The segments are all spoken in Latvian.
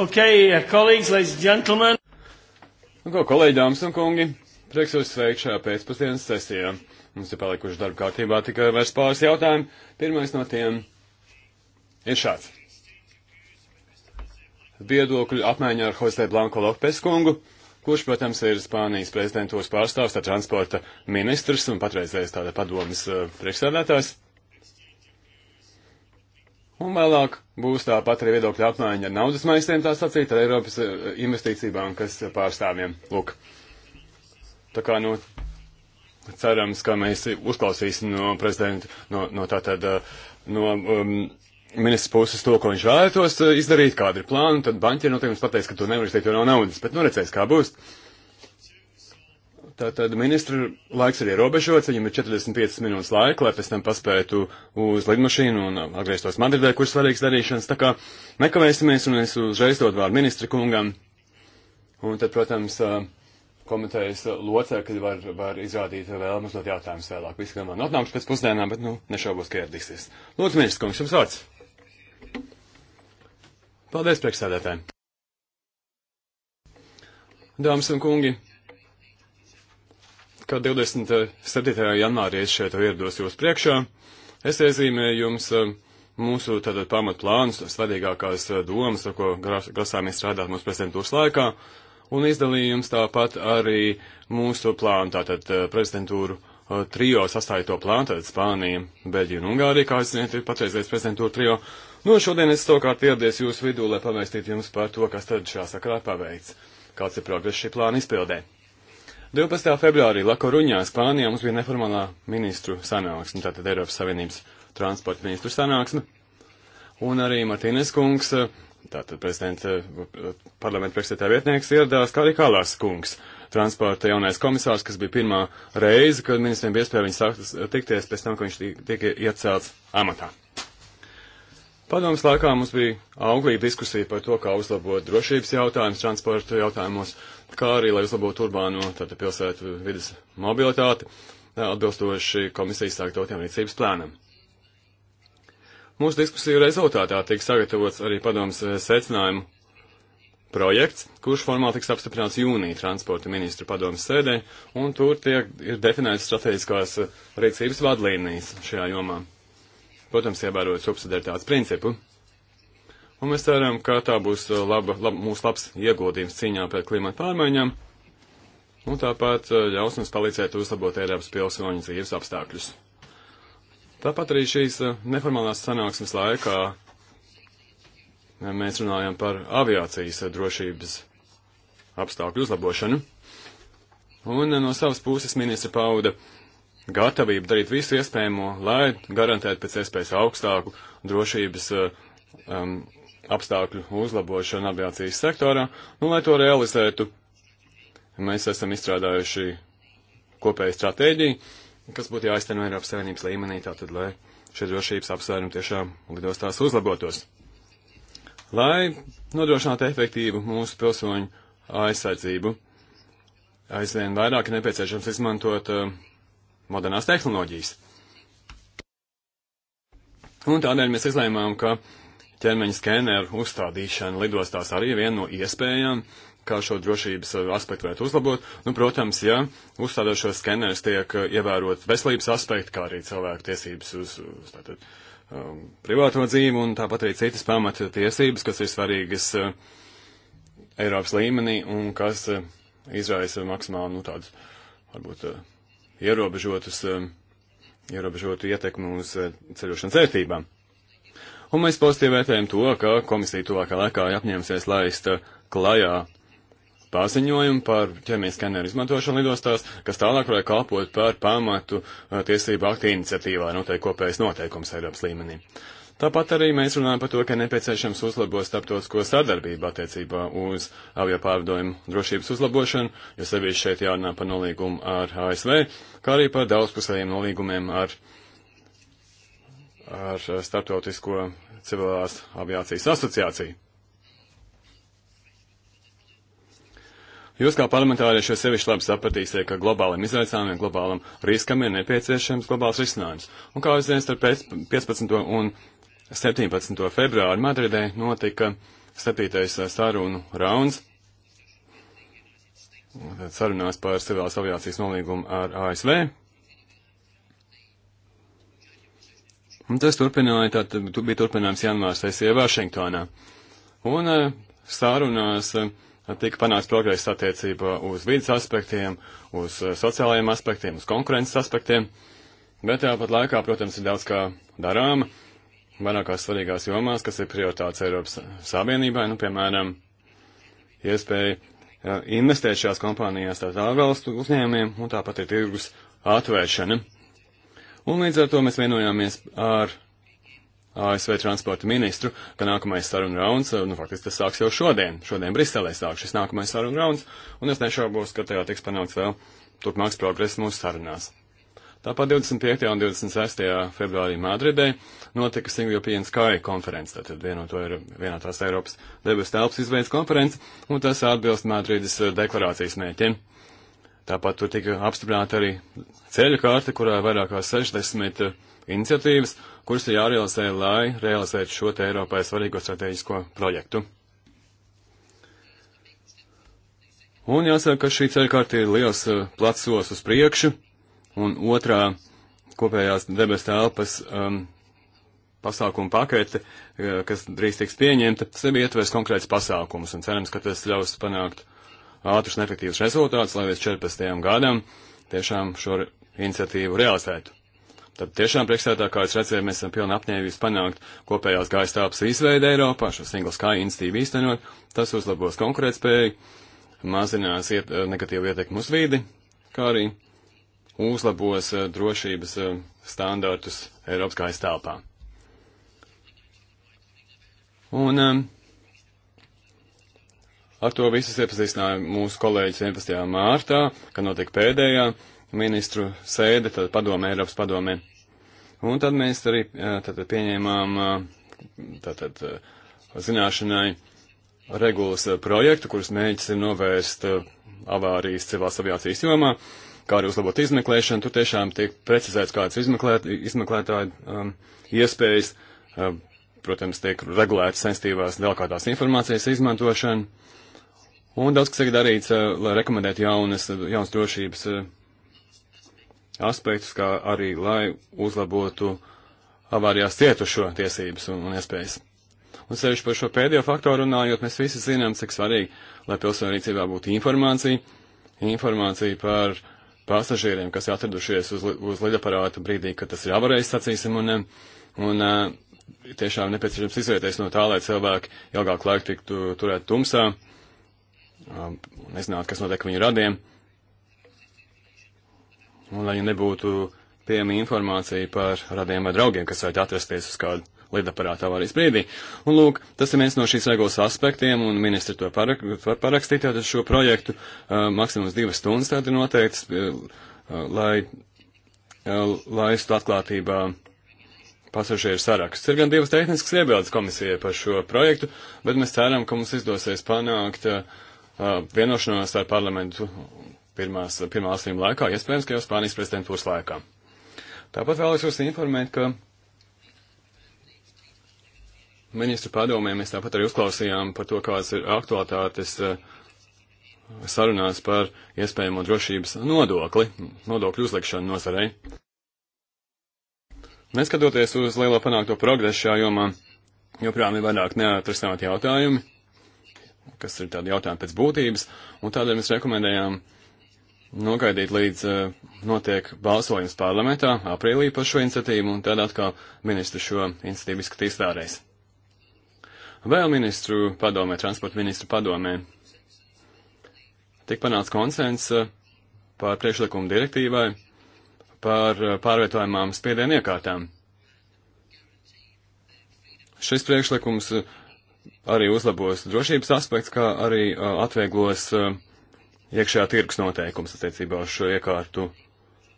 Okay, uh, colleagues, ladies and gentlemen. Un nu ko, kolēģi, dāmas un kungi, prieks jūs sveikt šajā pēcpusdienas sesijā. Mums ir palikuši darba kārtībā tikai vairs pāris jautājumi. Pirmais no tiem ir šāds. Viedokļu apmaiņā ar Jose Blanko Lopes kungu, kurš, protams, ir Spānijas prezidentūras pārstāvs, tā transporta ministrs un patreizējais tāda padomas uh, priekšsēdētājs. Un vēlāk būs tāpat arī viedokļa apmaiņa ar naudas maistiem, tā sacīt, ar Eiropas eh, investīciju bankas pārstāvjiem. Lūk. Tā kā, nu, cerams, ka mēs uzklausīsim no prezidenta, no, no tātad, eh, no um, ministrs puses to, ko viņš vēlētos eh, izdarīt, kāda ir plāna, tad banķi noteikti mums pateiks, ka to nevar izdarīt, jo nav naudas, bet nu redzēs, kā būs. Uh, Tātad ministra laiks ir ierobežots, viņam ir 45 minūtes laika, lai pēc tam paspētu uz lidmašīnu un um, atgrieztos Madridē, kur svarīgs darīšanas. Tā kā nekavēsimies un es uzreiz dod vārdu ministra kungam. Un tad, protams, um, komitejas locekļi var, var izrādīt vēl mazliet jautājumus vēlāk. Viss, gan man atnāks pēc pusdienām, bet, nu, nešaubos, ka ieradīsies. Lūdzu, ministrs kungs, jums vārds. Paldies, priekšsēdētājiem. Dāmas un kungi ka 27. janvārī es šeit ierados jūs priekšā. Es iezīmēju jums eh, mūsu tātad pamatplānus, svarīgākās eh, domas, ar ko grasāmies strādāt mūsu prezidentūras laikā, un izdalīju jums tāpat arī mūsu plānu, tātad eh, prezidentūru trijo sastājot to plānu, tātad Spānija, Beļģija un Ungārija, kā es zinu, ir patreizējais prezidentūra trijo. Nu, šodien es savukārt ieradies jūsu vidū, lai pavēstītu jums par to, kas tad šā sakarā paveic, kāds ir progress šī plāna izpildē. 12. februārī Lakoruņā, Spānijā, mums bija neformālā ministru sanāksme, tātad Eiropas Savienības transporta ministru sanāksme. Un arī Martīnes kungs, tātad prezidenta parlamenta priekšsētā vietnieks, ieradās kā arī Kalās kungs, transporta jaunais komisārs, kas bija pirmā reize, kad ministriem bija iespēja viņu sākt tikties pēc tam, ka viņš tika iecelts amatā. Padomas laikā mums bija auglīga diskusija par to, kā uzlabot drošības jautājumus transporta jautājumos kā arī, lai uzlabotu urbāno tātad pilsētu vidas mobilitāti, atbilstoši komisijas sāktotiem rīcības plānam. Mūsu diskusiju rezultātā tiks sagatavots arī padomas eh, secinājumu projekts, kurš formāli tiks apstiprināts jūnija transporta ministru padomas sēdē, un tur tiek ir definētas strateģiskās eh, rīcības vadlīnijas šajā jomā. Protams, ievērot subsidaritātes principu. Un mēs ceram, ka tā būs uh, laba, lab, mūsu labs ieguldījums cīņā pret klimatu pārmaiņām. Un tāpat uh, ļaus mums palīdzēt uzlabot Eiropas pilsoņu dzīves apstākļus. Tāpat arī šīs uh, neformālās sanāksmes laikā mēs runājam par aviācijas drošības apstākļu uzlabošanu. Un no savas puses ministra pauda gatavību darīt visu iespējamo, lai garantētu pēc iespējas augstāku drošības um, apstākļu uzlabošanu aviācijas sektorā, un nu, lai to realizētu, mēs esam izstrādājuši kopēju stratēģiju, kas būtu jāizteno Eiropas Savienības līmenī, tātad, lai šie drošības apsvērumi tiešām lidostās uzlabotos. Lai nodrošinātu efektīvu mūsu pilsoņu aizsardzību, aizvien vairāk ir nepieciešams izmantot uh, modernās tehnoloģijas. Un tādēļ mēs izlēmām, ka ķermeņa skeneru uzstādīšana lidostās arī viena no iespējām, kā šo drošības eh, aspektu varētu uzlabot. Nu, protams, ja uzstādāšos skenerus tiek eh, ievērot veselības aspekti, kā arī cilvēku tiesības uz, uz tātad, um, privāto dzīvi un tāpat arī citas pamata tiesības, kas ir svarīgas uh, Eiropas līmenī un kas uh, izraisa maksimāli, nu, tādus, varbūt, uh, ierobežotus, uh, ierobežotu ietekmi uz uh, ceļošanas vērtībām. Un mēs pozitīvi vērtējam to, ka komisija tuvākā laikā ir apņēmusies laist klajā paziņojumu par ķermeņa skaneru izmantošanu lidostās, kas tālāk varētu kalpot par pamatu uh, tiesību aktu iniciatīvā noteikti kopējas noteikums Eiropas līmenī. Tāpat arī mēs runājam par to, ka nepieciešams uzlabot starptautisko sadarbību attiecībā uz avio pārvadojumu drošības uzlabošanu, jo sevišķi šeit jārunā par nolīgumu ar ASV, kā arī par daudzpusējiem nolīgumiem ar ASV ar Startautisko civilās aviācijas asociāciju. Jūs kā parlamentārieši sevišķi labi sapratīsiet, ka globālam izaicinājumam, globālam riskam ir nepieciešams globāls risinājums. Un kā jūs zināt, starp 15. un 17. februāru Madridē notika 7. Eh, sarunu rauns. Tad sarunās par civilās aviācijas nolīgumu ar ASV. Un tas turpināja, tā tu bija turpinājums janvāra sesija Vašingtonā. Un eh, sārunās eh, tika panāks progress attiecībā uz vidas aspektiem, uz eh, sociālajiem aspektiem, uz konkurences aspektiem, bet tāpat laikā, protams, ir daudz kā darām, vairākās svarīgās jomās, kas ir prioritāts Eiropas Savienībai, nu, piemēram, iespēja investēt šajās kompānijās tātad ārvalstu uzņēmumiem, un tāpat ir tirgus atvēršana. Un līdz ar to mēs vienojāmies ar ASV transporta ministru, ka nākamais sarunu rauns, nu, faktiski tas sāks jau šodien. Šodien Briselē sāk šis nākamais sarunu rauns, un es nešaubos, ka tajā tiks panākts vēl turpmāks progress mūsu sarunās. Tāpat 25. un 26. februārī Madridē notika Single European Sky konference, tātad vienoto ir vienotās Eiropas debes telpas izveids konference, un tas atbilst Madrides eh, deklarācijas mēķiem. Tāpat tur tika apstiprināta arī ceļu kārta, kurā vairākās 60 eh, iniciatīvas, kuras ir jārealizē, lai realizētu šo te Eiropai svarīgo strateģisko projektu. Un jāsaka, ka šī ceļkārta ir liels eh, placos uz priekšu, un otrā kopējās debes telpas um, pasākuma pakete, eh, kas drīz tiks pieņemta, sevi ietvērs konkrēts pasākums, un cerams, ka tas ļaus panākt ātrus un efektīvus rezultātus, lai līdz 14. gadam tiešām šo iniciatīvu realizētu. Tad tiešām priekšstādā, kā es redzēju, mēs esam pilni apņēmības panākt kopējās gaisa tāpas izveidu Eiropā, šo Single Sky institīvu īstenot, tas uzlabos konkurētspēju, mazinās iet, eh, negatīvu ietekmu uz vīdi, kā arī uzlabos eh, drošības eh, standārtus Eiropas gaisa telpā. Un um, Ar to visus iepazīstināja mūsu kolēģis 11. mārtā, kad notika pēdējā ministru sēde, tad padome Eiropas padomē. Un tad mēs arī tad pieņēmām tātad, zināšanai regulas projektu, kuras mēģis ir novērst avārijas civilās aviācijas jomā, kā arī uzlabot izmeklēšanu. Tur tiešām tiek precizēts kādas izmeklēt, izmeklētāju um, iespējas. Um, protams, tiek regulēta sensitīvās delikātās informācijas izmantošana. Un daudz kas ir darīts, eh, lai rekomendētu jaunas, eh, jaunas drošības eh, aspektus, kā arī lai uzlabotu avārijās cietušo tiesības un, un iespējas. Un sevišķi par šo pēdējo faktoru runājot, mēs visi zinām, cik svarīgi, lai pilsoņu rīcībā būtu informācija, informācija par pasažieriem, kas ir atradušies uz, uz lidaparāta brīdī, kad tas ir avarējis, sacīsim, un, un tiešām nepieciešams izvieties no tā, lai cilvēki ilgāk laiku tiktu turēt tumsā Um, nezināt, kas notiek viņu radiem. Un lai nebūtu pieejama informācija par radiem vai draugiem, kas varētu atrasties uz kādu lidaparātu avārijas brīdī. Un lūk, tas ir viens no šīs regulas aspektiem, un ministri to parak var parakstīt, tātad šo projektu uh, maksimums divas stundas tātad noteikts, uh, uh, lai uh, laistu atklātībā pasažieru saraksts. Ir gan divas tehniskas iebildes komisijai par šo projektu, bet mēs ceram, ka mums izdosies panākt uh, Uh, vienošanos ar parlamentu pirmās, pirmā lasījuma laikā, iespējams, ka jau Spānijas prezidentūras laikā. Tāpat vēlos jūs informēt, ka ministru padomē mēs tāpat arī uzklausījām par to, kādas ir aktualitātes uh, sarunās par iespējamo drošības nodokli, nodokļu uzlikšanu nozarei. Neskatoties uz lielo panākto progresu šajā jomā, joprojām ir vairāk neatrisināti jautājumi, kas ir tādi jautājumi pēc būtības, un tādēļ mēs rekomendējām nogaidīt līdz uh, notiek balsojums parlamentā aprīlī par šo iniciatīvu, un tad atkal ministru šo iniciatīvu izskatīs vēlreiz. Vēl ministru padomē, transporta ministru padomē, tik panāca konsens uh, par priekšlikumu direktīvai par uh, eh, pārvietojumām spiedienu iekārtām. Šis priekšlikums uh, arī uzlabos drošības aspekts, kā arī uh, atvieglos uh, iekšējā tirgus noteikums attiecībā uz šo iekārtu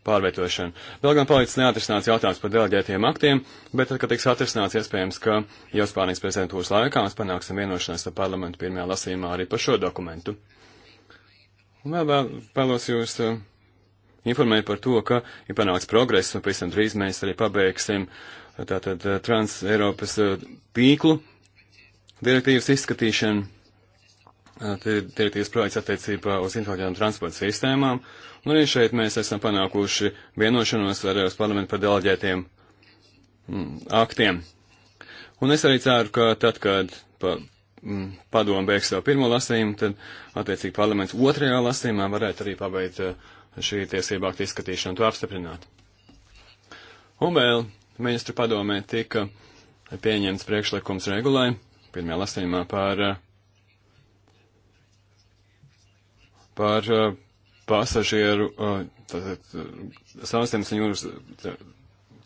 pārvietošanu. Vēl gan palicis neatrisināts jautājums par deleģētiem aktiem, bet tad, kad tiks atrisināts, iespējams, ka jau Spānijas prezidentūras laikā mēs panāksim vienošanos ar parlamentu pirmajā lasījumā arī par šo dokumentu. Un vēl vēlos jūs uh, informēt par to, ka ir panāks progress, un pēc tam drīz mēs arī pabeigsim tātad Trans-Eiropas tīklu. Uh, direktīvas izskatīšana, direktīvas projekts attiecībā uz intelektuālām transporta sistēmām, un arī šeit mēs esam panākuši vienošanos ar Eiropas parlamentu par deleģētiem mm, aktiem. Un es arī ceru, ka tad, kad pa, m, mm, padomu beigs savu pirmo lasījumu, tad attiecīgi parlaments otrajā lasījumā varētu arī pabeigt šī tiesība aktu izskatīšanu un to apstiprināt. Un vēl ministru padomē tika pieņemts priekšlikums regulai pirmajā lasījumā par, eh, par eh, pasažieru, eh, tātad sauszemes un jūras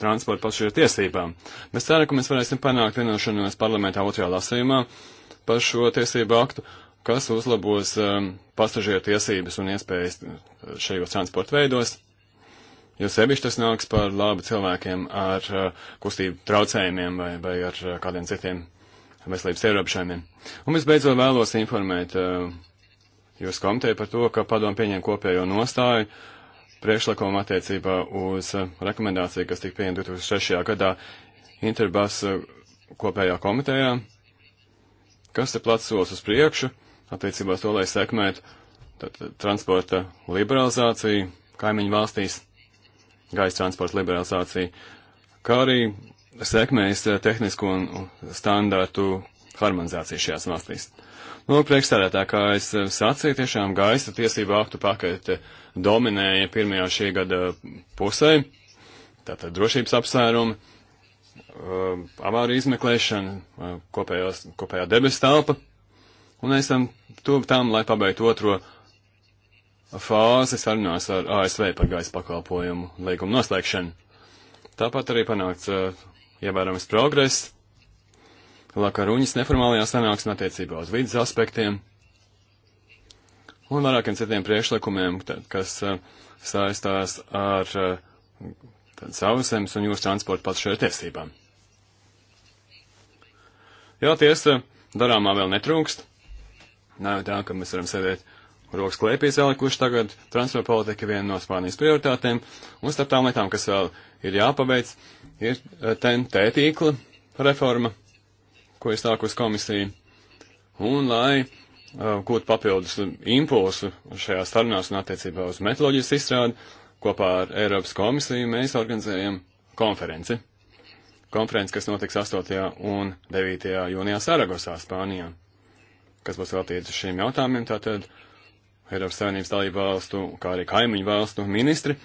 transporta pasažieru tiesībām. Mēs ceram, ka mēs varēsim panākt vienošanos parlamentā otrajā lasījumā par šo tiesību aktu, kas uzlabos um, pasažieru tiesības un iespējas šajos transporta veidos. Jo sevišķi tas nāks par labu cilvēkiem ar uh, kustību traucējumiem vai, vai ar uh, kādiem citiem veselības Eiropiešiem. Un visbeidzot vēlos informēt uh, jūs komiteju par to, ka padomu pieņem kopējo nostāju priekšlikumu attiecībā uz uh, rekomendāciju, kas tika pieņemta 2006. gadā Interbas uh, eh, kopējā komitejā, kas ir plats solis uz priekšu attiecībā uz to, lai sekmētu transporta liberalizāciju kaimiņu valstīs, gaisa transporta liberalizāciju, kā arī sekmējas eh, tehnisko un standārtu harmonizāciju šajās valstīs. Nu, priekšstādētā, kā es eh, sacīju, tiešām gaisa tiesību aktu pakete dominēja pirmajā šī gada pusē, tātad drošības apsvērumi, eh, avārija izmeklēšana, kopējās, kopējā debes telpa, un esam tuvu tam, lai pabeigtu otro fāzi sarunās ar ASV par gaisa pakalpojumu līgumu noslēgšanu. Tāpat arī panākts uh, ievērojams progress. Lakaruņas neformālajā sanāksmē attiecībā uz vidas aspektiem un vairākiem citiem priekšlikumiem, kas uh, saistās ar uh, sauszemes un jūras transporta pasažieru tiesībām. Jā, tiesa, darāmā vēl netrūkst. Nav tā, ka mēs varam sēdēt rokas klēpīs ielikuši tagad. Transporta politika ir viena no Spānijas prioritātēm, un starp tām lietām, kas vēl ir jāpabeidz, ir eh, TNT tīkla reforma, ko ir sākus komisija, un lai uh, gūtu papildus impulsu šajā starināšanā attiecībā uz metoloģijas izstrādi, kopā ar Eiropas komisiju mēs organizējam konferenci. Konferenci, kas notiks 8. un 9. jūnijā Saragosā, Spānijā, kas būs veltīta šiem jautājumiem, tātad Eiropas Savienības dalību valstu, kā arī kaimiņu valstu ministri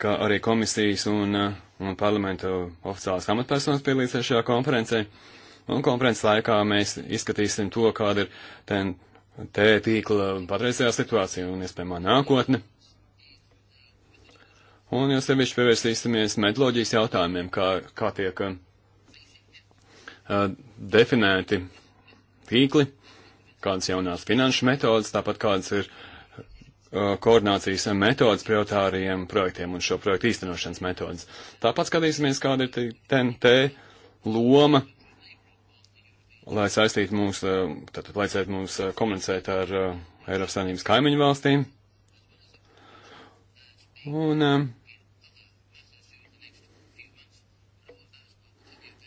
ka arī komisijas un, eh, un parlamenta oficiālās amatpersonas piedalīsies šajā konferencē. Un konferences laikā mēs izskatīsim to, kāda ir ten tē tīkla patreizējā situācija un iespējamā nākotne. Un jau sevišķi pievērsīsimies metoloģijas jautājumiem, kā, kā tiek uh, definēti tīkli, kādas jaunās finanšu metodas, tāpat kādas ir uh, Uh, koordinācijas metodas prioritāriem projektiem un šo projektu īstenošanas metodas. Tāpat skatīsimies, kāda ir TNT loma, lai saistītu mūs, uh, tātad lai saistītu mūs uh, komunicēt ar Eiropas Savienības kaimiņu valstīm. Un um,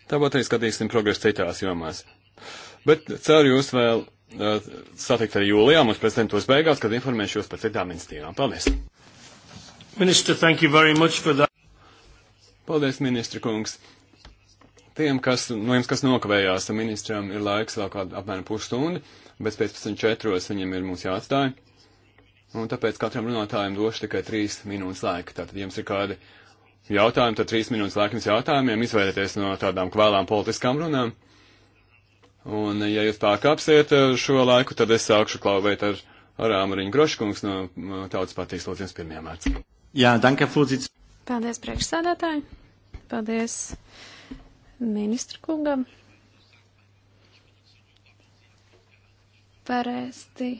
tāpat arī skatīsim progresu citās jomās. Bet ceru jūs vēl Eh, satikt arī jūlijā mums prezidentūras beigās, kad informēšu jūs par citām ministrijām. Paldies! Minister, thank you very much for that. Paldies, ministra kungs. Tiem, kas, no jums, kas nokavējās, ministram ir laiks vēl kādu apmēram pusstundu, bet 15.4. viņam ir mums jāatstāj. Un tāpēc katram runātājam došu tikai 3 minūtes laika. Tātad, ja jums ir kādi jautājumi, tad 3 minūtes laika jums jautājumiem izvairieties no tādām kvēlām politiskām runām. Un, ja jūs pārkāpsiet eh, šo laiku, tad es sākšu klauvēt ar, ar Āmariņu Groškungs no Tautas partijas lūdzu jums pirmajā mērķī. Jā, danke, Fulcits. Paldies, priekšsādātāji. Paldies ministru kungam. Parasti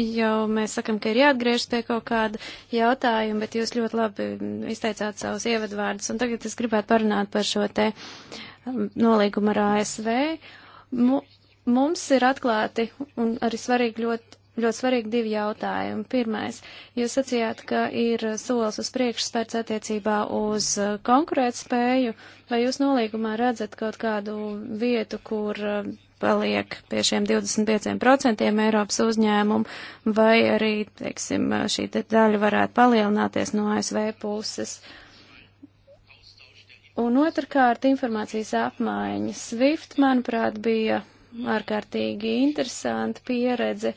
jau mēs sakam, ka ir jāatgriežas pie kaut kāda jautājuma, bet jūs ļoti labi izteicāt savus ievadvārdus, un tagad es gribētu parunāt par šo te um, nolīgumu ar ASV. Mums ir atklāti un arī svarīgi ļoti. Ļoti svarīgi divi jautājumi. Pirmais, jūs sacījāt, ka ir solis uz priekšu spērts attiecībā uz uh, konkurētspēju. Vai jūs nolīgumā redzat kaut kādu vietu, kur uh, paliek pie šiem 25% Eiropas uzņēmumu, vai arī, teiksim, šī te daļa varētu palielināties no ASV puses. Un otrkārt, informācijas apmaiņa. SWIFT, manuprāt, bija ārkārtīgi interesanta pieredze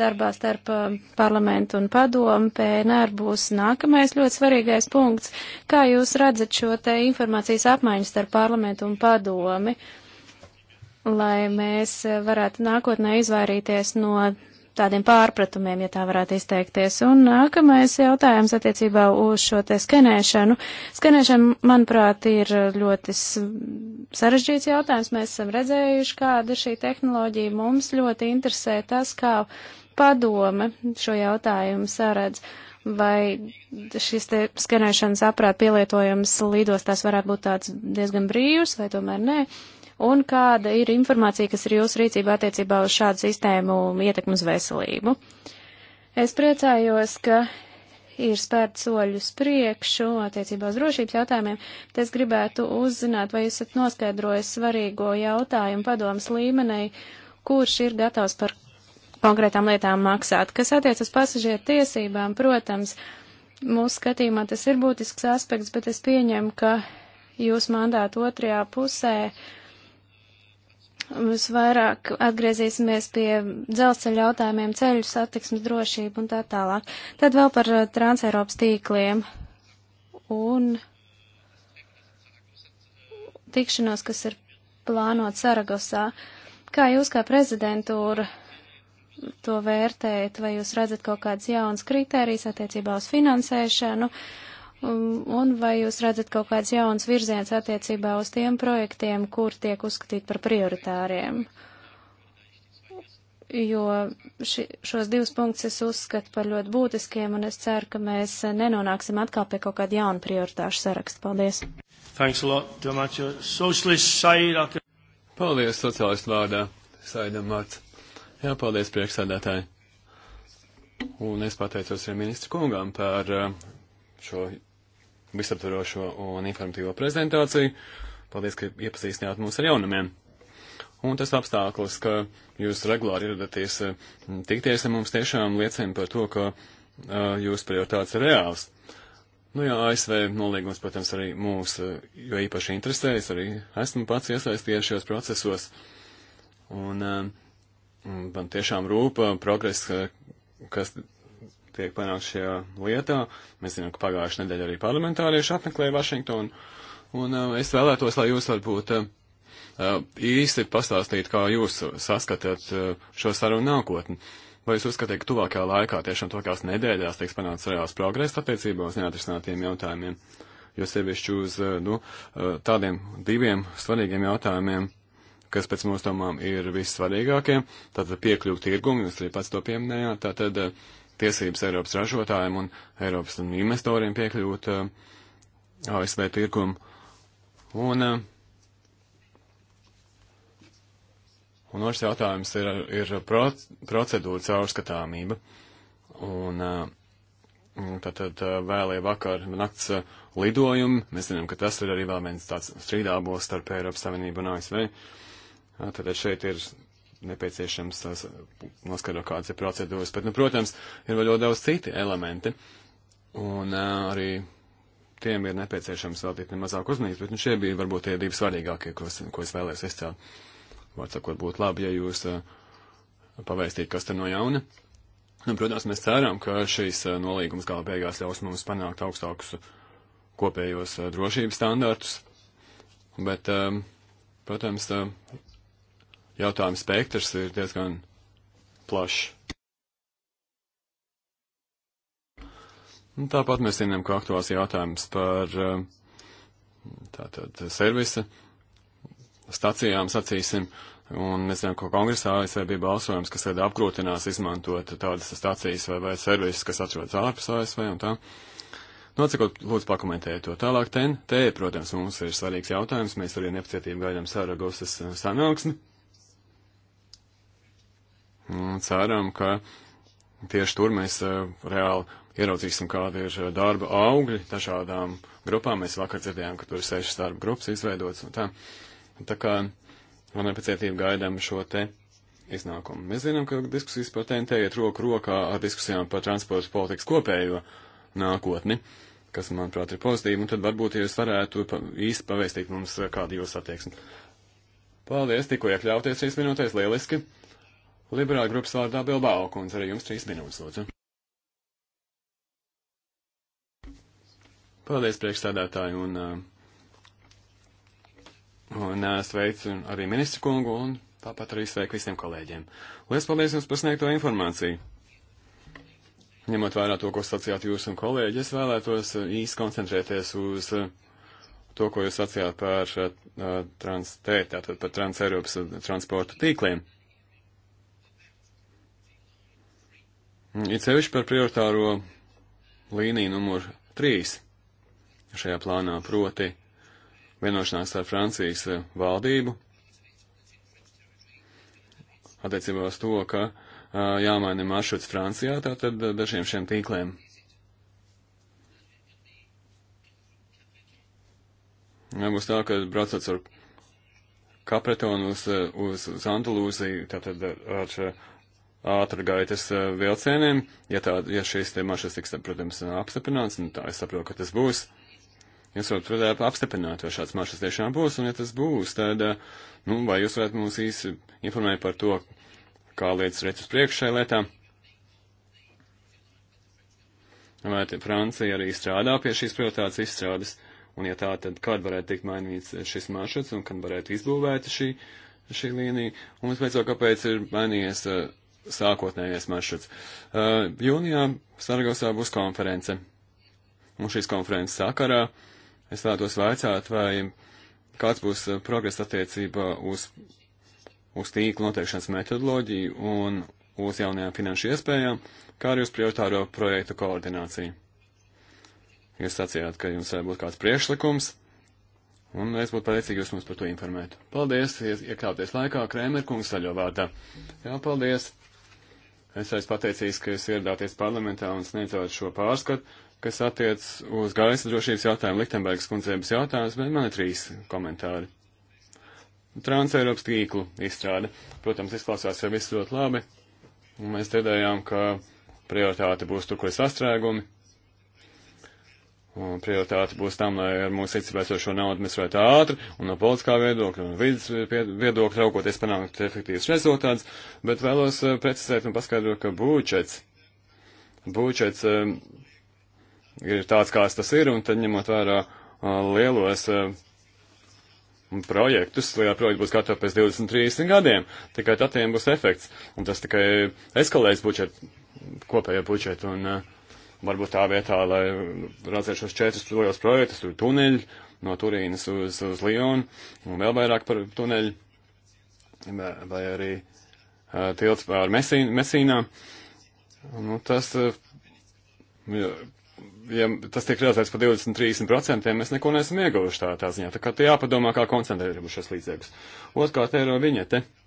darbā starp um, parlamentu un padomu. PNR būs nākamais ļoti svarīgais punkts. Kā jūs redzat šo te informācijas apmaiņu starp parlamentu un padomi? Uh, lai mēs varētu nākotnē izvairīties no tādiem pārpratumiem, ja tā varētu izteikties. Un nākamais jautājums attiecībā uz šo te skenēšanu. Skenēšana, manuprāt, ir ļoti sarežģīts jautājums. Mēs esam redzējuši, kāda ir šī tehnoloģija. Mums ļoti interesē tas, kā padome šo jautājumu saredz. Vai šis te skenēšanas aprāt pielietojums lidostās varētu būt tāds diezgan brīvs, vai tomēr nē? Uh, un kāda ir informācija, kas ir jūsu rīcībā attiecībā uz šādu sistēmu ietekmu uz veselību. Es priecājos, ka ir spērt soļus priekšu attiecībā uz drošības jautājumiem, bet es gribētu uzzināt, vai jūs esat noskaidrojis svarīgo jautājumu padomas līmenī, kurš ir gatavs par konkrētām lietām maksāt. Kas attiec uz pasažieru tiesībām, protams, mūsu skatījumā tas ir būtisks aspekts, bet es pieņemu, ka jūs mandātu otrajā pusē uh, Mēs vairāk atgriezīsimies pie dzelzceļa jautājumiem, ceļu satiksmes drošību un tā tālāk. Tad vēl par eh, transeiropas tīkliem un tikšanos, kas ir plānot Saragosā. Kā jūs kā prezidentūra to vērtējat, vai jūs redzat kaut kādas jaunas kritērijas attiecībā uz finansēšanu? Uh, Um, un vai jūs redzat kaut kāds jauns virziens attiecībā uz tiem projektiem, kur tiek uzskatīt par prioritāriem? Jo ši, šos divus punktus es uzskatu par ļoti būtiskiem, un es ceru, ka mēs nenonāksim atkal pie kaut kāda jauna prioritāšu saraksta. Paldies! Paldies, sociālistu vārdā, Saidam Vārts. Jā, paldies, priekšsēdētāji. Un es pateicos arī ministru kungām par uh, šo visaptvarošo un informatīvo prezentāciju. Paldies, ka iepazīstināt mūs ar jaunumiem. Un tas apstākļus, ka jūs regulāri ieradaties eh, tikties ar mums, tiešām liecina par to, ka uh, jūsu prioritātes ir reāls. Nu jā, ASV nolīgums, protams, arī mūs, eh, jo īpaši interesējas, arī esmu pats iesaistījies šajos procesos. Un uh, man tiešām rūpa progress, kas tiek panākts šajā lietā. Mēs zinām, ka pagājušajā nedēļā arī parlamentārieši apmeklēja Vašingtonu, un uh, es vēlētos, lai jūs varbūt uh, uh īsti pastāstītu, kā jūs saskatāt uh, šo sarunu nākotni. Vai jūs uzskatāt, ka tuvākajā laikā, tiešām tuvākajās nedēļās, tiks panākts reāls progress attiecībā uz neatrisinātiem jautājumiem? Jo sevišķi uz uh, nu, uh, tādiem diviem svarīgiem jautājumiem, kas pēc mūsu domām ir vissvarīgākie, tātad piekļuvu tirgumu, jūs arī pats to pieminējāt, tātad uh, tiesības Eiropas ražotājiem un Eiropas un investoriem piekļūt uh, eh, ASV tirkumu. Un, uh, un otrs jautājums ir, ir proc procedūra caurskatāmība. Un, uh, eh, tātad uh, vēlie vakar nakts uh, lidojumi, mēs zinām, ka tas ir arī vēl viens tāds strīdābos starp Eiropas Savienību un ASV. Uh, tātad šeit ir nepieciešams noskaidrot, kādas ir procedūras. Bet, nu, protams, ir vēl ļoti daudz citi elementi, un arī tiem ir nepieciešams veltīt nemazāk uzmanības, bet nu, šie bija varbūt tie divi svarīgākie, ko es, ko es vēlēs izcelt. Vārds sakot, būtu labi, ja jūs pavēstītu, kas te no jauna. Nu, protams, mēs ceram, ka šīs nolīgums gala beigās ļaus mums panākt augstākus kopējos drošības standartus, bet, protams, jautājumu spektrs ir diezgan plašs. Un tāpat mēs zinām, ka aktuāls jautājums par eh, tātad servisa stacijām sacīsim, un mēs zinām, ka kongresā ASV bija balsojums, kas tad apgrūtinās izmantot tādas stacijas vai, vai servisus, kas atrodas ārpus ASV un tā. Nocekot, lūdzu, pakomentējiet to tālāk. TNT, protams, mums ir svarīgs jautājums. Mēs arī nepacietību gaidām Sāragosas eh, sanāksmi. Ceram, ka tieši tur mēs e, reāli ieraudzīsim, kāda ir e, darba augļi dažādām grupām. Mēs vakar dzirdējām, ka tur ir sešas darba grupas izveidotas un tā. Tā kā man nepacietību gaidām šo te iznākumu. Mēs zinām, ka diskusijas par TNT iet roku rokā ar diskusijām par transporta politikas kopējo nākotni, kas, manuprāt, ir pozitīvi, un tad varbūt jūs varētu pa, īsti pavēstīt mums, e, kāda jūsu attieksme. Paldies, tikko iekļauties trīs minūtēs, lieliski. Liberāla grupas vārdā Bilbao kundze, arī jums trīs minūtes, lūdzu. Paldies priekšstādātāji un, uh, un uh, sveicu arī ministru kungu un tāpat arī sveiku visiem kolēģiem. Lielas paldies jums par sniegto informāciju. Ņemot vērā to, ko sacījāt jūs un kolēģi, es vēlētos uh, īsti koncentrēties uz to, ko jūs sacījāt par trans, tātad par trans Eiropas transporta tīkliem. Mm, ir sevišķi par prioritāro līniju numur 3 šajā plānā, proti vienošanās ar Francijas eh, valdību attiecībā uz to, ka eh, jāmaina maršruts Francijā, tātad eh, dažiem šiem tīkliem. Nebūs tā, ka braucot ar Kapretonu uz, uz, uz Andalūziju, tātad ar, ar ātrgaitas vilcieniem, ja, tā, ja šīs te maršas tiks, protams, apstiprināts, un nu tā es saprotu, ka tas būs. Jūs varat, protams, apstiprināt, vai šāds maršas tiešām būs, un ja tas būs, tad, nu, vai jūs varētu mums īsi informēt par to, kā lietas redz uz priekšu šai lietā? Vai Francija arī strādā pie šīs prioritātes izstrādes? Un ja tā, tad kad varētu tikt mainīts šis maršruts un kad varētu izbūvēta šī, šī līnija? Un vispēc to, kāpēc ir mainījies uh, sākotnējais maršruts. Uh, jūnijā Sargosā būs konference. Un šīs konferences sakarā es vēlētos vaicāt, vai kāds būs uh, progress attiecībā uz, uz tīklu noteikšanas metodoloģiju un uz jaunajām finanšu iespējām, kā arī uz prioritāro projektu koordināciju. Jūs sacījāt, ka jums būtu kāds priekšlikums, un es būtu pateicīgi, jūs mums par to informētu. Paldies, iekļauties laikā, Krēmerkungs, saļo vārdā. Jā, paldies. Es esmu pateicīgs, ka jūs ieradāties parlamentā un sniedzāt šo pārskatu, kas attiec uz gaisa drošības jautājumu Liktenbergas kundzēmas jautājumus, bet man ir trīs komentāri. Transeiropas tīklu izstrāde. Protams, izklausās jau viss ļoti labi. Un mēs dzirdējām, ka prioritāte būs tur, kur ir sastrēgumi. Un prioritāte būs tam, lai ar mūsu izcīvēsošo naudu mēs varētu ātri un no politiskā viedokļa un vidas viedokļa raugoties panākt efektīvas rezultātus, bet vēlos eh, precizēt un paskaidrot, ka būčets, būčets eh, ir tāds, kāds tas ir, un tad ņemot vērā eh, lielos projektus, lielā projekta būs gatava pēc 20, 30 gadiem, tikai tad tiem būs efekts, un tas tikai eskalēs būčet, kopējo būčetu, un uh, varbūt tā vietā, lai redzētu šos četrus lielos projektus, tur tuneļi no Turīnas uz, uz Lionu un vēl vairāk par tuneļu, vai arī uh, tilts pār Mesīn, Mesīnā. Nu, tas, ja, ja tas tiek realizēts par 20-30%, mēs neko neesam ieguvuši tā, tā ziņā. Tā kā te jāpadomā, kā koncentrēt šos līdzekļus. Otkārt, eiro viņete. te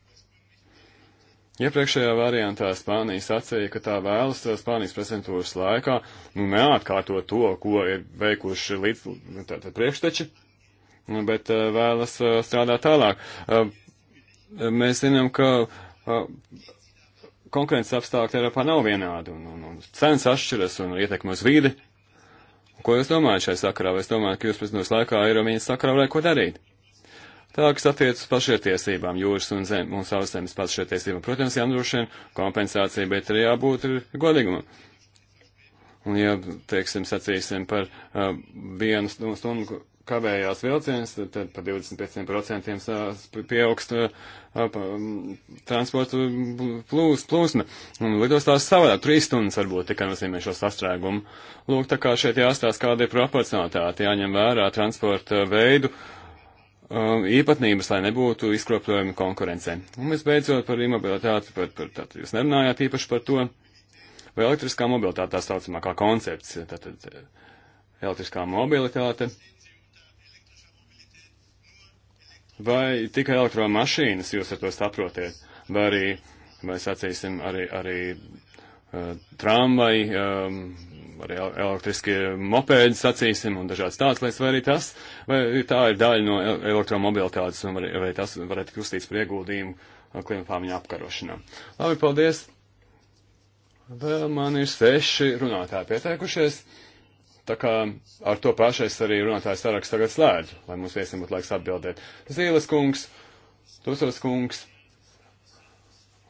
Iepriekšējā variantā Spānija sacīja, ka tā vēlas Spānijas prezidentūras laikā nu, neatkārtot to, ko ir veikuši līdz nu, tā, tā, priekšteči, nu, bet eh, vēlas eh, strādāt tālāk. Eh, mēs zinām, ka konkurences apstākļi Eiropā nav vienādi, un, un, un cenas atšķiras un ietekme uz vīdi. Ko jūs domājat šai sakarā? Vai es domāju, ka jūs prezidentūras laikā Eiropa viņas sakarā varētu ko darīt? Tā, kas attiecas uz pašvērtiesībām, jūras un zem, un savas zemes pašvērtiesībām, protams, jānodrošina kompensācija, bet arī jābūt godīgumam. Un, ja, teiksim, sacīsim par uh, vienu stundu kavējās vilciens, tad, tad par 25% pieaugst uh, transporta plūs, plūsma. Un lidostās savādāk, trīs stundas varbūt tikai nozīmē šo sastrēgumu. Lūk, tā kā šeit jāstāsta, kāda ir proporcionalitāte, jāņem vērā transporta veidu Um, īpatnības, lai nebūtu izkropļojumi konkurencē. Un visbeidzot par imobilitāti, par, par tātad jūs nerunājāt īpaši par to, vai elektriskā mobilitāte tā saucamā kā koncepts, tātad eh, elektriskā mobilitāte, vai tikai elektromašīnas jūs ar to saprotiet, vai arī, vai sacīsim, arī, arī uh, tramvai, um, arī elektriskie mopēdi, sacīsim, un dažādas tādas lietas, vai arī tas, vai tā ir daļa no elektromobilitātes, un vai, vai tas varētu tikt uzstīts par ieguldījumu uh, klimatpāmiņu apkarošanā. Labi, paldies! Vēl man ir seši runātāji pieteikušies, tā kā ar to pašais arī runātājs saraksts tagad slēdz, lai mums viesiem būtu laiks atbildēt. Zīles kungs, Tusovs kungs,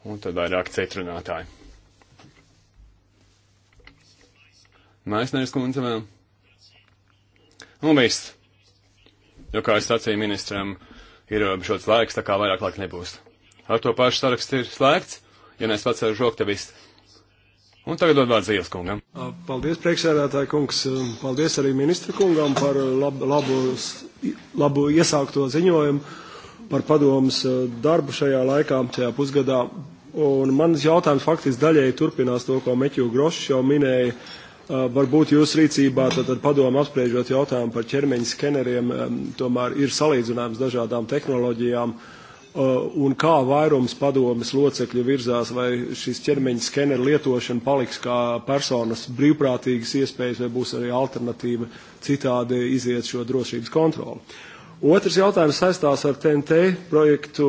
un tad vairāk citrunātāji. Maisnēs kundze vēl. Un viss. Jo, kā es sacīju ministram, ir ierobežots laiks, tā kā vairāk laika nebūs. Ar to pašu saraksts ir slēgts, ja nes pats ar žokta viss. Un tagad dod vārdu Zīles kungam. Paldies, priekšsēdētāji kungs. Paldies arī ministra kungam par lab, labu, labu iesākto ziņojumu par padomus darbu šajā laikā, šajā pusgadā. Un mans jautājums faktiski daļēji turpinās to, ko Meķu Grošs jau minēja Varbūt jūsu rīcībā tad padomu apspriežot jautājumu par ķermeņa skeneriem, tomēr ir salīdzināms dažādām tehnoloģijām. Un kā vairums padomas locekļu virzās, vai šis ķermeņa skeneru lietošana paliks kā personas brīvprātīgas iespējas, vai būs arī alternatīva citādi iziet šo drošības kontroli. Otrs jautājums saistās ar TNT projektu,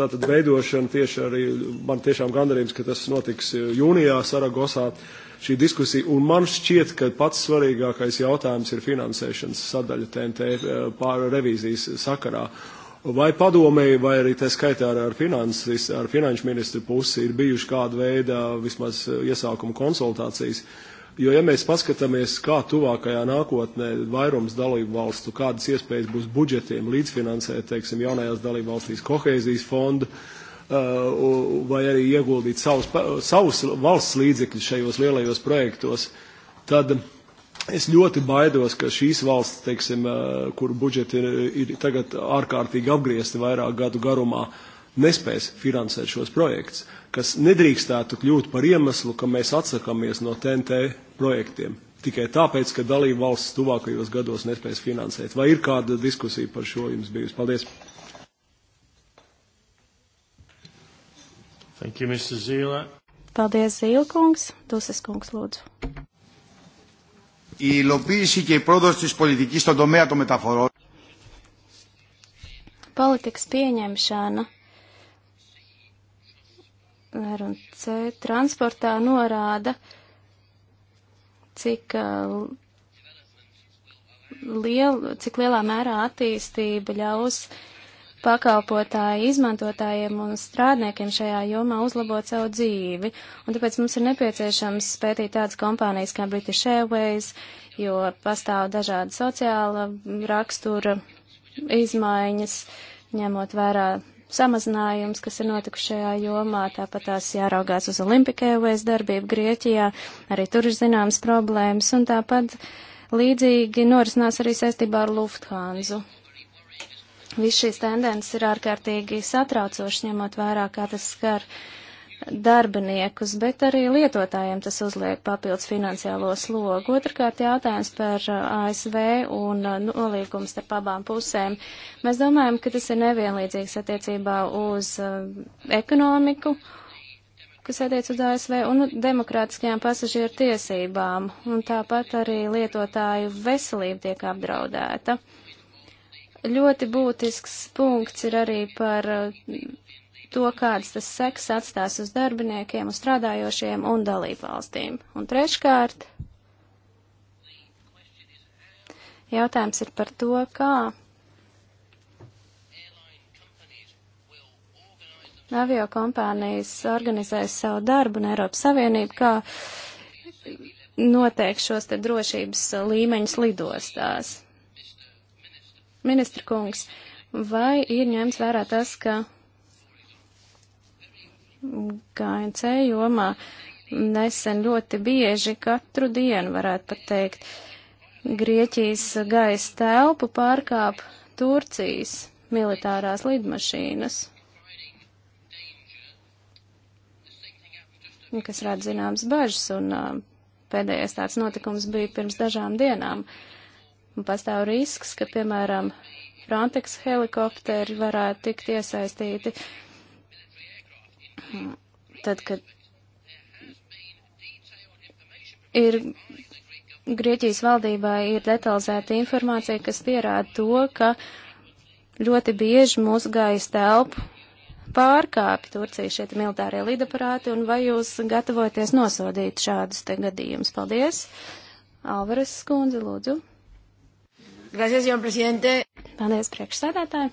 tātad veidošanu tieši arī, man tiešām gandarījums, ka tas notiks jūnijā Saragosā. Uh, šī diskusija. Un man šķiet, ka pats svarīgākais jautājums ir finansēšanas sadaļa TNT eh, pār revīzijas sakarā. Vai padomēji, vai arī tā skaitā ar, ar, finansis, ar finanšu ministru pusi ir bijuši kāda veida vismaz eh, iesākuma konsultācijas? Jo, ja mēs paskatāmies, kā tuvākajā nākotnē vairums dalību valstu, kādas iespējas būs budžetiem līdzfinansēt, teiksim, jaunajās dalību valstīs kohēzijas fondu, uh, Uh, vai arī ieguldīt savus, savus valsts līdzekļus šajos lielajos projektos, tad es ļoti baidos, ka šīs valsts, teiksim, uh, kuru budžeti ir, ir tagad ārkārtīgi apgriezti vairāk gadu garumā, nespēs finansēt šos projektus, kas nedrīkstētu kļūt par iemeslu, ka mēs atsakāmies no TNT projektiem tikai tāpēc, ka dalība valsts tuvākajos gados nespēs finansēt. Vai ir kāda diskusija par šo jums bijusi? Paldies! Thank you, Mr. Zīle. Paldies, Zīlkungs. Duses kungs, lūdzu. Η υλοποίηση και η πρόοδος της πολιτικής στον τομέα των μεταφορών. Politikas pieņemšana RNC transportā norāda, cik, uh, liel, cik lielā mērā attīstība ļaus uh, pakalpotāji izmantotājiem un strādniekiem šajā jomā uzlabot savu dzīvi. Un tāpēc mums ir nepieciešams spētīt tādas kompānijas kā British Airways, jo pastāv dažādi sociāla rakstura izmaiņas, ņemot vērā samazinājums, kas ir notikuši šajā jomā, tāpat tās jāraugās uz Olimpika Airways darbību Grieķijā, arī tur ir zināmas problēmas, un tāpat līdzīgi norisinās arī saistībā ar Lufthansa Viss šīs tendences ir ārkārtīgi satraucošas, ņemot vērā, kā tas skar darbiniekus, bet arī lietotājiem tas uzliek papildus finansiālo slogu. Otrakārt jautājums par uh, ASV un uh, nolīgumu starp abām pusēm. Mēs domājam, ka tas ir nevienlīdzīgs attiecībā uz uh, ekonomiku, kas attiec uz ASV un demokrātiskajām pasažieru tiesībām, un tāpat arī lietotāju veselība tiek apdraudēta. Ļoti būtisks punkts ir arī par uh, to, kāds tas seks atstās uz darbiniekiem, uz strādājošiem un dalībvalstīm. Un treškārt, jautājums ir par to, kā avio kompānijas organizēs savu darbu un Eiropas Savienību, kā noteikti šos te drošības līmeņus lidostās. Ministra kungs, vai ir ņemts vērā tas, ka KNC jomā nesen ļoti bieži katru dienu, varētu pat teikt, Grieķijas gaisa telpu pārkāp Turcijas militārās lidmašīnas, kas rada zināmas bažas, un uh, pēdējais tāds notikums bija pirms dažām dienām. Uh, Un pastāv risks, ka, piemēram, Frontex helikopteri varētu tikt iesaistīti, tad, kad ir Grieķijas valdībā ir detalizēta informācija, kas pierāda to, ka ļoti bieži mūsu gaisa telpu pārkāpj Turcija šie militārie lidaparāti, un vai jūs gatavojaties nosodīt šādus te gadījumus? Paldies! Alvaras skundze, lūdzu. Gracias, jau prezidente. Paldies, priekšsēdētāji.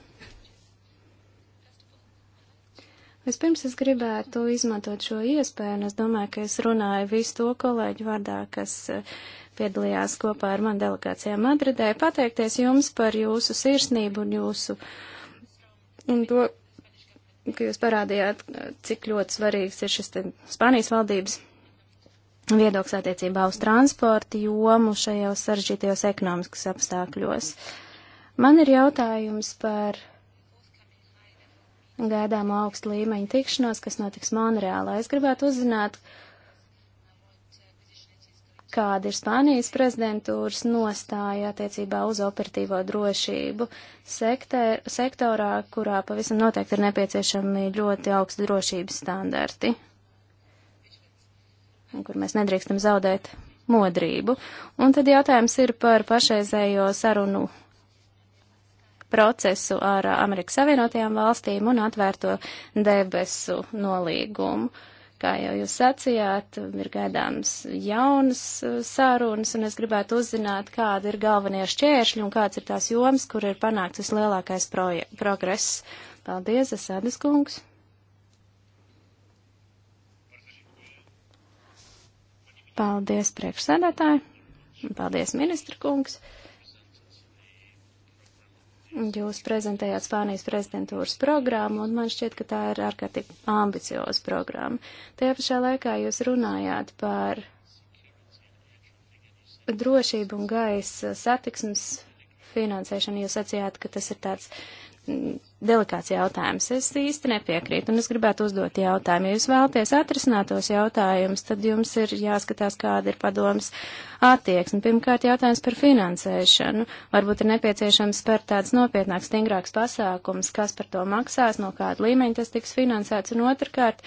Vispirms es gribētu izmantot šo iespēju, un es domāju, ka es runāju visu to kolēģu vārdā, kas eh, piedalījās kopā ar mani delegācijā Madridē, pateikties jums par jūsu sirsnību un jūsu, un to, ka jūs parādījāt, eh, cik ļoti svarīgs ir šis Spānijas valdības viedoklis attiecībā uz transporta jomu šajos sarežģītajos ekonomikas apstākļos. Man ir jautājums par gaidāmo augstu līmeņu tikšanos, kas notiks Monreālā. Es gribētu uzzināt, kāda ir Spānijas prezidentūras nostāja attiecībā uz operatīvo drošību sektor, sektorā, kurā pavisam noteikti ir nepieciešami ļoti augsti drošības standarti un kur mēs nedrīkstam zaudēt modrību. Un tad jautājums ir par pašreizējo sarunu procesu ar Amerikas Savienotajām valstīm un atvērto debesu nolīgumu. Kā jau jūs sacījāt, ir gaidāms jaunas sarunas, un es gribētu uzzināt, kāda ir galvenie šķēršļi un kāds ir tās joms, kur ir panākts vislielākais progress. Paldies, Asādas kungs! Paldies, priekšsēdētāji. Paldies, ministra kungs. Jūs prezentējāt Spānijas prezidentūras programmu, un man šķiet, ka tā ir ārkārtīgi ambicioza programma. Tajā pašā laikā jūs runājāt par drošību un gaisa satiksmes finansēšanu. Jūs sacījāt, ka tas ir tāds delikāts jautājums. Es īsti nepiekrītu, un es gribētu uzdot jautājumu. Ja jūs vēlaties atrisināt tos jautājumus, tad jums ir jāskatās, kāda ir padomas attieksme. Pirmkārt, jautājums par finansēšanu. Varbūt ir nepieciešams spērt tāds nopietnāks, stingrāks pasākums, kas par to maksās, no kāda līmeņa tas tiks finansēts, un otrkārt,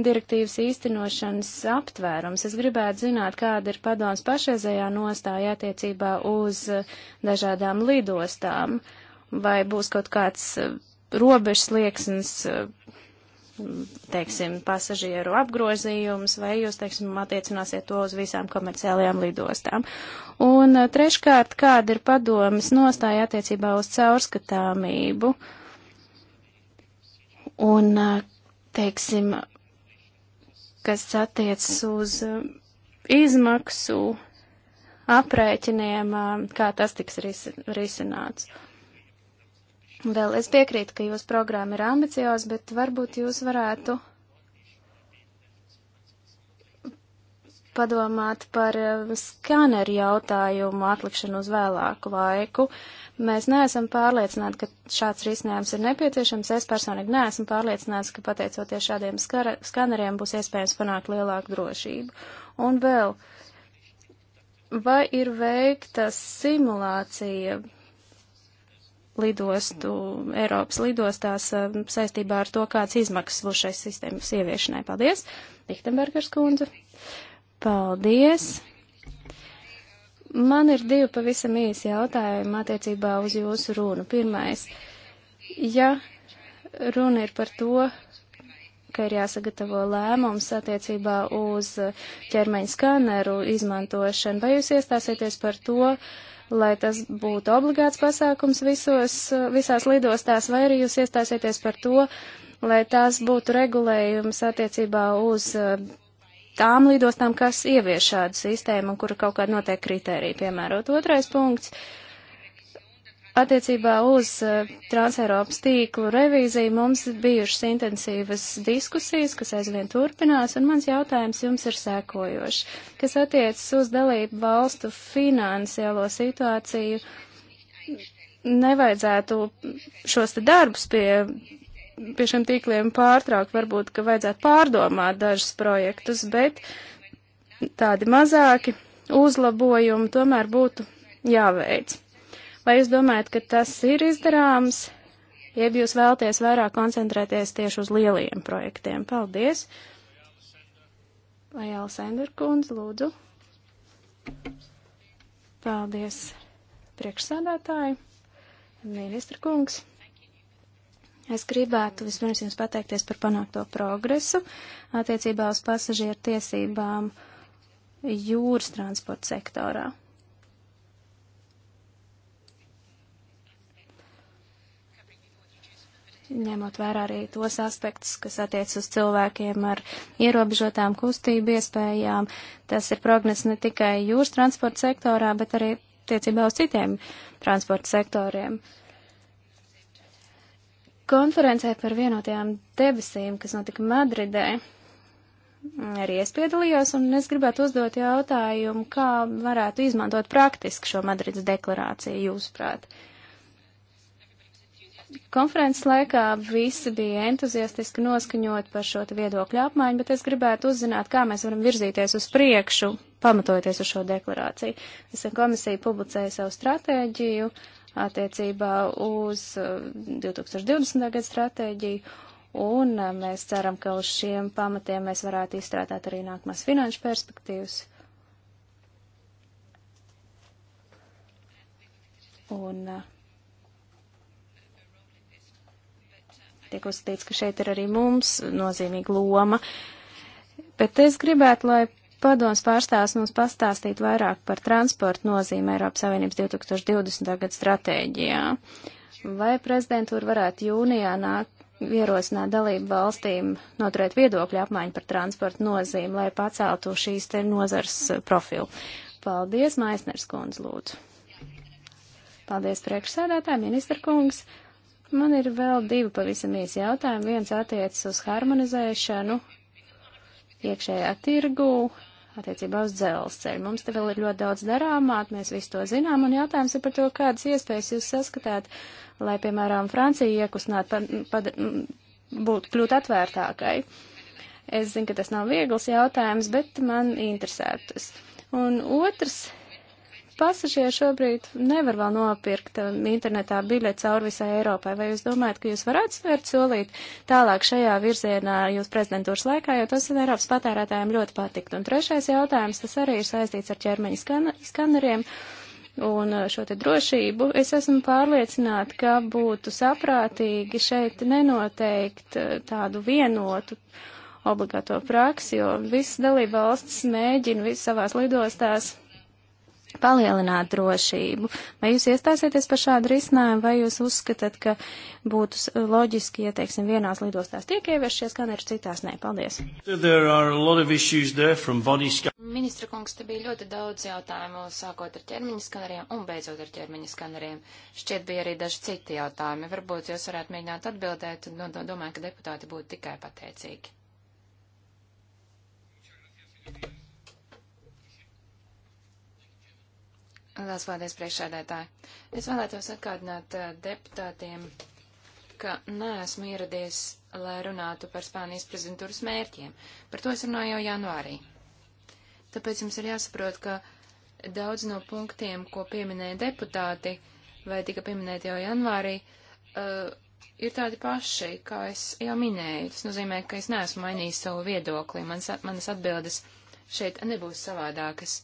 direktīvas īstenošanas aptvērums. Es gribētu zināt, kāda ir padoms pašreizējā nostāja attiecībā uz dažādām lidostām vai būs kaut kāds eh, robežs lieksnis, eh, teiksim, pasažieru apgrozījums, vai jūs, teiksim, attiecināsiet to uz visām komerciālajām lidostām. Un eh, treškārt, kāda ir padomas nostāja attiecībā uz caurskatāmību? Un, teiksim, kas attiecas uz izmaksu aprēķiniem, kā tas tiks risināts. Vēl es piekrītu, ka jūsu programma ir ambicioza, bet varbūt jūs varētu padomāt par eh, skaneru jautājumu atlikšanu uz vēlāku laiku. Mēs neesam pārliecināti, ka šāds risinājums ir nepieciešams. Es personīgi neesmu pārliecināts, ka pateicoties šādiem skara, skaneriem būs iespējams panākt lielāku drošību. Un vēl, vai ir veikta simulācija lidostu, Eiropas lidostās eh, saistībā ar to, kāds izmaksas būs šai sistēmas ieviešanai. Paldies, Lichtenbergers kundze. Paldies. Man ir divi pavisam īsi jautājumi attiecībā uz jūsu runu. Pirmais, ja runa ir par to, ka ir jāsagatavo lēmums attiecībā uz ķermeņa skaneru izmantošanu, vai jūs iestāsieties par to, uh, lai tas būtu obligāts pasākums visos, visās lidostās, vai arī jūs iestāsieties par to, lai tās būtu regulējums attiecībā uz eh, tām lidostām, kas ievieš šādu sistēmu un kura kaut kāda noteikti kritērija piemērot. Otrais punkts. Uh, Attiecībā uz eh, Transeiropas tīklu revīziju mums bijušas intensīvas diskusijas, kas aizvien turpinās, un mans jautājums jums ir sēkojošs, kas attiecas uz dalību valstu finansiālo situāciju. Nevajadzētu šos te darbus pie, pie šiem tīkliem pārtraukt, varbūt, ka vajadzētu pārdomāt dažus projektus, bet tādi mazāki uzlabojumi tomēr būtu jāveic. Vai jūs domājat, ka tas ir izdarāms, jeb jūs vēlties vairāk koncentrēties tieši uz lielajiem projektiem? Paldies! Vai Alessandra Kunz, lūdzu? Paldies, priekšsādātāji, ministra kungs. Es gribētu vispirms jums pateikties par panākto progresu attiecībā uz pasažieru tiesībām jūras transporta sektorā. ņemot vērā arī tos aspektus, kas attiec uz cilvēkiem ar ierobežotām kustību iespējām. Tas ir progress ne tikai jūras transporta sektorā, bet arī tiecībā uz citiem transporta sektoriem. Konferencē par vienotajām debesīm, kas notika Madridē, arī es piedalījos, un es gribētu uzdot jautājumu, kā varētu izmantot praktiski šo Madrides deklarāciju, jūsuprāt. Uh, Konferences laikā visi bija entuziastiski noskaņot par šo viedokļu apmaiņu, bet es gribētu uzzināt, kā mēs varam virzīties uz priekšu, pamatojoties uz šo deklarāciju. Esam komisija publicēja savu stratēģiju attiecībā uz 2020. Uh, gada stratēģiju, un uh, mēs ceram, ka uz šiem pamatiem mēs varētu izstrādāt arī nākamās finanšu perspektīvas. Un uh, tiek uzskatīts, ka šeit ir arī mums nozīmīga loma. Bet es gribētu, lai padoms pārstāvs mums pastāstītu vairāk par transportu nozīmi Eiropas Savienības 2020. gada stratēģijā. Vai prezidentūra varētu jūnijā nāk ierosināt dalību valstīm noturēt viedokļu apmaiņu par transportu nozīmi, lai paceltu šīs te nozars profilu? Paldies, Maisners kundz, lūdzu. Paldies, priekšsēdētāji, ministra kungs. Man ir vēl divi pavisam īsi jautājumi. Viens attiecas uz harmonizēšanu iekšējā tirgū attiecībā uz dzelzceļu. Mums te vēl ir ļoti daudz darāmā, mēs visu to zinām, un jautājums ir par to, kādas iespējas jūs saskatāt, lai, piemēram, Francija iekustinātu, būtu kļūt atvērtākai. Es zinu, ka tas nav viegls jautājums, bet man interesētas. Un otrs pasažieri šobrīd nevar vēl nopirkt um, internetā biļeti caur visai Eiropai. Vai jūs domājat, ka jūs varētu svērt solīt tālāk šajā virzienā jūs prezidentūras laikā, jo tas Eiropas patērētājiem ļoti patikt? Un trešais jautājums, tas arī ir saistīts ar ķermeņa skan skaneriem. Un uh, šo te drošību es esmu pārliecināta, ka būtu saprātīgi šeit nenoteikt uh, tādu vienotu obligāto praksi, jo visas dalība valsts mēģina visas savās lidostās palielināt drošību. Vai jūs iestāsieties par šādu risinājumu, vai jūs uzskatāt, ka būtu loģiski, ja, teiksim, vienās lidostās tiek ieviešties, gan ir citās? Nē, paldies. Ministra kungs, te bija ļoti daudz jautājumu, sākot ar ķermeņa skaneriem un beidzot ar ķermeņa skaneriem. Šķiet bija arī daži citi jautājumi. Varbūt jūs varētu mēģināt atbildēt, un no, no, domāju, ka deputāti būtu tikai pateicīgi. Thank you. Lielas paldies, priekšādētāji. Es vēlētos atkārtināt eh, deputātiem, ka neesmu ieradies, lai runātu par Spānijas prezidentūras mērķiem. Par to es runāju jau janvārī. Tāpēc jums ir jāsaprot, ka daudz no punktiem, ko pieminēja deputāti, vai tika pieminēti jau janvārī, uh, ir tādi paši, kā es jau minēju. Tas nozīmē, ka es neesmu mainījis savu viedokli. Manas, manas atbildes šeit nebūs savādākas.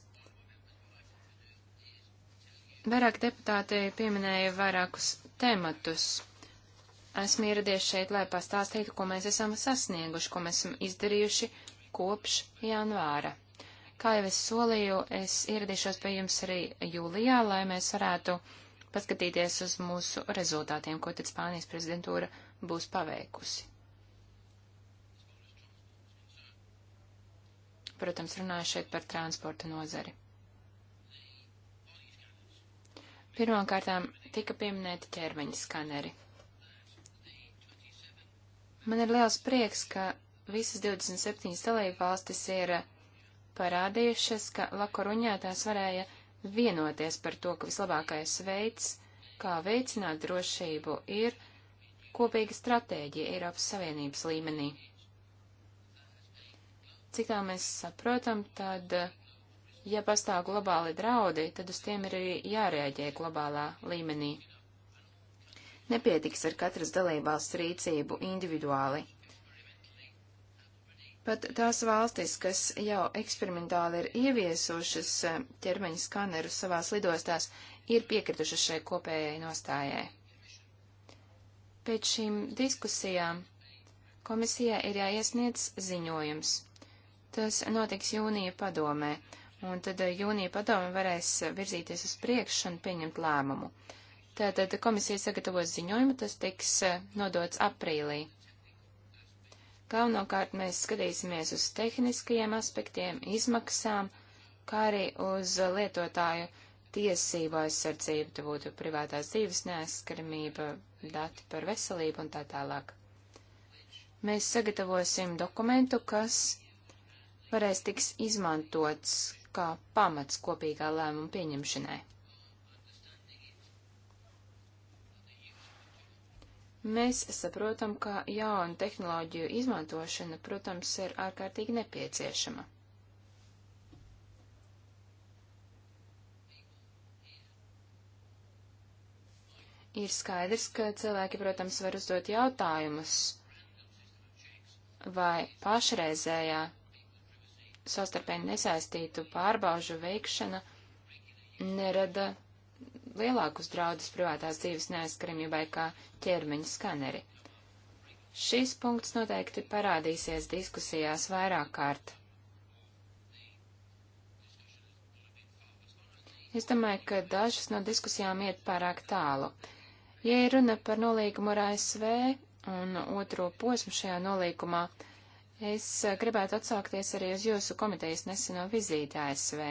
Vairāk deputāti pieminēja vairākus tematus. Esmu ieradies šeit, lai pastāstītu, ko mēs esam sasnieguši, ko mēs esam izdarījuši kopš janvāra. Kā jau es solīju, es ieradīšos pie jums arī jūlijā, lai mēs varētu paskatīties uz mūsu rezultātiem, ko tad Spānijas prezidentūra būs paveikusi. Protams, runāju šeit par transporta nozari. Pirmkārtām tika pieminēti ķermeņa skaneri. Man ir liels prieks, ka visas 27 dalībvalstis ir parādījušas, ka Lakoruņā tās varēja vienoties par to, ka vislabākais veids, kā veicināt drošību, ir kopīga stratēģija Eiropas Savienības līmenī. Cik tā mēs saprotam, tad uh, Ja pastāv globāli draudi, tad uz tiem ir arī jārēģē globālā līmenī. Nepietiks ar katras dalībvalsts rīcību individuāli. Pat tās valstis, kas jau eksperimentāli ir ieviesušas eh, ķermeņa skaneru savās lidostās, ir piekritušas šai kopējai nostājai. Pēc šīm diskusijām komisijā ir jāiesniedz ziņojums. Tas notiks jūnija padomē, un tad eh, jūnija padome varēs eh, virzīties uz priekšu un pieņemt lēmumu. Tātad komisija sagatavos ziņojumu, tas tiks eh, nodots aprīlī. Galvenokārt mēs skatīsimies uz tehniskajiem aspektiem, izmaksām, kā arī uz lietotāju tiesību aizsardzību, te būtu privātās dzīves neaizskaramība, dati par veselību un tā tālāk. Mēs sagatavosim dokumentu, kas varēs tiks izmantots kā pamats kopīgā lēmuma pieņemšanai. Mēs saprotam, ka jaunu tehnoloģiju izmantošana, protams, ir ārkārtīgi nepieciešama. Ir skaidrs, ka cilvēki, protams, var uzdot jautājumus, vai pašreizējā sastarpēji nesaistītu pārbaužu veikšana nerada lielākus draudus privātās dzīves neaizskaramībai kā ķermeņa skaneri. Šis punkts noteikti parādīsies diskusijās vairāk kārt. Es domāju, ka dažas no diskusijām iet pārāk tālu. Ja ir runa par nolīgumu ar ASV un otro posmu šajā nolīgumā, uh, Es eh, gribētu atsaukties arī uz jūsu komitejas neseno vizīti ASV.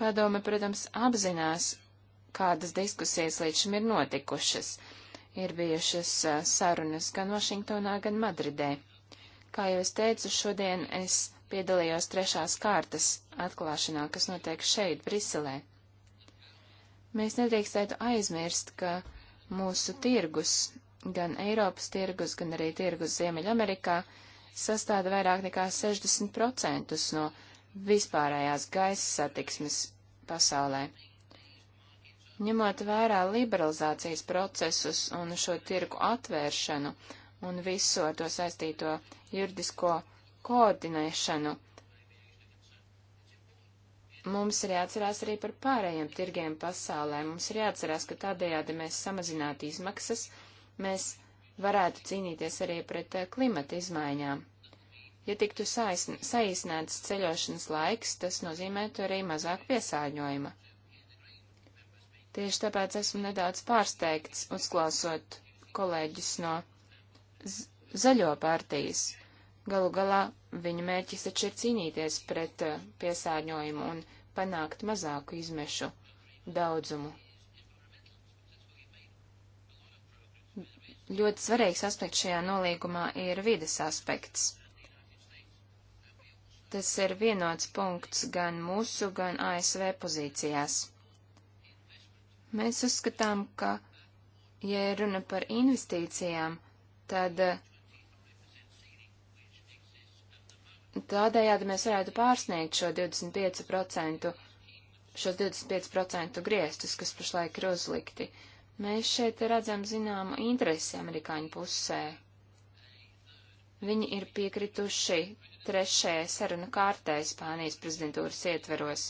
Padome, protams, apzinās, kādas diskusijas līdz šim ir notikušas. Ir bijušas eh, sarunas gan Vašingtonā, gan Madridē. Kā jau es teicu, šodien es piedalījos trešās kārtas atklāšanā, kas notiek šeit, Briselē. Mēs nedrīkstētu aizmirst, ka mūsu tirgus, gan Eiropas tirgus, gan arī tirgus Ziemeļamerikā, sastāda vairāk nekā 60% no vispārējās gaisa satiksmes pasaulē. Ņemot vērā liberalizācijas procesus un šo tirgu atvēršanu un visu ar to saistīto juridisko koordinēšanu, Mums ir jāatcerās arī par pārējiem tirgiem pasaulē. Mums ir jāatcerās, ka tādējādi mēs samazinātu izmaksas, mēs varētu cīnīties arī pret eh, klimata izmaiņām. Ja tiktu saīsnēts ceļošanas laiks, tas nozīmētu arī mazāk piesārņojuma. Tieši tāpēc esmu nedaudz pārsteigts, uzklausot kolēģis no zaļo partijas. Galu galā Viņa mērķis taču ir cīnīties pret eh, piesārņojumu un panākt mazāku izmešu daudzumu. Ļoti svarīgs aspekts šajā nolīgumā ir vides aspekts. Tas ir vienots punkts gan mūsu, gan ASV pozīcijās. Mēs uzskatām, ka, ja runa par investīcijām, tad uh, Tādējādi mēs varētu pārsniegt šo 25%, šos 25% griestus, kas pašlaik ir uzlikti. Mēs šeit redzam zināmu interesi amerikāņu pusē. Viņi ir piekrituši trešajai sarunu kārtai Spānijas prezidentūras ietveros.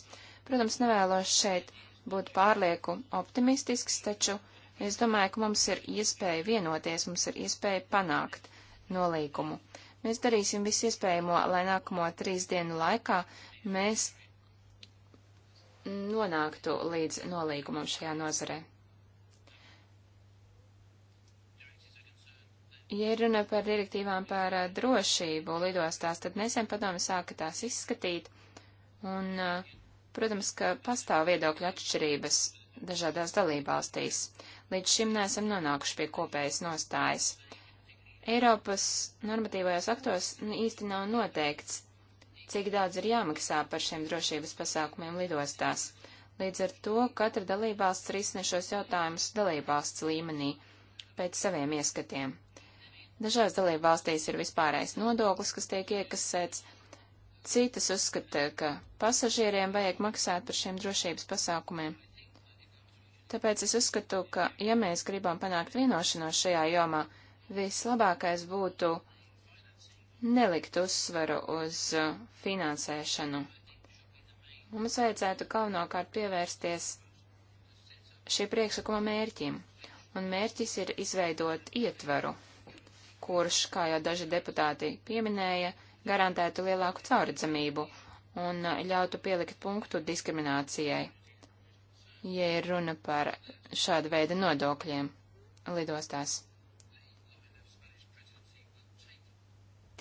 Protams, nevēlos šeit būt pārlieku optimistisks, taču es domāju, ka mums ir iespēja vienoties, mums ir iespēja panākt nolīgumu. Mēs darīsim visu iespējamo, lai nākamo trīs dienu laikā mēs nonāktu līdz nolīgumam šajā nozarē. Ja runa par direktīvām par drošību lidostās, tad nesen padomi sāka tās izskatīt, un, protams, ka pastāv viedokļu atšķirības dažādās dalībvalstīs. Līdz šim neesam nonākuši pie kopējas nostājas. Eiropas normatīvajos aktos nu, īsti nav noteikts, cik daudz ir jāmaksā par šiem drošības pasākumiem lidostās. Līdz ar to katra dalībvalsts risina šos jautājumus dalībvalsts līmenī pēc saviem ieskatiem. Dažās dalībvalstīs ir vispārējais nodoklis, kas tiek iekasēts, citas uzskata, ka pasažieriem vajag maksāt par šiem drošības pasākumiem. Tāpēc es uzskatu, ka, ja mēs gribam panākt vienošanos šajā jomā, vislabākais būtu nelikt uzsvaru uz uh, finansēšanu. Mums vajadzētu galvenokārt pievērsties šī priekšlikuma mērķim, un mērķis ir izveidot ietvaru, kurš, kā jau daži deputāti pieminēja, garantētu lielāku caurredzamību un uh, ļautu pielikt punktu diskriminācijai, ja ir runa par šādu veidu nodokļiem lidostās.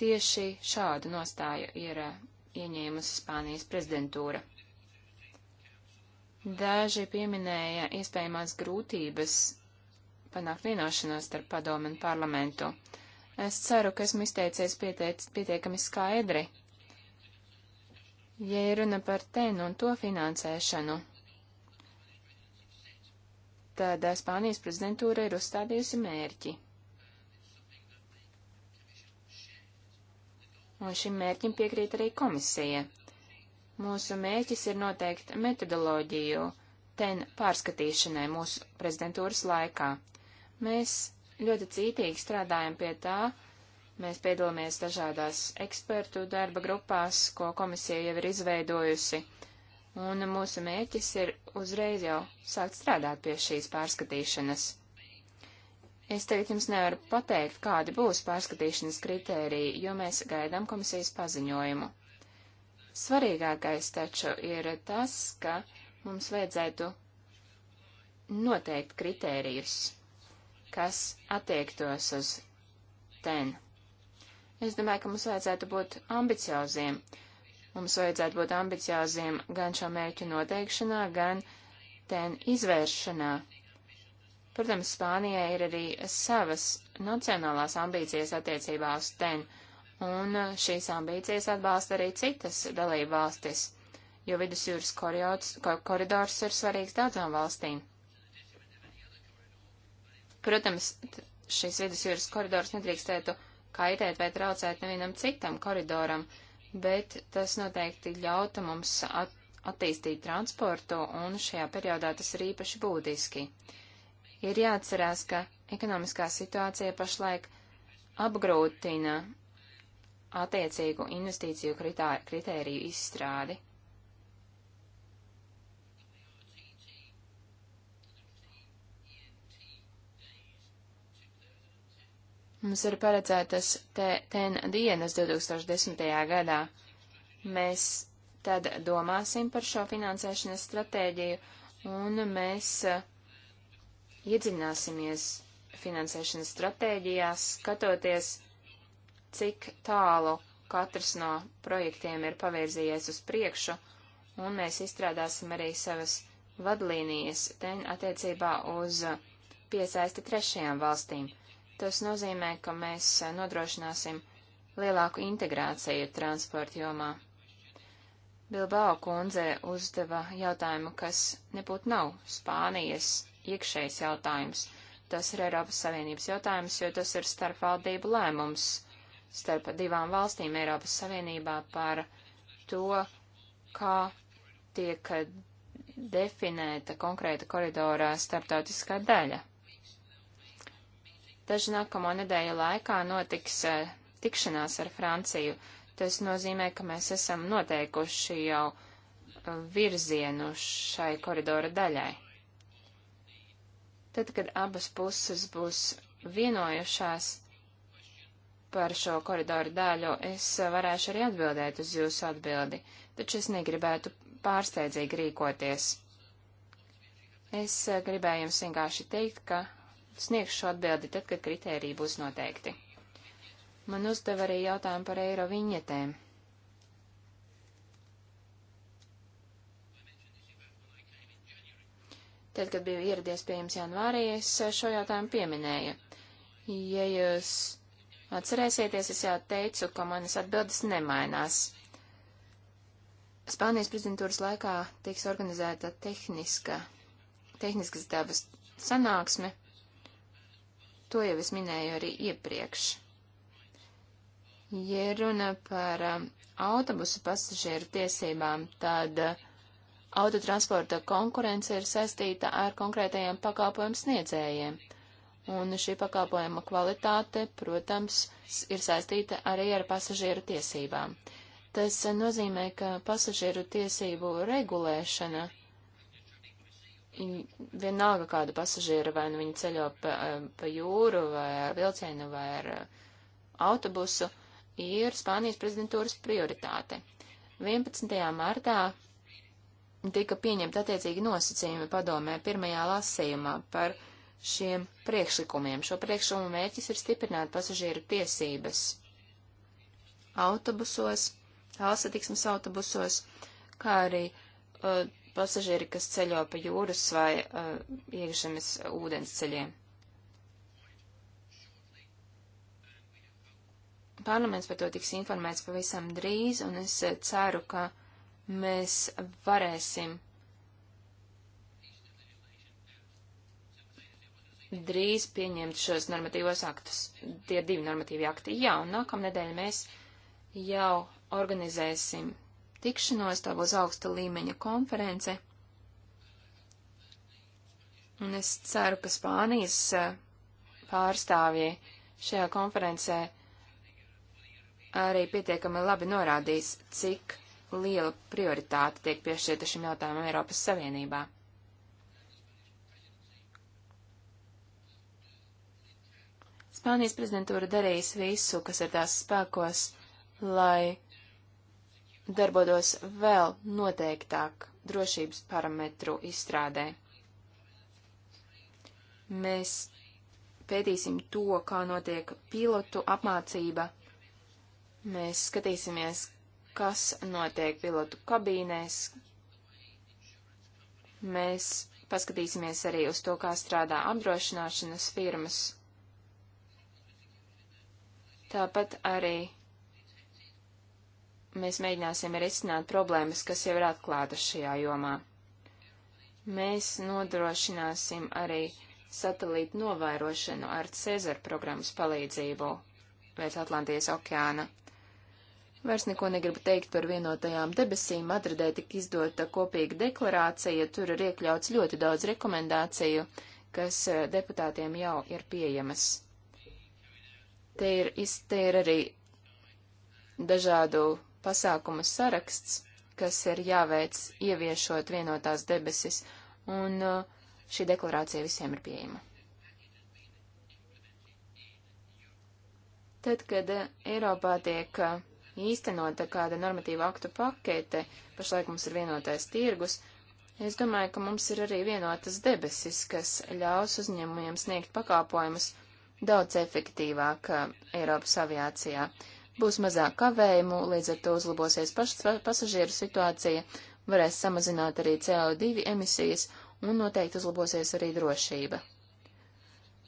Tieši šādu nostāju ir eh, ieņēmusi Spānijas prezidentūra. Daži pieminēja iespējamās grūtības panākt vienošanos starp padomu un parlamentu. Es ceru, ka esmu izteicies pieteic, pietiekami skaidri. Ja ir runa par tenu un to finansēšanu, tad Spānijas prezidentūra ir uzstādījusi mērķi. un šim mērķim piekrīt arī komisija. Mūsu mērķis ir noteikt metodoloģiju ten pārskatīšanai mūsu prezidentūras laikā. Mēs ļoti cītīgi strādājam pie tā, mēs piedalāmies dažādās ekspertu darba grupās, ko komisija jau ir izveidojusi, un mūsu mērķis ir uzreiz jau sākt strādāt pie šīs pārskatīšanas. Es tagad jums nevaru pateikt, kādi būs pārskatīšanas kritēriji, jo mēs gaidām komisijas paziņojumu. Svarīgākais taču ir tas, ka mums vajadzētu noteikt kritērijus, kas attiektos uz ten. Es domāju, ka mums vajadzētu būt ambicioziem. Mums vajadzētu būt ambicioziem gan šo mērķu noteikšanā, gan ten izvēršanā. Protams, Spānijai ir arī savas nacionālās ambīcijas attiecībā uz TEN, un šīs ambīcijas atbalsta arī citas dalību valstis, jo vidusjūras koridors, koridors ir svarīgs daudzām valstīm. Protams, šis vidusjūras koridors nedrīkstētu kaitēt vai traucēt nevienam citam koridoram, bet tas noteikti ļauta mums at attīstīt transportu, un šajā periodā tas ir īpaši būtiski. Ir jāatcerās, ka ekonomiskā situācija pašlaik apgrūtina attiecīgu investīciju kritēriju izstrādi. Mums ir paredzētas te, ten dienas 2010. gadā. Mēs tad domāsim par šo finansēšanas stratēģiju un mēs uh, iedziļināsimies finansēšanas stratēģijās, skatoties, cik tālu katrs no projektiem ir pavirzījies uz priekšu, un mēs izstrādāsim arī savas vadlīnijas ten attiecībā uz piesaisti trešajām valstīm. Tas nozīmē, ka mēs nodrošināsim lielāku integrāciju transporta jomā. Bilbao kundze uzdeva jautājumu, kas nebūtu nav Spānijas iekšējs jautājums. Tas ir Eiropas Savienības jautājums, jo tas ir starpvaldību lēmums starp divām valstīm Eiropas Savienībā par to, kā tiek definēta konkrēta koridorā starptautiskā daļa. Daži nākamo nedēļu laikā notiks e, tikšanās ar Franciju. Tas nozīmē, ka mēs esam noteikuši jau e, virzienu šai koridora daļai. Tad, kad abas puses būs vienojušās par šo koridoru daļu, es varēšu arī atbildēt uz jūsu atbildi, taču es negribētu pārsteidzīgi rīkoties. Es eh, gribēju jums vienkārši teikt, ka sniegšu atbildi tad, kad kritēriji būs noteikti. Man uzdeva arī jautājumu par eiro viņetēm. Tad, kad biju ieradies pie jums janvārī, es šo jautājumu pieminēju. Ja jūs atcerēsieties, es jau teicu, ka manas atbildes nemainās. Spānijas prezidentūras laikā tiks organizēta tehniska, tehniskas dabas sanāksme. To jau es minēju arī iepriekš. Ja runa par um, autobusu pasažieru tiesībām, tad uh, Autotransporta konkurence ir saistīta ar konkrētajiem pakalpojumu sniedzējiem, un šī pakalpojuma kvalitāte, protams, ir saistīta arī ar pasažieru tiesībām. Tas nozīmē, ka pasažieru tiesību regulēšana vienalga kādu pasažieru, vai nu viņi ceļo pa, pa jūru, vai ar vilcienu, vai ar uh, autobusu, ir Spānijas prezidentūras prioritāte. 11. martā tika pieņemta attiecīgi nosacījumi padomē pirmajā lasījumā par šiem priekšlikumiem. Šo priekšlikumu mērķis ir stiprināt pasažieru tiesības autobusos, tālsatiksmes autobusos, kā arī uh, pasažieri, kas ceļo pa jūras vai uh, iekšzemes ūdens ceļiem. Parlaments par to tiks informēts pavisam drīz, un es uh, ceru, ka mēs varēsim drīz pieņemt šos normatīvos aktus. Tie ir divi normatīvi akti. Jā, un nākamnedēļ mēs jau organizēsim tikšanos, tā būs augsta līmeņa konference. Un es ceru, ka Spānijas eh, pārstāvji šajā konferencē arī pietiekami labi norādīs, cik liela prioritāte tiek piešķirta šim jautājumam Eiropas Savienībā. Spānijas prezidentūra darīs visu, kas ir tās spēkos, lai darbotos vēl noteiktāk drošības parametru izstrādē. Mēs pētīsim to, kā notiek pilotu apmācība. Mēs skatīsimies, kas notiek pilotu kabīnēs. Mēs paskatīsimies arī uz to, kā strādā apdrošināšanas firmas. Tāpat arī mēs mēģināsim risināt problēmas, kas jau ir atklātas šajā jomā. Mēs nodrošināsim arī satelītu novērošanu ar Cezara programmas palīdzību pēc Atlantijas okeāna. Vairs neko negribu teikt par vienotajām debesīm. Madridē tika izdota kopīga deklarācija, tur ir iekļauts ļoti daudz rekomendāciju, kas eh, deputātiem jau ir pieejamas. Te ir, te ir arī dažādu pasākumu saraksts, kas ir jāveic ieviešot vienotās debesis, un eh, šī deklarācija visiem ir pieejama. Tad, kad eh, Eiropā tiek īstenota kāda normatīva aktu pakete, pašlaik mums ir vienotais tirgus, es domāju, ka mums ir arī vienotas debesis, kas ļaus uzņēmumiem sniegt pakāpojumus daudz efektīvāk uh, Eiropas aviācijā. Būs mazāk kavējumu, līdz ar to uzlabosies pasažieru situācija, varēs samazināt arī CO2 emisijas un noteikti uzlabosies arī drošība.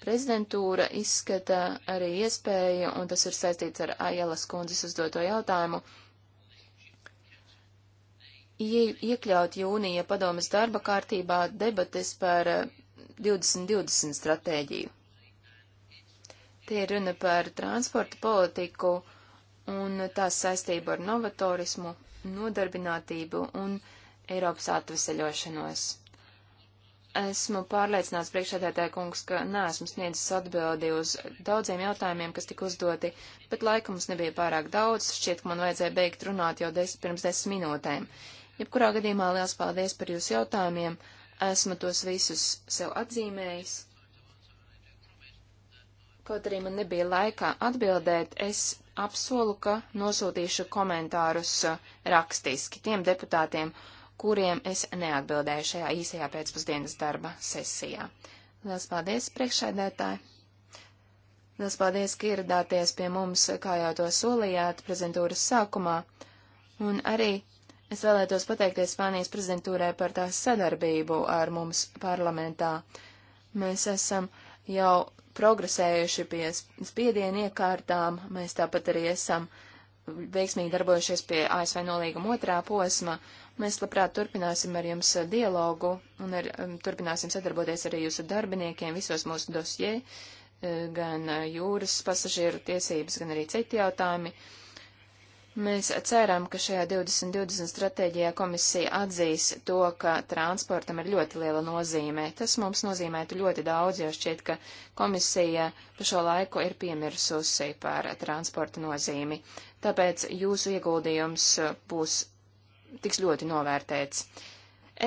Prezidentūra izskata arī iespēju, un tas ir saistīts ar Aielas kundzes uzdoto jautājumu, ie, iekļaut jūnija padomas darba kārtībā debates par 2020 eh, stratēģiju. Tie ir runa par transporta politiku un tās saistību ar novatorismu, nodarbinātību un Eiropas atveseļošanos. Esmu pārliecināts priekšsēdētāja kungs, ka neesmu sniedzis atbildi uz daudziem jautājumiem, kas tika uzdoti, bet laika mums nebija pārāk daudz, šķiet, ka man vajadzēja beigt runāt jau des, pirms desmit minūtēm. Jebkurā gadījumā liels paldies par jūsu jautājumiem, esmu tos visus sev atzīmējis. Kaut arī man nebija laikā atbildēt, es apsolu, ka nosūtīšu komentārus uh, rakstiski tiem deputātiem, kuriem es neatbildēju šajā īsajā pēcpusdienas darba sesijā. Lielas paldies, priekšēdētāji! Lielas paldies, ka ieradāties pie mums, kā jau to solījāt prezentūras sākumā, un arī Es vēlētos pateikties Spānijas prezidentūrai par tās sadarbību ar mums parlamentā. Mēs esam jau progresējuši pie spiedienu iekārtām, mēs tāpat arī esam veiksmīgi darbojušies pie ASV nolīguma otrā posma, Mēs labprāt turpināsim ar jums dialogu un ar, um, turpināsim sadarboties arī jūsu darbiniekiem visos mūsu dosjē, eh, gan eh, jūras pasažieru tiesības, gan arī citi jautājumi. Mēs ceram, ka šajā 2020 stratēģijā komisija atzīs to, ka transportam ir ļoti liela nozīme. Tas mums nozīmētu ļoti daudz, jo šķiet, ka komisija pa šo laiku ir piemirsusi par transporta nozīmi. Tāpēc jūsu ieguldījums būs tiks ļoti novērtēts.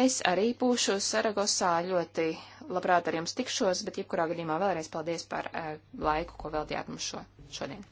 Es arī būšu Saragosā ļoti labprāt ar jums tikšos, bet jebkurā gadījumā vēlreiz paldies par uh, laiku, ko veltījāt mums šo, šodien.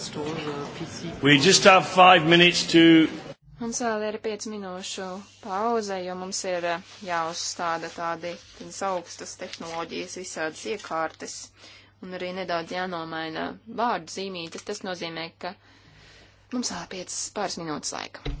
install the PC. We just have five minutes to. Mums vēl ir 5 minūšu pauze, jo mums ir eh, jāuzstāda tādi augstas tehnoloģijas, visādas iekārtas, un arī nedaudz jānomaina vārdu zīmītes. Tas nozīmē, ka mums vēl 5 pāris minūtes laika.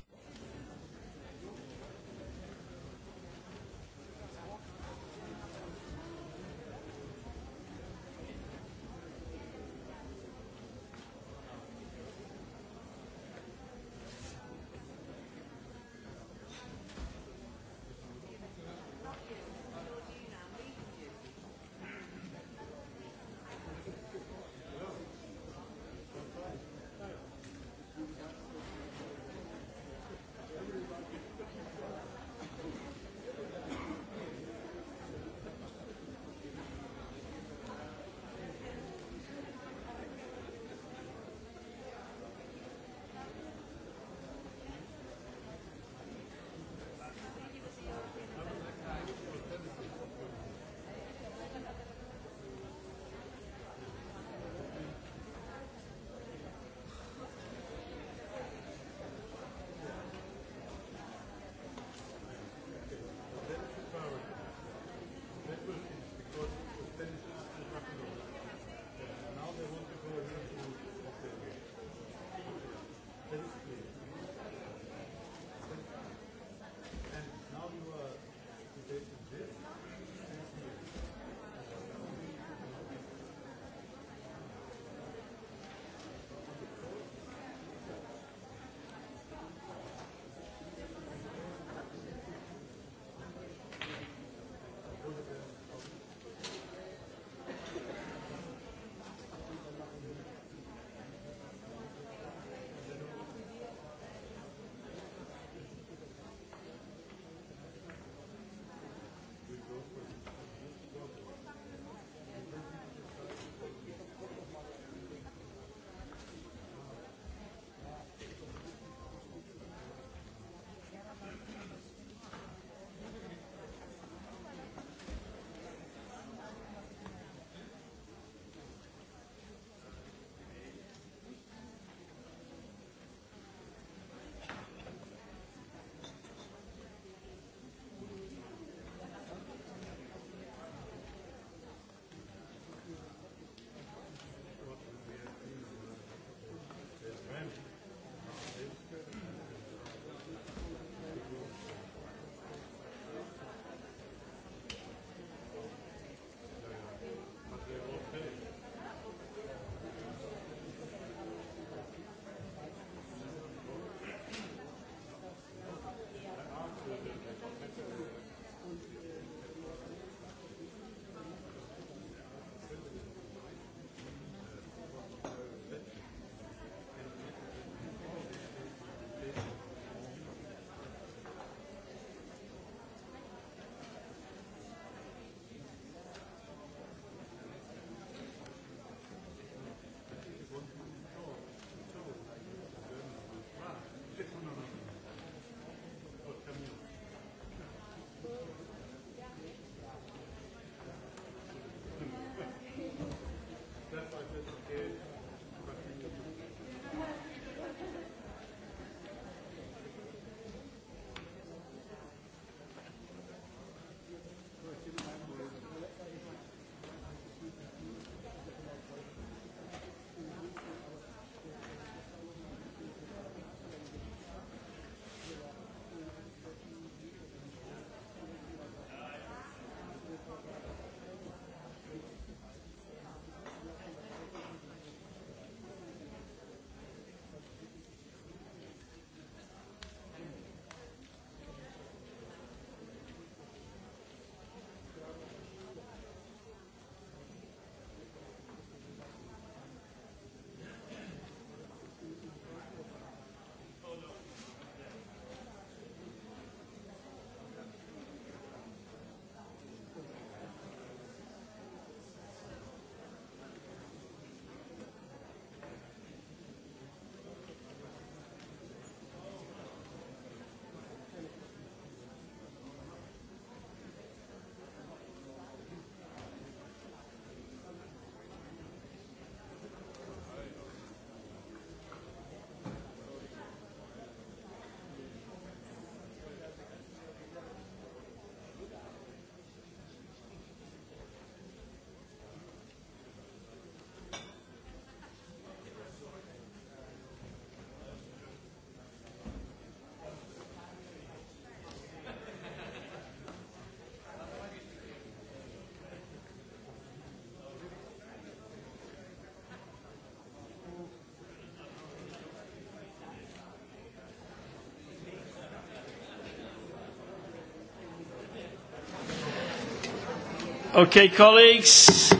Okay, colleagues.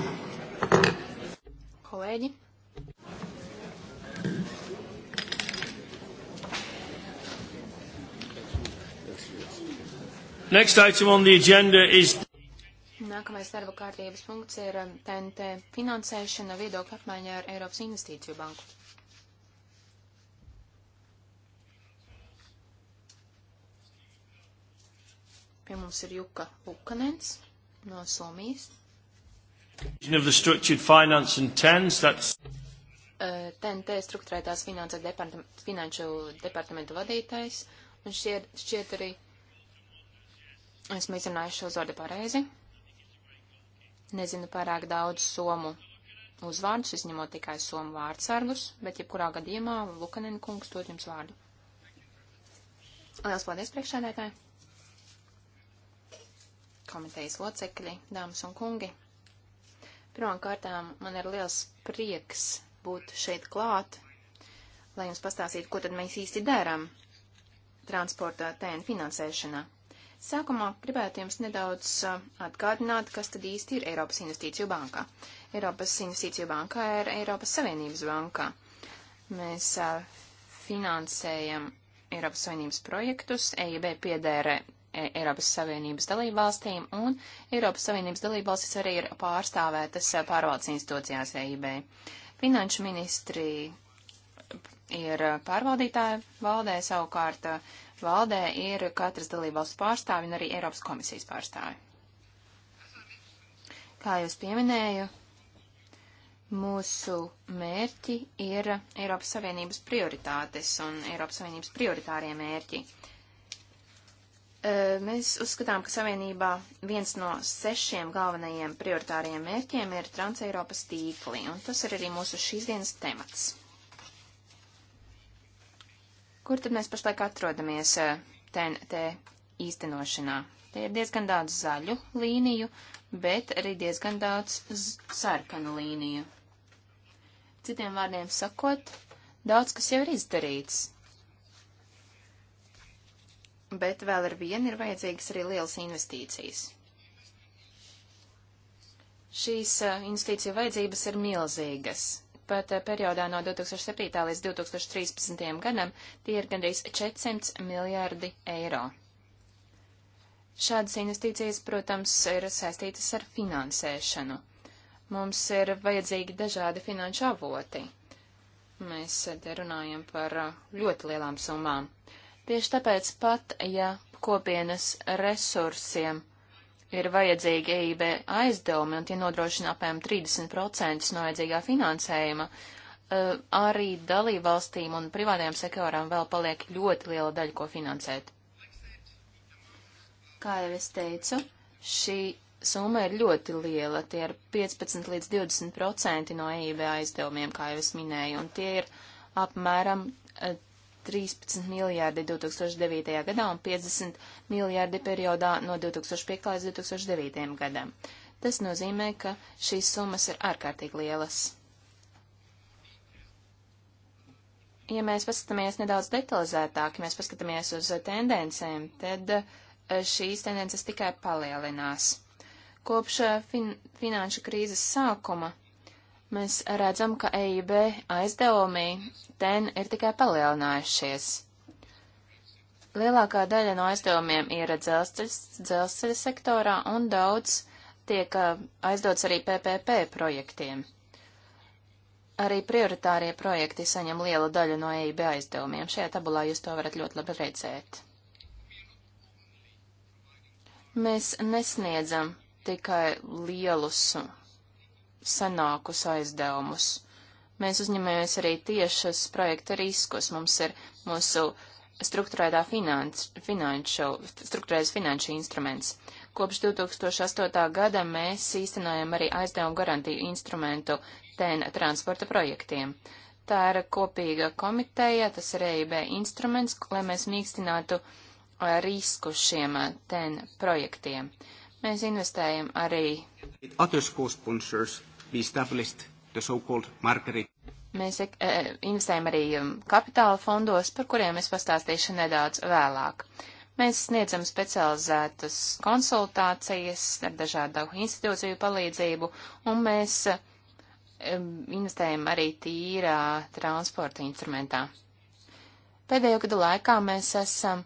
Kolēģi. Next item on the agenda is Nākamais darba kārtības punkts ir TNT um, finansēšana viedokļa apmaiņā ar Eiropas investīciju banku. Pie mums ir Juka Ukanens no Somijas. TNT eh, struktūrētās departament, finanšu departamentu vadītājs, un šķiet, šķiet arī esmu izrunājuši šo uzvārdu pareizi. Nezinu pārāk daudz somu uzvārdus, izņemot tikai somu vārdsargus, bet jebkurā gadījumā Lukanen kungs dod jums vārdu. Lielas paldies priekšsēdētāji! komitejas locekļi, dāmas un kungi. Pirmkārtām man ir liels prieks būt šeit klāt, lai jums pastāstītu, ko tad mēs īsti darām transporta tēna finansēšanā. Sākumā gribētu jums nedaudz uh, atgādināt, kas tad īsti ir Eiropas Investīciju bankā. Eiropas Investīciju bankā ir Eiropas Savienības bankā. Mēs uh, finansējam Eiropas Savienības projektus, EIB piedēra E, Eiropas Savienības dalībvalstīm, un Eiropas Savienības dalībvalstis arī ir pārstāvētas e, pārvaldes institūcijās EIB. Finanšu ministri ir e, pārvaldītāja valdē, savukārt valdē ir katras dalībvalsts pārstāvi un arī Eiropas komisijas pārstāvi. Kā jūs pieminēju, mūsu mērķi ir Eiropas Savienības prioritātes un Eiropas Savienības prioritārie mērķi. Uh, Mēs uzskatām, ka Savienībā viens no sešiem galvenajiem prioritāriem mērķiem ir Transeiropas tīkli, un tas ir arī mūsu šīs dienas temats. Kur tad mēs pašlaik atrodamies TNT īstenošanā? Te ir diezgan daudz zaļu līniju, bet arī diezgan daudz sarkanu līniju. Citiem vārdiem sakot, daudz kas jau ir izdarīts bet vēl ar vienu ir vajadzīgas arī lielas investīcijas. Šīs eh, investīciju vajadzības ir milzīgas. Pat eh, periodā no 2007. līdz 2013. gadam tie ir gandrīz 400 miljārdi eiro. Šādas investīcijas, protams, ir saistītas ar finansēšanu. Mums ir vajadzīgi dažādi finanšu avoti. Mēs te runājam par eh, ļoti lielām summām. Uh, Tieši tāpēc pat, ja kopienas resursiem ir vajadzīgi e EIB aizdevumi, un tie nodrošina apmēram 30% no vajadzīgā finansējuma, eh, arī dalībvalstīm un privātajām sektoram vēl paliek ļoti liela daļa, ko finansēt. Kā jau es teicu, šī summa ir ļoti liela. Tie ir 15 līdz 20% no EIB aizdevumiem, kā jau es minēju, un tie ir apmēram eh, 13 miljārdi 2009. gadā un 50 miljārdi periodā no 2005 līdz 2009. gadam. Tas nozīmē, ka šīs summas ir ārkārtīgi lielas. Ja mēs paskatāmies nedaudz detalizētāk, ja mēs paskatāmies uz tendencēm, tad eh, šīs tendences tikai palielinās. Kopš eh, fin finanšu krīzes sākuma mēs redzam, ka EIB aizdevumi ten ir tikai palielinājušies. Lielākā daļa no aizdevumiem ir dzelzceļa sektorā un daudz tiek aizdots arī PPP projektiem. Arī prioritārie projekti saņem lielu daļu no EIB aizdevumiem. Šajā tabulā jūs to varat ļoti labi redzēt. Mēs nesniedzam tikai lielus senākus aizdevumus. Mēs uzņemamies arī tiešas projekta riskus. Mums ir mūsu struktūrētā finans, finanšu, struktūrēs finanšu instruments. Kopš 2008. gada mēs īstenojam arī aizdevumu garantiju instrumentu TEN transporta projektiem. Tā ir kopīga komiteja, tas ir EIB instruments, lai mēs mīkstinātu risku šiem TEN projektiem. Mēs investējam arī. Other co-sponsors We established the so-called Margaret. Mēs ek, eh, e, eh, investējam arī um, kapitāla fondos, par kuriem es pastāstīšu nedaudz vēlāk. Mēs sniedzam specializētas konsultācijas ar dažādu institūciju palīdzību, un mēs eh, investējam arī tīrā transporta instrumentā. Pēdējo gadu laikā mēs esam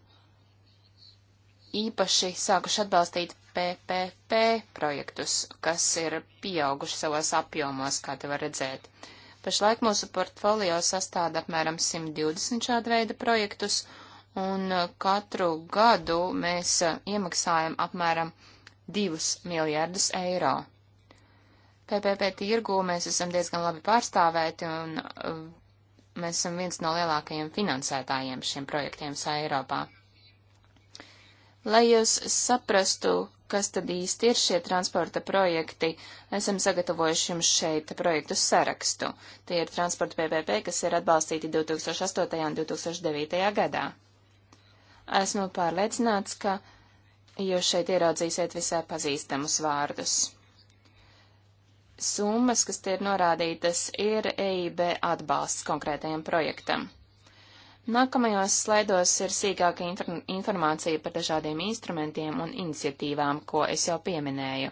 īpaši sākuši atbalstīt PPP projektus, kas ir pieauguši savos apjomos, kā te var redzēt. Pašlaik mūsu portfolio sastāda apmēram 120 šāda veida projektus, un uh, katru gadu mēs uh, iemaksājam apmēram 2 miljardus eiro. PPP tirgū mēs esam diezgan labi pārstāvēti, un uh, mēs esam viens no lielākajiem finansētājiem šiem projektiem Sā Eiropā. Lai jūs saprastu, kas tad īsti ir šie transporta projekti, esam sagatavojuši jums šeit projektu sarakstu. Tie ir transporta PPP, kas ir atbalstīti 2008. un 2009. gadā. Esmu pārliecināts, ka jūs šeit ieraudzīsiet visai pazīstamus vārdus. Summas, kas tie ir norādītas, ir EIB atbalsts konkrētajam projektam. Nākamajos slaidos ir sīkāka informācija par dažādiem instrumentiem un iniciatīvām, ko es jau pieminēju.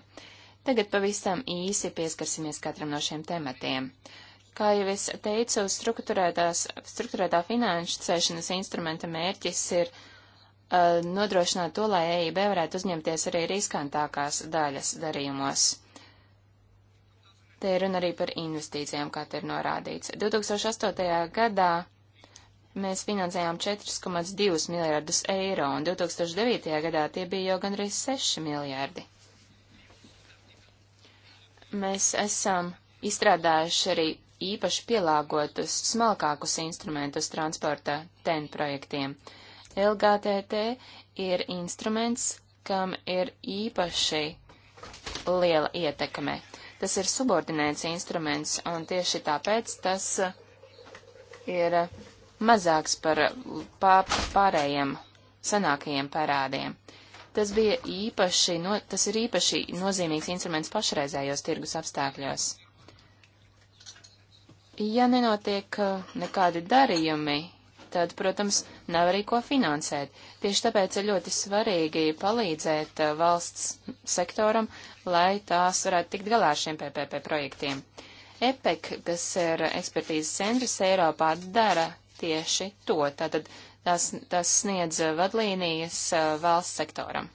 Tagad pavisam īsi pieskarsimies katram no šiem tematiem. Kā jau es teicu, struktūrētā finansēšanas instrumenta mērķis ir uh, nodrošināt to, lai EIB varētu uzņemties arī riskantākās daļas darījumos. Te ir runa arī par investīcijām, kā te ir norādīts. 2008. gadā mēs finansējām 4,2 miljārdus eiro, un 2009. gadā tie bija jau gandrīz 6 miljārdi. Mēs esam izstrādājuši arī īpaši pielāgotus, smalkākus instrumentus transporta TEN projektiem. LGTT ir instruments, kam ir īpaši liela ietekme. Tas ir subordinēts instruments, un tieši tāpēc tas ir mazāks par pārējiem senākajiem parādiem. Tas bija īpaši, no, tas ir īpaši nozīmīgs instruments pašreizējos tirgus apstākļos. Ja nenotiek uh, nekādi darījumi, tad, protams, nav arī ko finansēt. Tieši tāpēc ir ļoti svarīgi palīdzēt uh, valsts sektoram, lai tās varētu tikt galā ar šiem PPP projektiem. EPEC, kas ir ekspertīzes centrs Eiropā, dara tieši to. Tātad tas, tas sniedz vadlīnijas uh, valsts sektoram.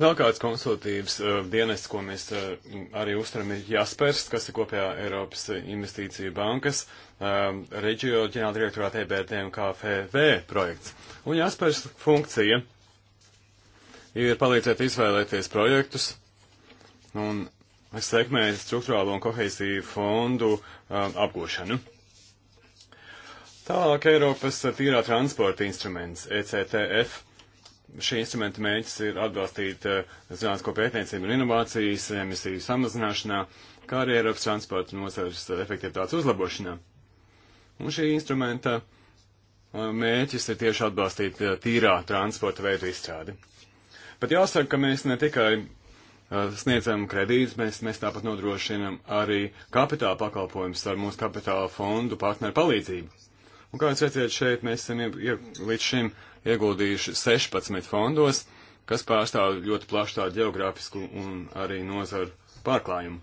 Vēl kāds konsultatīvs uh, dienests, ko mēs uh, arī uztram, ir Jaspers, kas ir kopējā Eiropas investīciju bankas, um, reģio ģenerāla direktorāta EBRD un KFV projekts. Un Jaspers funkcija ir palīdzēt izvēlēties projektus un sekmēt struktūrālo un kohēziju fondu um, apgūšanu. Tālāk Eiropas tīrā transporta instruments, ECTF. Šī instrumenta mēģis ir atbalstīt eh, zinātnisko pētniecību un inovācijas emisiju samazināšanā, kā arī Eiropas transporta nozares efektivitātes uzlabošanā. Un šī instrumenta eh, mēķis ir tieši atbalstīt eh, tīrā transporta veidu izstrādi. Bet jāsaka, ka mēs ne tikai sniedzam kredītus, mēs, mēs tāpat nodrošinam arī kapitāla pakalpojumus ar mūsu kapitāla fondu partneru palīdzību. Un kā jūs redzat, šeit mēs esam līdz šim ieguldījuši 16 fondos, kas pārstāv ļoti plašu tādu geogrāfisku un arī nozaru pārklājumu.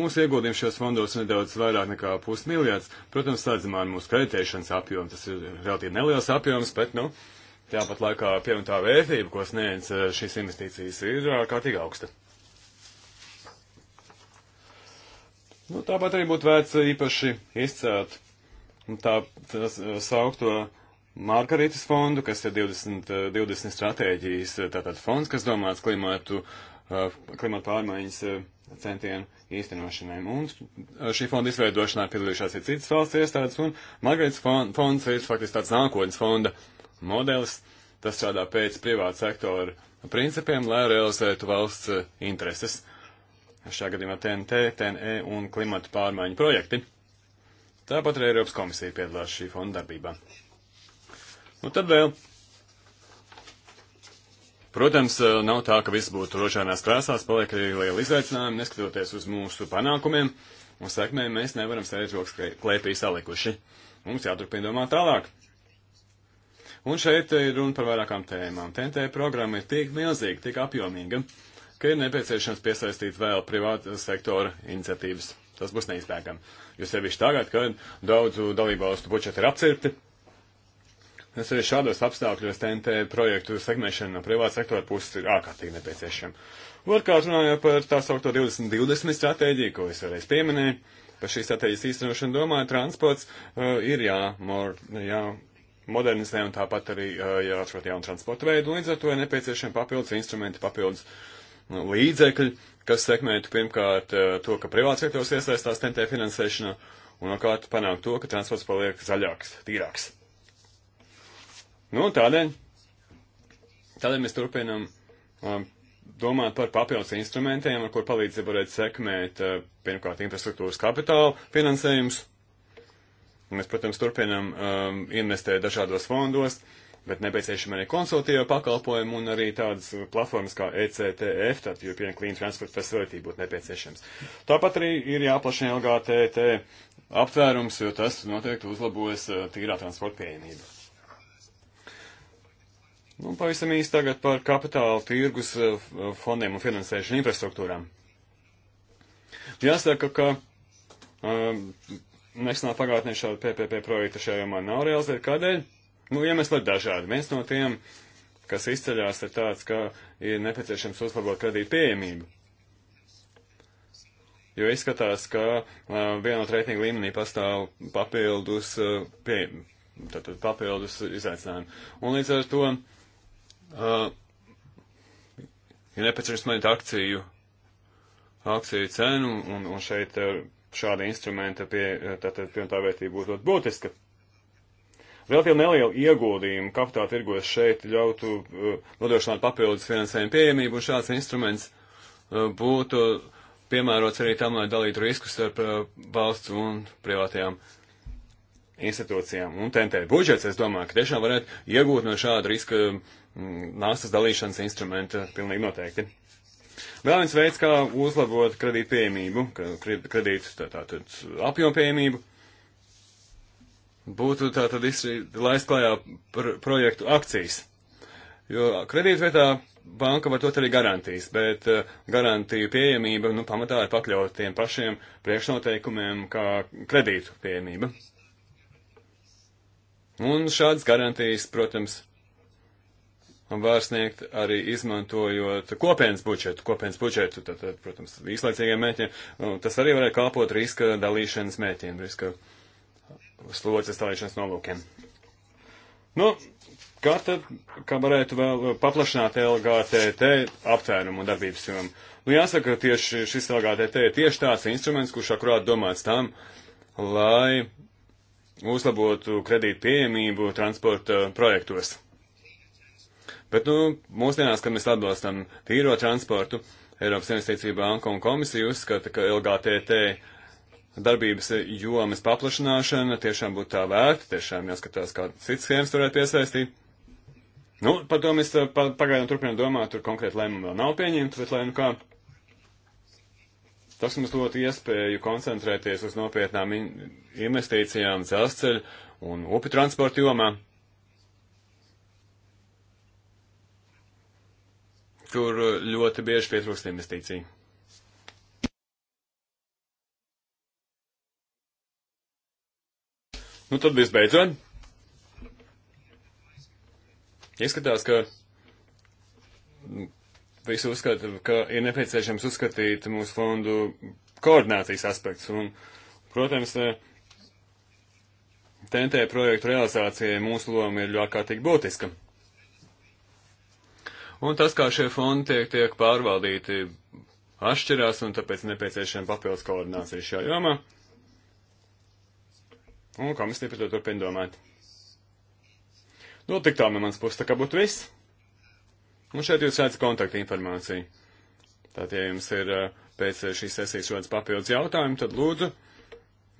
Mūsu ieguldījumi šajos fondos nedaudz vairāk nekā pusmiljards. Protams, sadzimā ar mūsu kreditēšanas apjomu. Tas ir relatīvi neliels apjoms, bet, nu, tāpat laikā pievienotā vērtība, ko sniedz eh, šīs investīcijas, ir eh, ārkārtīgi augsta. Nu, tāpat arī būtu vērts īpaši izcelt tā, tā eh, saukto Margaritas fondu, kas ir 20, 20 eh, stratēģijas eh, tātad fonds, kas domāts klimatu, klimatu pārmaiņas centienu īstenošanai. Un šī fonda izveidošanā piedalījušās ir citas valsts iestādes, un Margaritas fonds ir faktiski tāds nākotnes fonda modelis. Tas strādā pēc privāta sektora principiem, lai realizētu valsts intereses. Šajā gadījumā TNT, TNE un klimatu pārmaiņu projekti. Tāpat arī Eiropas komisija piedalās šī fonda darbībā. Un nu, tad vēl. Protams, eh, nav tā, ka viss būtu rožānās krāsās, paliek arī liela izaicinājuma, neskatoties uz mūsu panākumiem un sekmēm, mēs nevaram sēdēt rokas klēpī salikuši. Mums jāturpina domāt tālāk. Un šeit ir runa par vairākām tēmām. TNT programma ir tik milzīga, tik apjomīga, ka ir nepieciešams piesaistīt vēl privāta sektora iniciatīvas. Tas būs neizbēgami. Jo sevišķi tagad, kad daudzu dalībvalstu budžeti ir apcirpti, es arī šādos apstākļos TNT projektu segmentēšana no privāta sektora puses ir ārkārtīgi nepieciešama. Otrkārt runājot par tā saukto 2020 stratēģiju, ko es vēlreiz pieminēju, par šīs stratēģijas īstenošanu domāju, transports uh, ir jā, mor, jā, modernizē un tāpat arī uh, jāatrod jaunu transporta veidu, un līdz ar to ir nepieciešami papildus instrumenti, papildus uh, līdzekļi, kas sekmētu pirmkārt eh, to, ka privāts sektors iesaistās TNT finansēšanā, un otrkārt panākt to, ka transports paliek zaļāks, tīrāks. Nu, tādēļ, tādēļ mēs turpinam um, domāt par papildus instrumentiem, ar kur palīdzību varētu sekmēt uh, pirmkārt infrastruktūras kapitāla finansējums. Mēs, protams, turpinam um, investēt dažādos fondos, uh, bet nepieciešama arī konsultīva pakalpojuma un arī tādas platformas kā ECTF, tātad European Clean Transport Facility būtu nepieciešams. Tāpat arī ir jāplašina LGTT aptvērums, jo tas noteikti uzlabojas eh, tīrā transporta pieejamību. Nu, pavisam īsti tagad par kapitāla tirgus eh, fondiem un finansēšanu infrastruktūrām. Jāsaka, ka um, nesenā pagātnē šāda PPP projekta šajā jomā nav realizēta. Kādēļ? Nu, iemesli ir dažādi. Viens no tiem, kas izceļās, ir tāds, ka ir nepieciešams uzlabot kredītu pieejamību. Jo izskatās, ka uh, vienot reitingu līmenī pastāv papildus, uh, pie, tātad papildus izaicinājumi. Un līdz ar to uh, ir nepieciešams mainīt akciju, akciju cenu, un, un šeit uh, šāda instrumenta pie, tātad, pie tā vērtība būtu ļoti būtiska. Relatīvi neliela ieguldījuma kapitāla tirgos šeit ļautu uh, nodrošināt papildus finansējumu pieejamību, un šāds instruments uh, būtu piemērots arī tam, lai dalītu riskus starp uh, valsts un privātajām institūcijām. Un TNT budžets, es domāju, ka tiešām varētu iegūt no šāda riska mm, nāstas dalīšanas instrumenta pilnīgi noteikti. Vēl viens veids, kā uzlabot kredītu pieejamību, kredītu apjomu pieejamību, būtu tātad laist klājā pr projektu akcijas. Jo kredītvietā banka var dot arī garantijas, bet eh, garantiju pieejamība, nu, pamatā ir pakļaut tiem pašiem priekšnoteikumiem kā kredītu pieejamība. Un šādas garantijas, protams, var sniegt arī izmantojot kopienas budžetu, kopienas budžetu, tātad, protams, īslaicīgiem mēķiem. Tas arī varētu kalpot riska dalīšanas mēķiem, riska uh, slodzes stāvēšanas nolūkiem. Nu, kā tad, kā varētu vēl paplašināt LGTT aptērumu un darbības jomu? Nu, jāsaka, tieši šis LGTT ir tieši tāds instruments, kurš akurāt domāts tam, lai uzlabotu kredītu pieejamību transporta projektos. Bet, nu, mūsdienās, kad mēs atbalstam tīro transportu, Eiropas Investīcija Banka un komisija uzskata, ka LGTT darbības jomas paplašināšana tiešām būtu tā vērta, tiešām jāskatās, kā cits schēmas varētu iesaistīt. Nu, par to mēs eh, pagaidām turpinām domāt, tur konkrēti lēmumi vēl nav pieņemti, bet lai nu kā. Tas mums dot iespēju koncentrēties uz nopietnām in investīcijām dzelzceļa un upi transporta jomā. kur ļoti bieži pietrūkst investīciju. Nu, tad visbeidzot, izskatās, ka visi uzskata, ka ir nepieciešams uzskatīt mūsu fondu koordinācijas aspekts. Un, protams, TNT eh, projektu realizācijai mūsu loma ir ļoti kārtīgi būtiska. Un tas, kā šie fondi tiek, tiek pārvaldīti, atšķirās, un tāpēc nepieciešama papildus koordinācija šajā jomā. Ja Un komisija par to turpina domāt. Nu, tik tā no mans puses tā kā būtu viss. Un šeit jūs redzat kontaktu informāciju. Tātad, ja jums ir eh, pēc šīs sesijas rodas papildus jautājumi, tad lūdzu,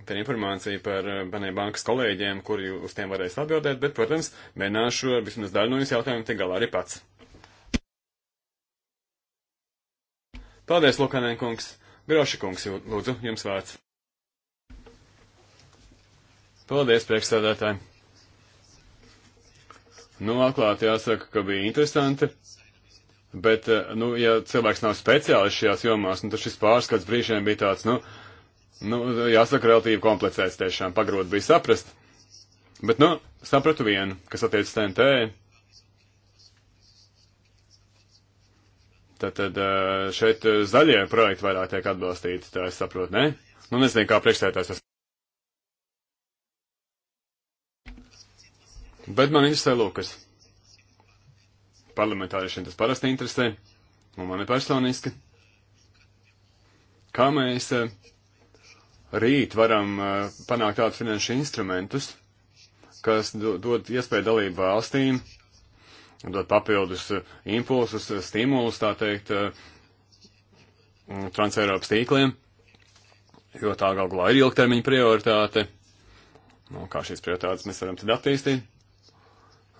tā informācija par eh, maniem bankas kolēģiem, kuri uz tiem varēs atbildēt, bet, protams, mēģināšu ar vismaz daļu no jūsu jautājumiem tik galā arī pats. Paldies, Lukanēn kungs. Groši kungs, lūdzu, jums vārds. Paldies, priekšsēdētāji! Nu, atklāti jāsaka, ka bija interesanti, bet, eh, nu, ja cilvēks nav speciālists šajās jomās, nu, tad šis pārskats brīžiem bija tāds, nu, nu jāsaka, relatīvi komplicēts tiešām, pagrot bija saprast. Bet, nu, sapratu vienu, kas attiecas TNT. Tātad eh, šeit eh, zaļie projekti vairāk tiek atbalstīti, tā es saprotu, ne? Nu, nezinu, kā priekšsētājs. Bet man interesē Lukas. Parlamentāriešiem tas parasti interesē, un man ir personiski. Kā mēs eh, rīt varam eh, panākt tādus finanšu instrumentus, kas dod iespēju dalību valstīm, dod papildus eh, impulsus, stimulus, tā teikt, mm, transeiropas tīkliem, jo tā galvā ir ilgtermiņa prioritāte. Nu, kā šīs prioritātes mēs varam tad attīstīt?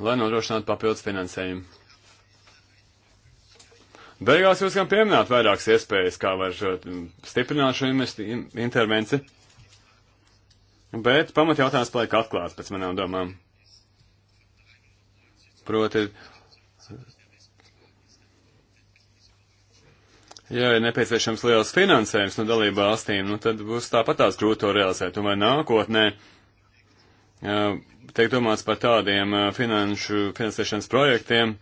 lai nodrošinātu papildus finansējumu. Beigās jūs gan pieminēt vairākas iespējas, kā var stiprināt šo intervenciju, bet pamat jautājums paliek atklāts pēc manām domām. Proti, ja ir nepieciešams liels finansējums no dalību valstīm, nu tad būs tāpat tās grūti to realizēt, un vai nākotnē. Ne tiek domāts par tādiem finanšu finansēšanas projektiem,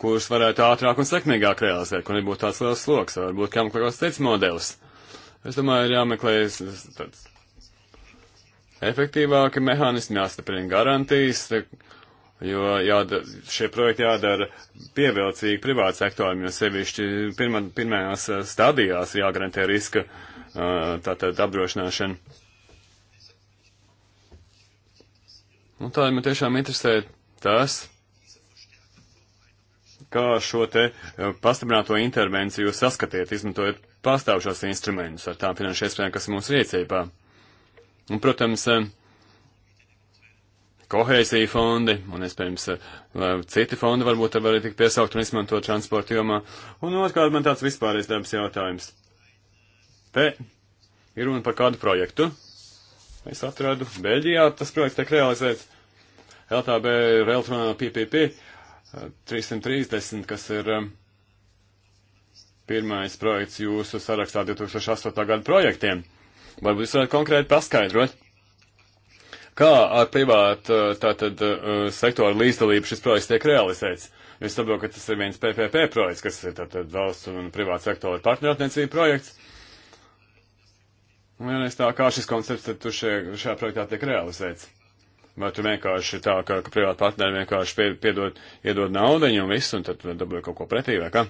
kurus varētu ātrāk un sekmīgāk realizēt, kur nebūtu tāds liels sloks, varbūt kam kaut kāds cits modelis. Es domāju, ir jāmeklē tāds efektīvāki mehānismi, jāstiprina garantijas, jo jādara, šie projekti jādara pievilcīgi privāta sektoram, jo sevišķi pirma, pirmajās stadijās jāgarantē riska tātad apdrošināšana. Un nu, tā man tiešām interesē tas, kā šo te eh, pastiprināto intervenciju saskatiet, izmantojot pastāvšos instrumentus ar tām finanšu iespējām, kas ir mūsu rīcībā. Un, protams, eh, kohēzija fondi un, iespējams, eh, citi fondi varbūt var arī tikt piesaukt un izmantot transporta jomā. Un otrkārt man tāds vispārējais darbs jautājums. Te ir runa par kādu projektu, Es atradu, Beļģijā tas projekts tiek realizēts. LTB Reltronā PPP 330, kas ir um, pirmais projekts jūsu sarakstā 2008. gada projektiem. Varbūt jūs varētu konkrēti paskaidrot, kā ar privātu uh, tātad uh, sektoru līdzdalību šis projekts tiek realizēts. Es saprotu, ka tas ir viens PPP projekts, kas ir tātad valsts un privāta sektora partnerattiecība projekts. Un es tā kā šis koncepts tur šie, šajā projektā tiek realizēts. Vai tur vienkārši tā, ka, ka privāti partneri vienkārši pie, piedod, iedod naudaņu un viss, un tad dabūja kaut ko pretī, vai kā?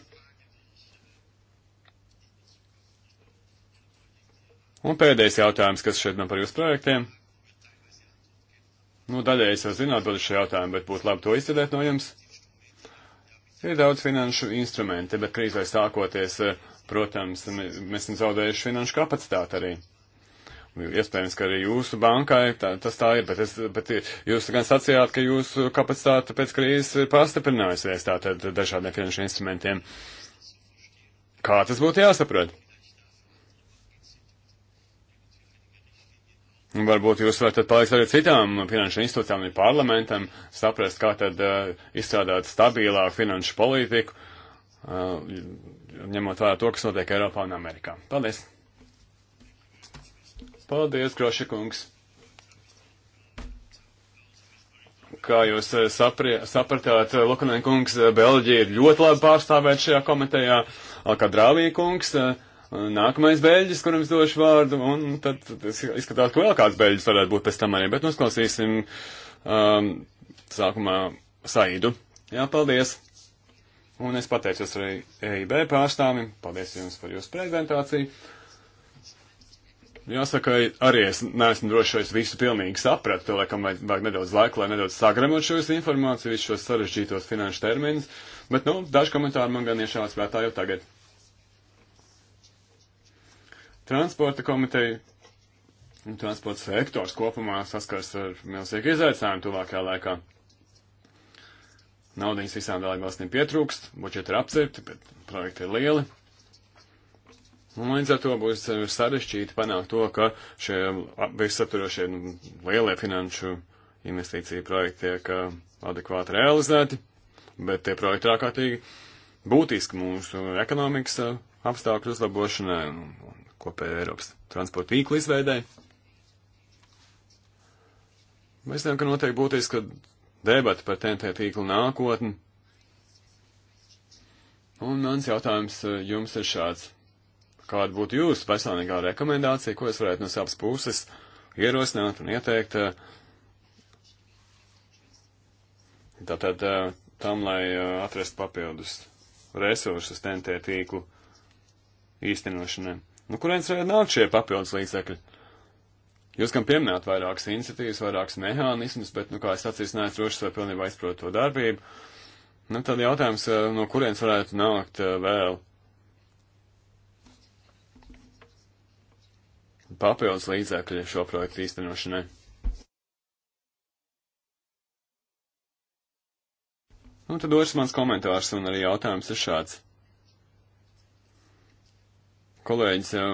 Un pēdējais jautājums, kas šeit man par jūsu projektiem. Nu, daļēji es jau zinu atbildi šo jautājumu, bet būtu labi to izdzirdēt no jums. Ir daudz finanšu instrumenti, bet krīzē sākoties, eh, protams, mēs esam zaudējuši finanšu kapacitāti arī. Iespējams, ka arī jūsu bankai tā, tas tā ir, bet, es, bet jūs gan sacījāt, ka jūsu kapacitāte pēc krīzes ir pastiprinājusies tātad dažādiem finanšu instrumentiem. Kā tas būtu jāsaprot? Varbūt jūs varat palīdzēt arī citām finanšu institūcijām, arī parlamentam, saprast, kā tad uh, izstrādāt stabilāku finanšu politiku, uh, ņemot vērā to, kas notiek Eiropā un Amerikā. Paldies! Paldies, Groša kungs! Kā jūs eh, saprie, sapratāt, eh, Lukanēn kungs, eh, Belģija ir ļoti labi pārstāvēt šajā komitejā, Alkadrāvī kungs, nākamais Beļģis, kuram es došu vārdu, un tad izskatās, ka vēl kāds Beļģis varētu būt pēc tam arī, bet nosklausīsim um, sākumā Saidu. Jā, paldies! Un es pateicos arī EIB pārstāvim, paldies jums par jūsu prezentāciju. Jāsaka, arī es neesmu drošs, es visu pilnīgi sapratu, laikam vajag nedaudz laika, lai nedaudz sagramot šos informāciju, visus šos sarežģītos finanšu terminus, bet, nu, daži komentāri man gan iešāvās prātā jau tagad. Transporta komiteja un transporta sektors kopumā saskars ar milzīgu izaicinājumu tuvākajā laikā. Naudiņas visām dalībvalstīm pietrūkst, budžeti ir apcirti, bet projekti ir lieli. Un līdz ar to būs eh, sarežģīti panākt to, ka šie visaptvarošie nu, lielie finanšu investīcija projekti tiek eh, adekvāti realizēti, bet tie projekti ir ārkārtīgi būtiski mūsu ekonomikas eh, apstākļu uzlabošanai un kopēja Eiropas transporta tīkla izveidē. Mēs zinām, ka notiek būtiska debata par TNT tīklu nākotni. Un mans jautājums jums ir šāds kāda būtu jūsu personīgā rekomendācija, ko es varētu no savas puses ierosināt un ieteikt. Eh, tātad eh, tam, lai eh, atrastu papildus resursus TNT tīklu īstenošanai. Nu, kurienes varētu nākt šie papildus līdzekļi? Jūs gan pieminējāt vairākas iniciatīvas, vairākas mehānismus, bet, nu, kā es atceros, neesmu drošs, vai pilnībā izprotu to darbību. Nu, tad jautājums, no kurienes varētu nākt vēl papildus līdzekļi šo projektu īstenošanai. Un nu, tad otrs mans komentārs un arī jautājums ir šāds. Kolēģis jau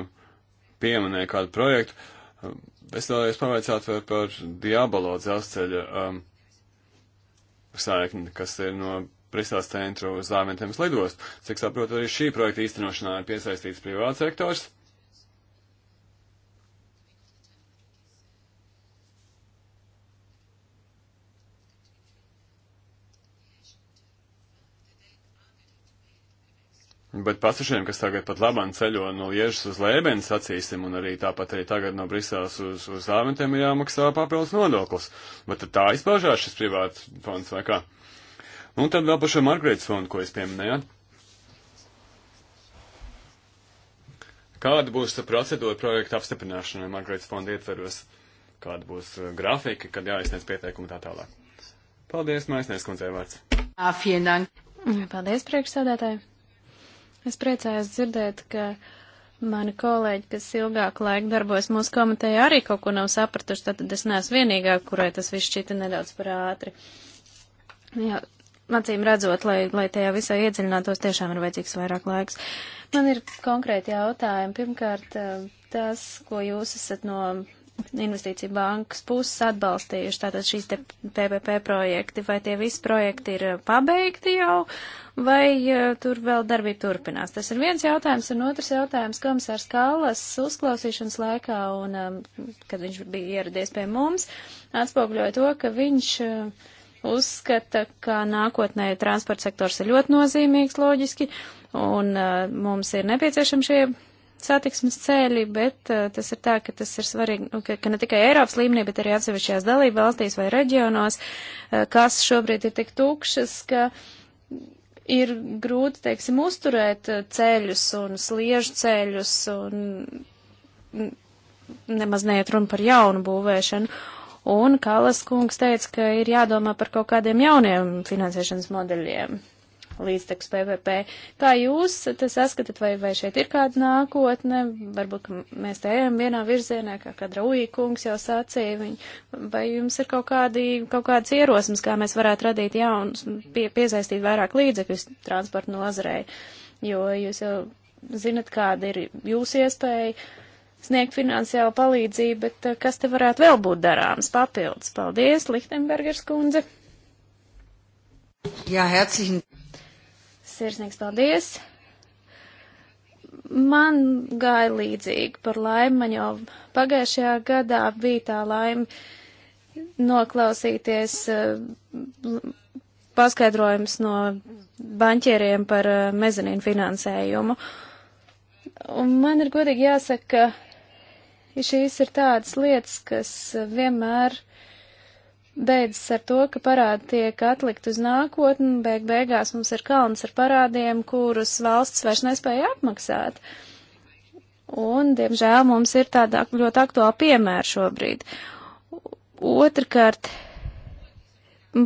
pieminēja kādu projektu. Es vēlējos pavaicāt vēl par Diabolo dzelzceļa um, saikni, kas ir no Pristās centru uz Zāventēmas lidostu. Cik saprotu, arī šī projekta īstenošanā ir piesaistīts privāts sektors. Bet pasažieriem, kas tagad pat labāk ceļo no Liežas uz Lēbeni, sacīsim, un arī tāpat arī tagad no Briseles uz, uz Āventiem ir jāmaksā papildus nodoklis. Bet tad tā izpaužās šis privāts fonds vai kā? Un tad vēl par šo Margreitas fondu, ko es pieminēju. Kāda būs procedūra projekta apstiprināšanai Margreitas fonda ietveros? Kāda būs uh, grafika, kad jāizsniedz pieteikumi tā tālāk? Paldies, Maisnieks kundzei vārds. Paldies, priekšsēdētāji. Es priecājos dzirdēt, ka mani kolēģi, kas ilgāk laika darbojas mūsu komitejā, arī kaut ko nav sapratuši, tad es neesmu vienīgā, kurai tas viss šķita nedaudz par ātri. Jā, acīm redzot, lai, lai tajā visā iedziļinātos, tiešām ir vajadzīgs vairāk laiks. Man ir konkrēti jautājumi. Pirmkārt, eh, tas, ko jūs esat no investīcija bankas puses atbalstījuši tātad šīs te PPP projekti, vai tie visi projekti ir uh, pabeigti jau, vai uh, tur vēl darbība turpinās. Tas ir viens jautājums, un otrs jautājums komisārs Kallas uzklausīšanas laikā, un um, kad viņš bija ieradies pie mums, atspogļoja to, ka viņš uh, uzskata, ka nākotnē transporta sektors ir ļoti nozīmīgs loģiski, un mums ir nepieciešami šie satiksmes ceļi, bet uh, tas ir tā, ka tas ir svarīgi, nu, ka, ka ne tikai Eiropas līmenī, bet arī atsevišķajās dalība valstīs vai reģionos, uh, kas šobrīd ir tik tukšas, ka ir grūti, teiksim, uzturēt eh, ceļus un sliežu ceļus un nemaz neiet runa par jaunu būvēšanu. Un Kalas kungs teica, ka ir jādomā par kaut kādiem jauniem finansēšanas modeļiem līdztekus PVP. Kā jūs tas saskatat, vai, vai šeit ir kāda nākotne, varbūt, ka mēs te ejam vienā virzienā, kā kāda Rūjīkungs jau sacīja, viņ, vai jums ir kaut, kādi, kaut kādas ierosmes, kā mēs varētu radīt jaunus, pie, piesaistīt vairāk līdzekļus transportu nozarei, jo jūs jau zinat, kāda ir jūsu iespēja sniegt finansiālu palīdzību, bet eh, kas te varētu vēl būt darāms papildus? Paldies, Lichtenbergers kundze! Jā, herzlichen Sirsnīgs paldies! Man gāja līdzīgi par laimi, man jau pagājušajā gadā bija tā laime noklausīties uh, paskaidrojums no banķieriem par uh, eh, mezanīnu finansējumu. Un man ir godīgi jāsaka, ka šīs ir tādas lietas, kas vienmēr beidzas ar to, ka parādi tiek atlikt uz nākotni, beig beigās mums ir kalns ar parādiem, kurus valsts vairs nespēja apmaksāt. Un, diemžēl, mums ir tāda ļoti aktuāla piemēra šobrīd. Otrakārt,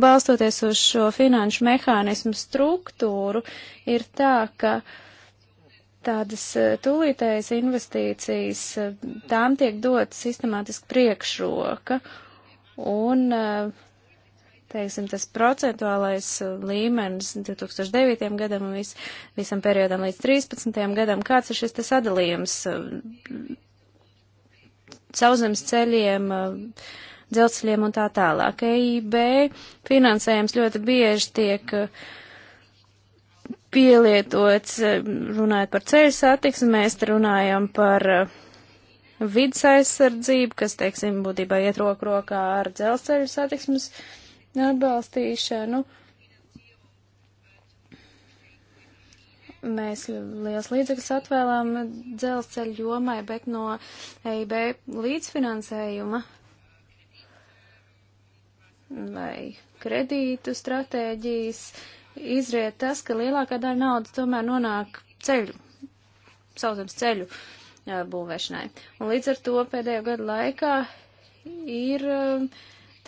balstoties uz šo finanšu mehānismu struktūru, ir tā, ka tādas e, tūlītējas investīcijas, e, tām tiek dota sistemātiski priekšroka, uh, Un, eh, teiksim, tas procentuālais eh, līmenis 2009. gadam un vis, visam periodam līdz 13. gadam, kāds ir šis te sadalījums eh, sauzemes ceļiem, dzelzceļiem un tā tālāk. EIB finansējums ļoti bieži tiek pielietots, runājot par ceļu satiksmi, mēs te runājam par uh, vidas aizsardzību, kas, teiksim, būtībā iet roku rokā ar dzelzceļu satiksmes atbalstīšanu. Mēs liels līdzekļus atvēlām dzelzceļu jomai, bet no EIB līdzfinansējuma vai kredītu stratēģijas izriet tas, ka lielākā daļa naudas tomēr nonāk ceļu, sauzemes ceļu uh, būvēšanai. Un līdz ar to pēdējo gadu laikā ir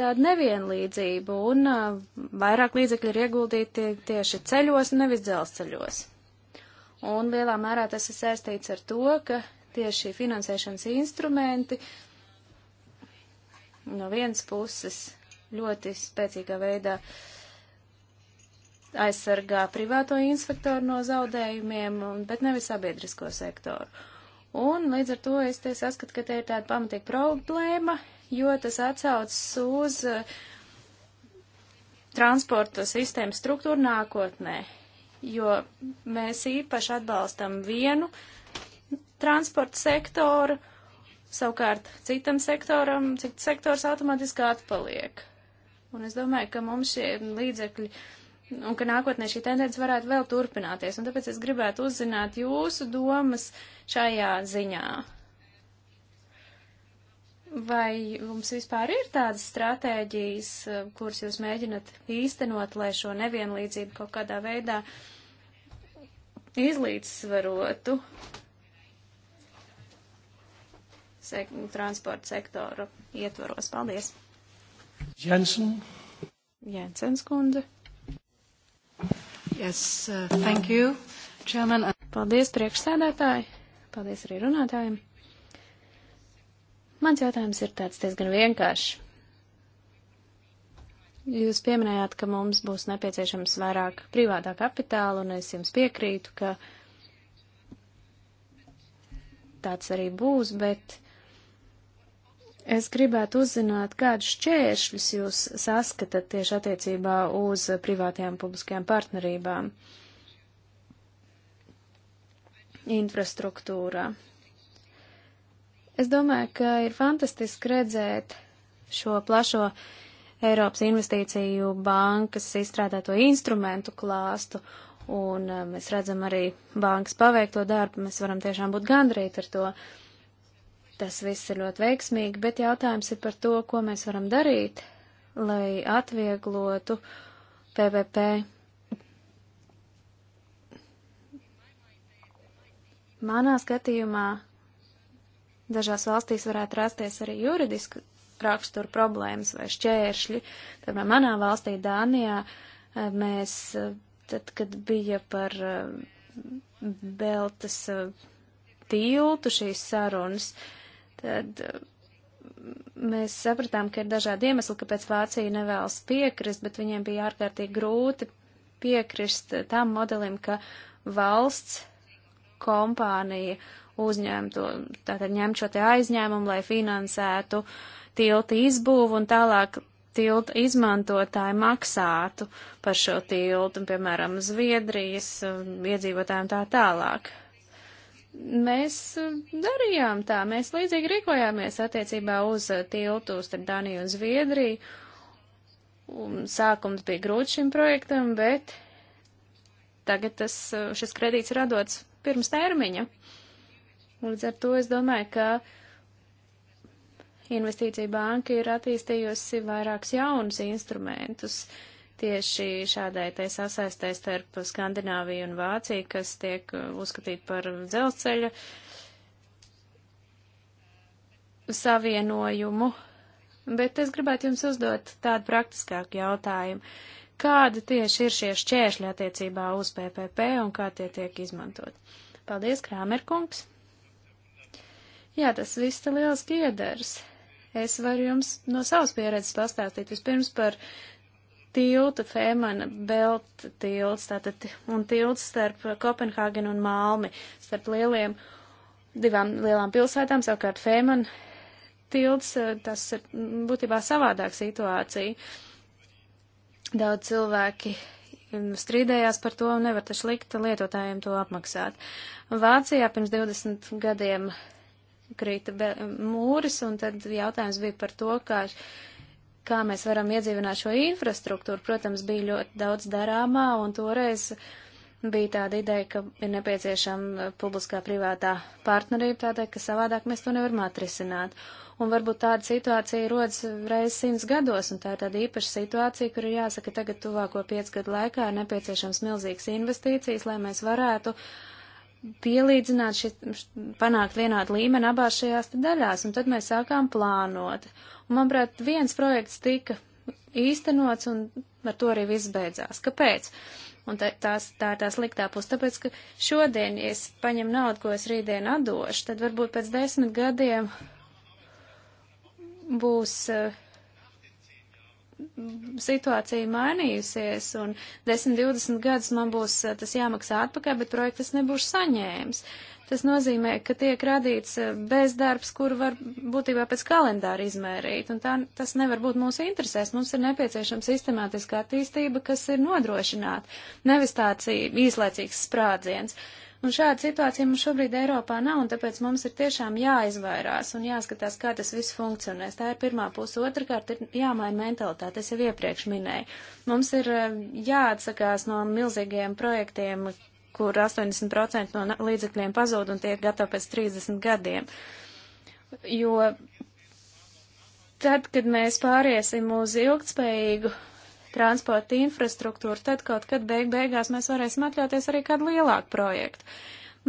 tāda nevienlīdzība un vairāk līdzekļi ir ieguldīti tieši ceļos un nevis dzelzceļos. Un lielā mērā tas ir saistīts ar to, ka tieši finansēšanas instrumenti no vienas puses ļoti spēcīgā veidā aizsargā privāto inspektoru no zaudējumiem, bet nevis sabiedrisko sektoru. Un līdz ar to es te saskatu, ka te ir tāda pamatīga problēma, jo tas atsaucas uz uh, transporta sistēmas struktūru nākotnē, jo mēs īpaši atbalstam vienu transporta sektoru, savukārt citam sektoram, cits sektors automātiski atpaliek. Un es domāju, ka mums šie līdzekļi un ka nākotnē šī tendence varētu vēl turpināties. Un tāpēc es gribētu uzzināt jūsu domas šajā ziņā. Vai jums vispār ir tādas stratēģijas, eh, kuras jūs mēģinat īstenot, lai šo nevienlīdzību kaut kādā veidā izlīdzsvarotu sek transporta sektoru ietvaros? Paldies! Jensen. Jensens kundze. Yes, uh, thank you, Chairman. Paldies priekšsēdētāji. Paldies arī runātājiem. Mans jautājums ir tāds diezgan vienkāršs. Jūs pieminējāt, ka mums būs nepieciešams vairāk privātā kapitāla, un es jums piekrītu, ka tāds arī būs, bet Es gribētu uzzināt, kādus šķēršļus jūs saskatat tieši attiecībā uz privātajām publiskajām partnerībām infrastruktūrā. Es domāju, ka ir fantastiski redzēt šo plašo Eiropas investīciju bankas izstrādāto instrumentu klāstu, un uh, mēs redzam arī bankas paveikto darbu, mēs varam tiešām būt gandrīt ar to. Uh, Tas viss ir ļoti veiksmīgi, bet jautājums ir par to, ko mēs varam darīt, lai atvieglotu PVP. Manā skatījumā dažās valstīs varētu rasties arī juridiski rakstura problēmas vai šķēršļi. Piemēram, manā valstī Dānijā mēs, tad, kad bija par eh, beltas eh, tiltu šīs sarunas, uh, tad mm, mēs sapratām, ka ir dažādi iemesli, kāpēc Vācija nevēlas piekrist, bet viņiem bija ārkārtīgi grūti piekrist tam modelim, ka valsts kompānija uzņemtu, tātad ņemt šo te aizņēmumu, lai finansētu tilta izbūvu un tālāk tilta izmantotāji maksātu par šo tiltu, un, piemēram, Zviedrijas mm, iedzīvotājiem tā tālāk mēs eh, darījām tā, mēs līdzīgi rīkojāmies attiecībā uz eh, tiltu starp Dāniju un Zviedriju. Un sākums bija grūts šim projektam, bet tagad tas, eh, šis kredīts ir radots pirms termiņa. Un līdz ar to es domāju, ka investīcija banka ir attīstījusi vairākus jaunus instrumentus. Uh, tieši šādai tai sasaistē starp Skandināviju un Vāciju, kas tiek uh, uzskatīt par dzelzceļa savienojumu. Bet es gribētu jums uzdot tādu praktiskāku jautājumu. Kādi tieši ir šie šķēršļi attiecībā uz PPP un kā tie tiek izmantot? Paldies, Krāmerkungs! Jā, tas viss te lieliski iedars. Es varu jums no savas pieredzes pastāstīt vispirms par uh, tiltu, Fēmana Belt tilts, tātad, un tilts starp Kopenhāgenu un Malmi, starp lieliem, divām lielām pilsētām, savukārt Fēmana tilts, eh, tas ir būtībā savādāk situācija. Daudz cilvēki mm, strīdējās par to un nevar taču likt lietotājiem to apmaksāt. Vācijā pirms 20 gadiem krīta mūris, un tad jautājums bija par to, kā kā mēs varam iedzīvināt šo infrastruktūru. Protams, bija ļoti daudz darāmā, un toreiz bija tāda ideja, ka ir nepieciešama publiskā privātā partnerība, tādēļ, ka savādāk mēs to nevaram atrisināt. Un varbūt tāda situācija rodas reiz simts gados, un tā ir tāda īpaša situācija, kur ir jāsaka, tagad tuvāko piecu gadu laikā ir nepieciešams milzīgas investīcijas, lai mēs varētu pielīdzināt, šit, panākt vienādu līmeni abās šajās daļās, un tad mēs sākām plānot. Uh, Un, manuprāt, viens projekts tika īstenots, un ar to arī viss beidzās. Kāpēc? Un tā, tās, tā ir tā sliktā puse. Tāpēc, ka šodien, ja es paņemu naudu, ko es rītdien atdošu, tad varbūt pēc desmit gadiem būs uh, situācija mainījusies, un 10, 20 gadus man būs uh, tas jāmaksā atpakaļ, bet projektu es nebūšu saņēmis. Uh, Tas nozīmē, ka tiek radīts eh, bezdarbs, kuru var būtībā pēc kalendāra izmērīt, un tā, tas nevar būt mūsu interesēs. Mums ir nepieciešama sistemātiska attīstība, kas ir nodrošināta, nevis tāds eh, īslaicīgs sprādziens. Un šāda situācija mums šobrīd Eiropā nav, un tāpēc mums ir tiešām jāizvairās un jāskatās, kā tas viss funkcionēs. Tā ir pirmā puse. Otrakārt ir jāmaina mentalitāte, es jau iepriekš minēju. Mums ir eh, jāatsakās no milzīgiem projektiem, kur 80% no līdzekļiem pazūd un tiek gatavi pēc 30 gadiem. Jo tad, kad mēs pāriesim uz ilgtspējīgu transporta infrastruktūru, tad kaut kad beig beigās mēs varēsim atļauties arī kādu lielāku projektu.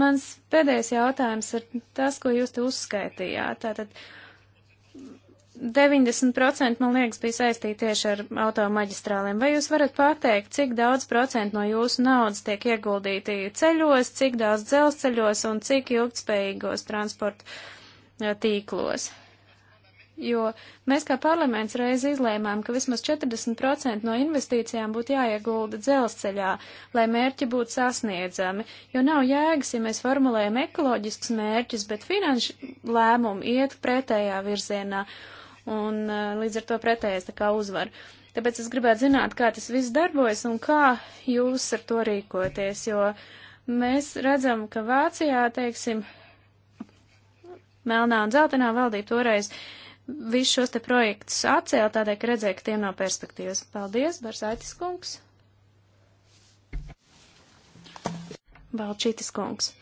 Mans pēdējais jautājums ir tas, ko jūs te uzskaitījāt. Tātad, uh, 90% man liekas bija saistīti tieši ar automaģistrāliem. Vai jūs varat pateikt, cik daudz procentu no jūsu naudas tiek ieguldīti ceļos, cik daudz dzelzceļos un cik ilgtspējīgos transporta eh, tīklos? Jo mēs kā parlaments reiz izlēmām, ka vismaz 40% no investīcijām būtu jāiegulda dzelzceļā, lai mērķi būtu sasniedzami, jo nav jēgas, ja mēs formulējam ekoloģisks mērķis, bet finanšu lēmumi iet pretējā virzienā. Uh, un eh, līdz ar to pretējais tā kā uzvar. Tāpēc es gribētu zināt, kā tas viss darbojas un kā jūs ar to rīkoties, jo mēs redzam, ka Vācijā, teiksim, melnā un dzeltenā valdība toreiz visus šos te projektus atcēla tādēļ, ka redzēja, ka tiem nav perspektīvas. Paldies, Barsaitis kungs. Balčītis kungs.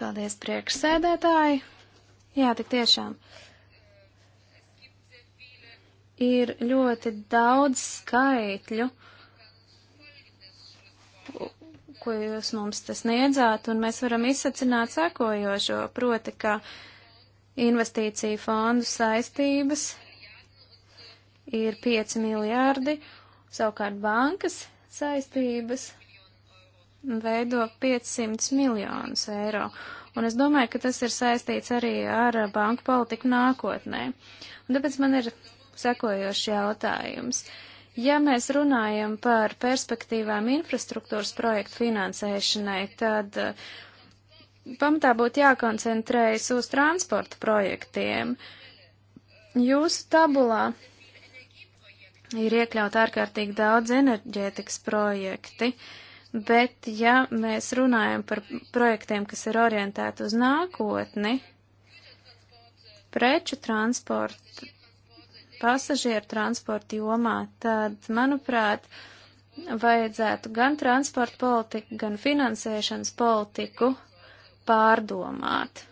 Paldies, priekšsēdētāji. Jā, tik tiešām. Uh, ir ļoti daudz skaitļu, ko jūs mums tas niedzāt, un mēs varam izsacināt sakojošo, proti, ka investīciju fondu saistības ir 5 miljārdi, savukārt bankas saistības veido 500 miljonus eiro. Un es domāju, ka tas ir saistīts arī ar banku politiku nākotnē. Un tāpēc man ir sekojošs jautājums. Ja mēs runājam par perspektīvām infrastruktūras projektu finansēšanai, tad eh, pamatā būtu jākoncentrējas uz transporta projektiem. Jūsu tabulā ir iekļaut ārkārtīgi daudz enerģētikas projekti. Uh, Bet, ja mēs runājam par projektiem, kas ir orientēti uz nākotni, preču transporta pasažieru transporta jomā, tad, manuprāt, vajadzētu gan transporta politiku, gan finansēšanas politiku pārdomāt.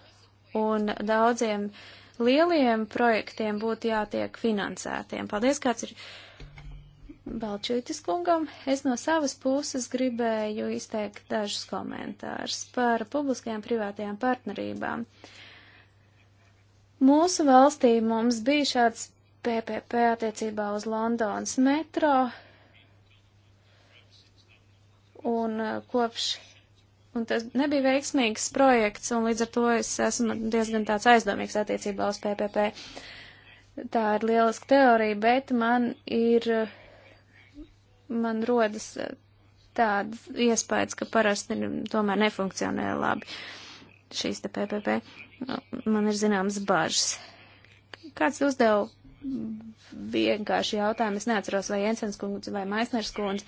Un daudziem lieliem projektiem būtu jātiek finansētiem. Paldies, kāds ir Balčītis kungam. Es no savas puses gribēju izteikt dažus komentārus par publiskajām privātajām partnerībām. Mūsu valstī mums bija šāds PPP attiecībā uz Londonas metro. Un uh, kopš, un tas nebija veiksmīgs projekts, un līdz ar to es esmu diezgan tāds aizdomīgs attiecībā uz PPP. Tā ir lieliska teorija, bet man ir, uh, man rodas uh, tāds iespējas, ka parasti tomēr nefunkcionē labi šīs te PPP. Man ir zināmas bažas. Kāds uzdev vienkārši jautājumi. Es neatceros, vai Jensens kundze vai Maisners kundze.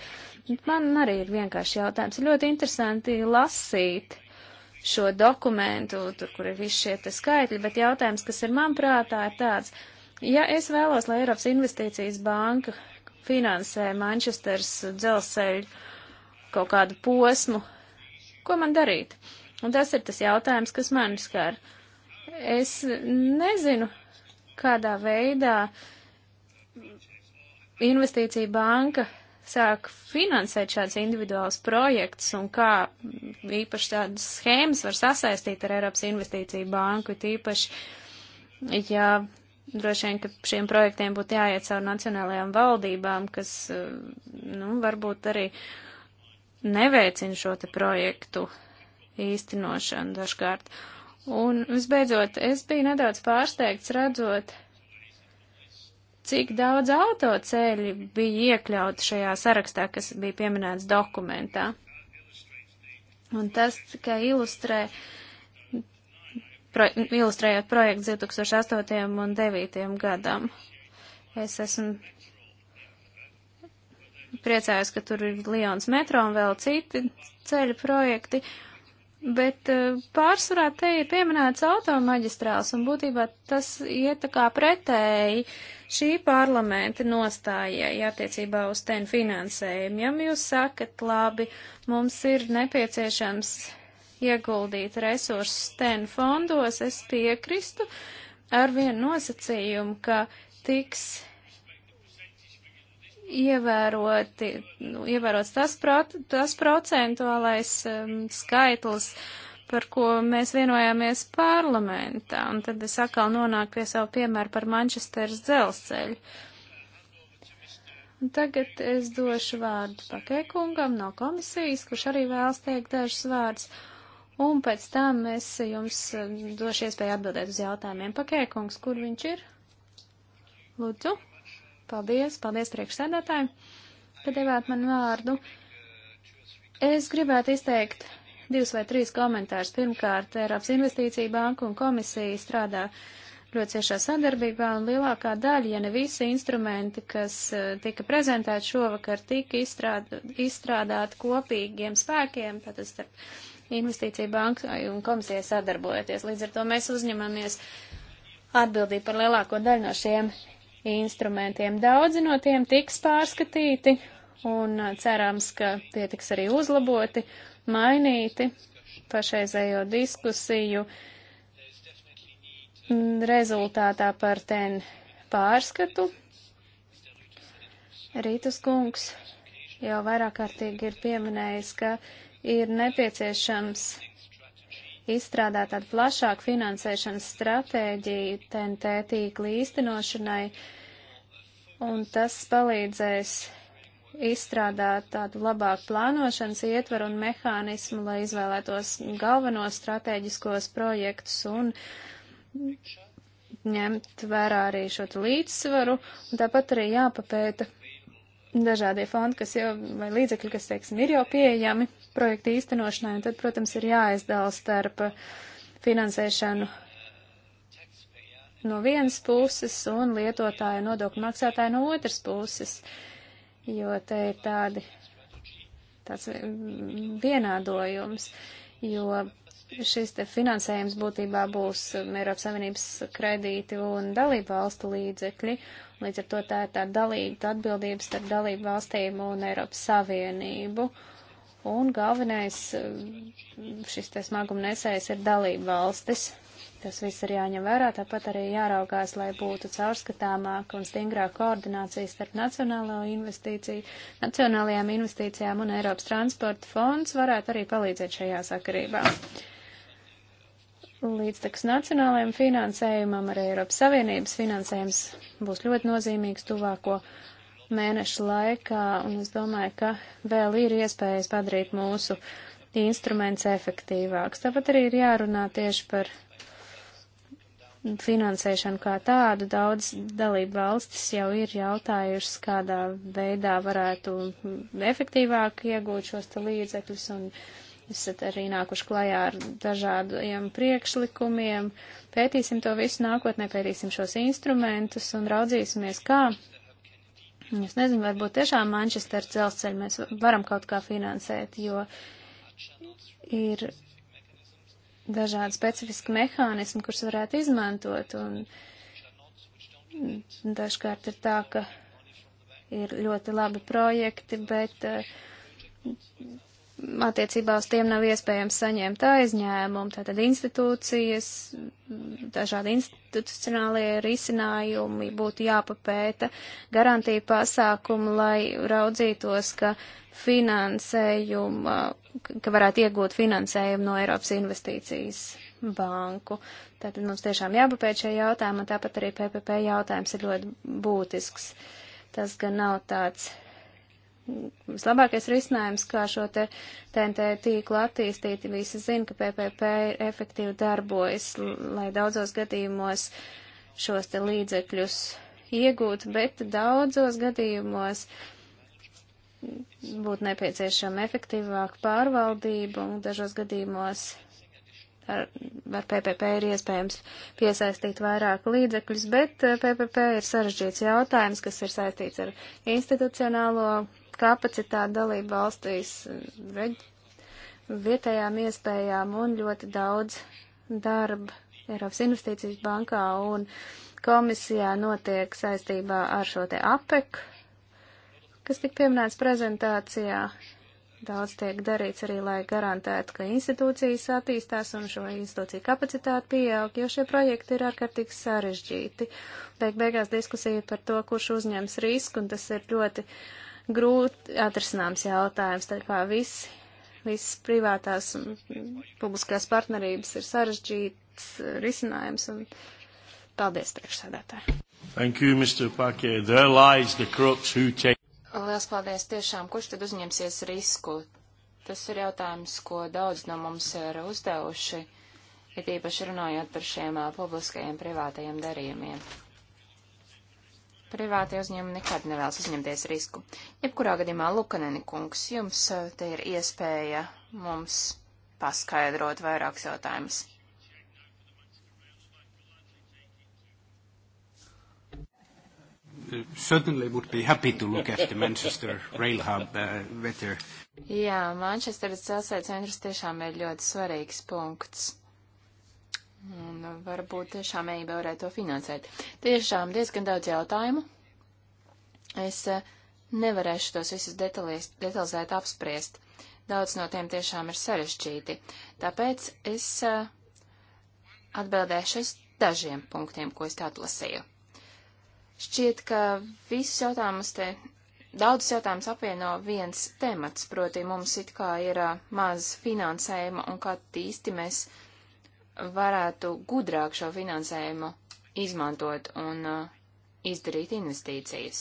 Man arī ir vienkārši jautājums. Ļoti interesanti lasīt šo dokumentu, tur, kur ir visi šie skaitļi, bet jautājums, kas ir man prātā, ir tāds, ja es vēlos, lai Eiropas investīcijas banka finansē Manchesters dzelzceļu kaut kādu posmu, ko man darīt? Un tas ir tas jautājums, kas man skar. Es nezinu, kādā veidā investīcija banka sāk finansēt šāds individuāls projekts un kā īpaši tādas schēmas var sasaistīt ar Eiropas investīciju banku, tīpaši, ja droši vien, ka šiem projektiem būtu jāiet caur nacionālajām valdībām, kas, nu, varbūt arī neveicina šo te projektu īstenošanu dažkārt. Uh, Un, visbeidzot, es biju nedaudz pārsteigts redzot, cik daudz autoceļi bija iekļauti šajā sarakstā, kas bija pieminēts dokumentā. Un tas tikai ilustrē, pro, ilustrējot projektu 2008. un 2009. gadam. Es esmu priecājos, ka tur ir Lions metro un vēl citi ceļu projekti. Uh, Bet eh, pārsvarā te ir pieminēts automaģistrāls, un būtībā tas iet tā kā pretēji šī parlamenta nostājai attiecībā uz ten finansējumu. Ja jūs sakat, labi, mums ir nepieciešams ieguldīt resursus ten fondos, es piekristu ar vienu nosacījumu, ka tiks ievēroti, nu, ievērots tas, prot, tas procentuālais um, skaitlis, par ko mēs vienojāmies parlamentā. Un tad es atkal nonāku pie savu piemēru par Manchesteras dzelzceļu. Un tagad es došu vārdu pakēkungam no komisijas, kurš arī vēlas teikt dažus vārdus. Un pēc tam es jums um, došu iespēju atbildēt uz jautājumiem. Pakēkungs, kur viņš ir? Lūdzu. Paldies, paldies priekšsēdētājiem, ka devāt man vārdu. Es gribētu izteikt divus vai trīs komentārus. Pirmkārt, Eiropas Investīcija banka un komisija strādā ļoti ciešā sadarbībā, un lielākā daļa, ja ne visi instrumenti, kas eh, tika prezentēti šovakar, tika izstrād, izstrādāti kopīgiem spēkiem, tātad starp Investīcija banka un komisija sadarbojoties. Līdz ar to mēs uzņemamies atbildību par lielāko daļu no šiem instrumentiem. Daudzi no tiem tiks pārskatīti un uh, cerams, ka tie tiks arī uzlaboti, mainīti pašreizējo diskusiju mm, rezultātā par ten pārskatu. Rītus kungs jau vairāk kārtīgi ir pieminējis, ka ir nepieciešams izstrādāt tādu plašāku finansēšanas stratēģiju TNT tīkla īstenošanai, un tas palīdzēs izstrādāt tādu labāku plānošanas ietvaru un mehānismu, lai izvēlētos galvenos stratēģiskos projektus un ņemt vērā arī šo līdzsvaru, un tāpat arī jāpapēta dažādie fondi, kas jau, vai līdzekļi, kas, teiksim, ir jau pieejami projekta īstenošanai, un tad, protams, ir jāizdala starp finansēšanu no vienas puses un lietotāju nodokļu maksātāju no otras puses, jo te ir tādi, tāds mm, vienādojums, jo šis te finansējums būtībā būs Eiropas Savienības kredīti un dalību valstu līdzekļi, Līdz ar to tā ir tā dalība, atbildība starp dalību valstīm un Eiropas Savienību. Un galvenais eh, šis te smaguma nesējs ir dalība valstis. Tas viss ir jāņem vērā, tāpat arī jāraugās, lai būtu caurskatāmāka un stingrāka koordinācija starp investīciju, nacionālajām investīcijām un Eiropas transporta fonds varētu arī palīdzēt šajā sakarībā līdztekus nacionālajiem finansējumam, arī Eiropas Savienības finansējums būs ļoti nozīmīgs tuvāko mēnešu laikā, un es domāju, ka vēl ir iespējas padarīt mūsu instruments efektīvāks. Tāpat arī ir jārunā tieši par finansēšanu kā tādu. Daudz dalību valstis jau ir jautājušas, kādā veidā varētu efektīvāk iegūt šos līdzekļus, un esat arī nākuši klajā ar dažādiem priekšlikumiem. Pētīsim to visu nākotnē, pētīsim šos instrumentus un raudzīsimies, kā. Es nezinu, varbūt tiešām Manchester dzelzceļu mēs varam kaut kā finansēt, jo ir dažādi specifiski mehānismi, kurus varētu izmantot. Un dažkārt ir tā, ka ir ļoti labi projekti, bet uh, attiecībā uz tiem nav iespējams saņemt aizņēmumu, tātad institūcijas, dažādi institucionālie risinājumi būtu jāpapēta, garantija pasākumu, lai raudzītos, ka finansējuma, ka varētu iegūt finansējumu no Eiropas investīcijas banku. Tātad mums tiešām jāpapēt šie jautājumi, un tāpat arī PPP jautājums ir ļoti būtisks. Tas gan nav tāds vislabākais risinājums, kā šo te TNT tīklu attīstīt. Visi zina, ka PPP ir efektīvi darbojas, lai daudzos gadījumos šos te līdzekļus iegūt, bet daudzos gadījumos būtu nepieciešama efektīvāka pārvaldība un dažos gadījumos ar, ar PPP ir iespējams piesaistīt vairāk līdzekļus, bet PPP eh, ir sarežģīts jautājums, kas ir saistīts ar institucionālo kapacitāti dalību valstīs, reģ, vietējām iespējām un ļoti daudz darba Eiropas Investīcijas bankā un komisijā notiek saistībā ar šo te APEC, kas tik pieminēts prezentācijā. Daudz tiek darīts arī, lai garantētu, ka institūcijas attīstās un šo institūciju kapacitāti pieaug, jo šie projekti ir ārkārtīgi sarežģīti. Beig beigās diskusija par to, kurš uzņems risku, un tas ir ļoti uh, grūti atrisināms jautājums, tā kā visi, visas privātās un publiskās partnerības ir sarežģīts eh, risinājums. Un paldies, priekšsēdētāji. Thank you, Mr. Pakē. There lies the crux who take. Liels paldies tiešām, kurš tad uzņemsies risku? Tas ir jautājums, ko daudz no mums ir uzdevuši, ir īpaši runājot par šiem publiskajiem privātajiem darījumiem privātie uzņēmumi nekad nevēlas uzņemties risku. Jebkurā gadījumā, Lukaneni kungs, jums te ir iespēja mums paskaidrot vairākus jautājumus. Certainly would be happy to look after Manchester rail hub uh, better. Jā, Manchesteras dzelzceļa centrs tiešām ir ļoti svarīgs punkts. Un varbūt tiešām EIB varētu to finansēt. Tiešām diezgan daudz jautājumu. Es eh, nevarēšu tos visus detalies, detalizēt apspriest. Daudz no tiem tiešām ir sarežģīti. Tāpēc es eh, atbildēšu uz dažiem punktiem, ko es tā atlasīju. Šķiet, ka visus jautājumus te, daudzus jautājumus apvieno viens temats, proti mums it kā ir eh, maz finansējuma un kā tīsti mēs varētu gudrāk šo finansējumu izmantot un uh, izdarīt investīcijas.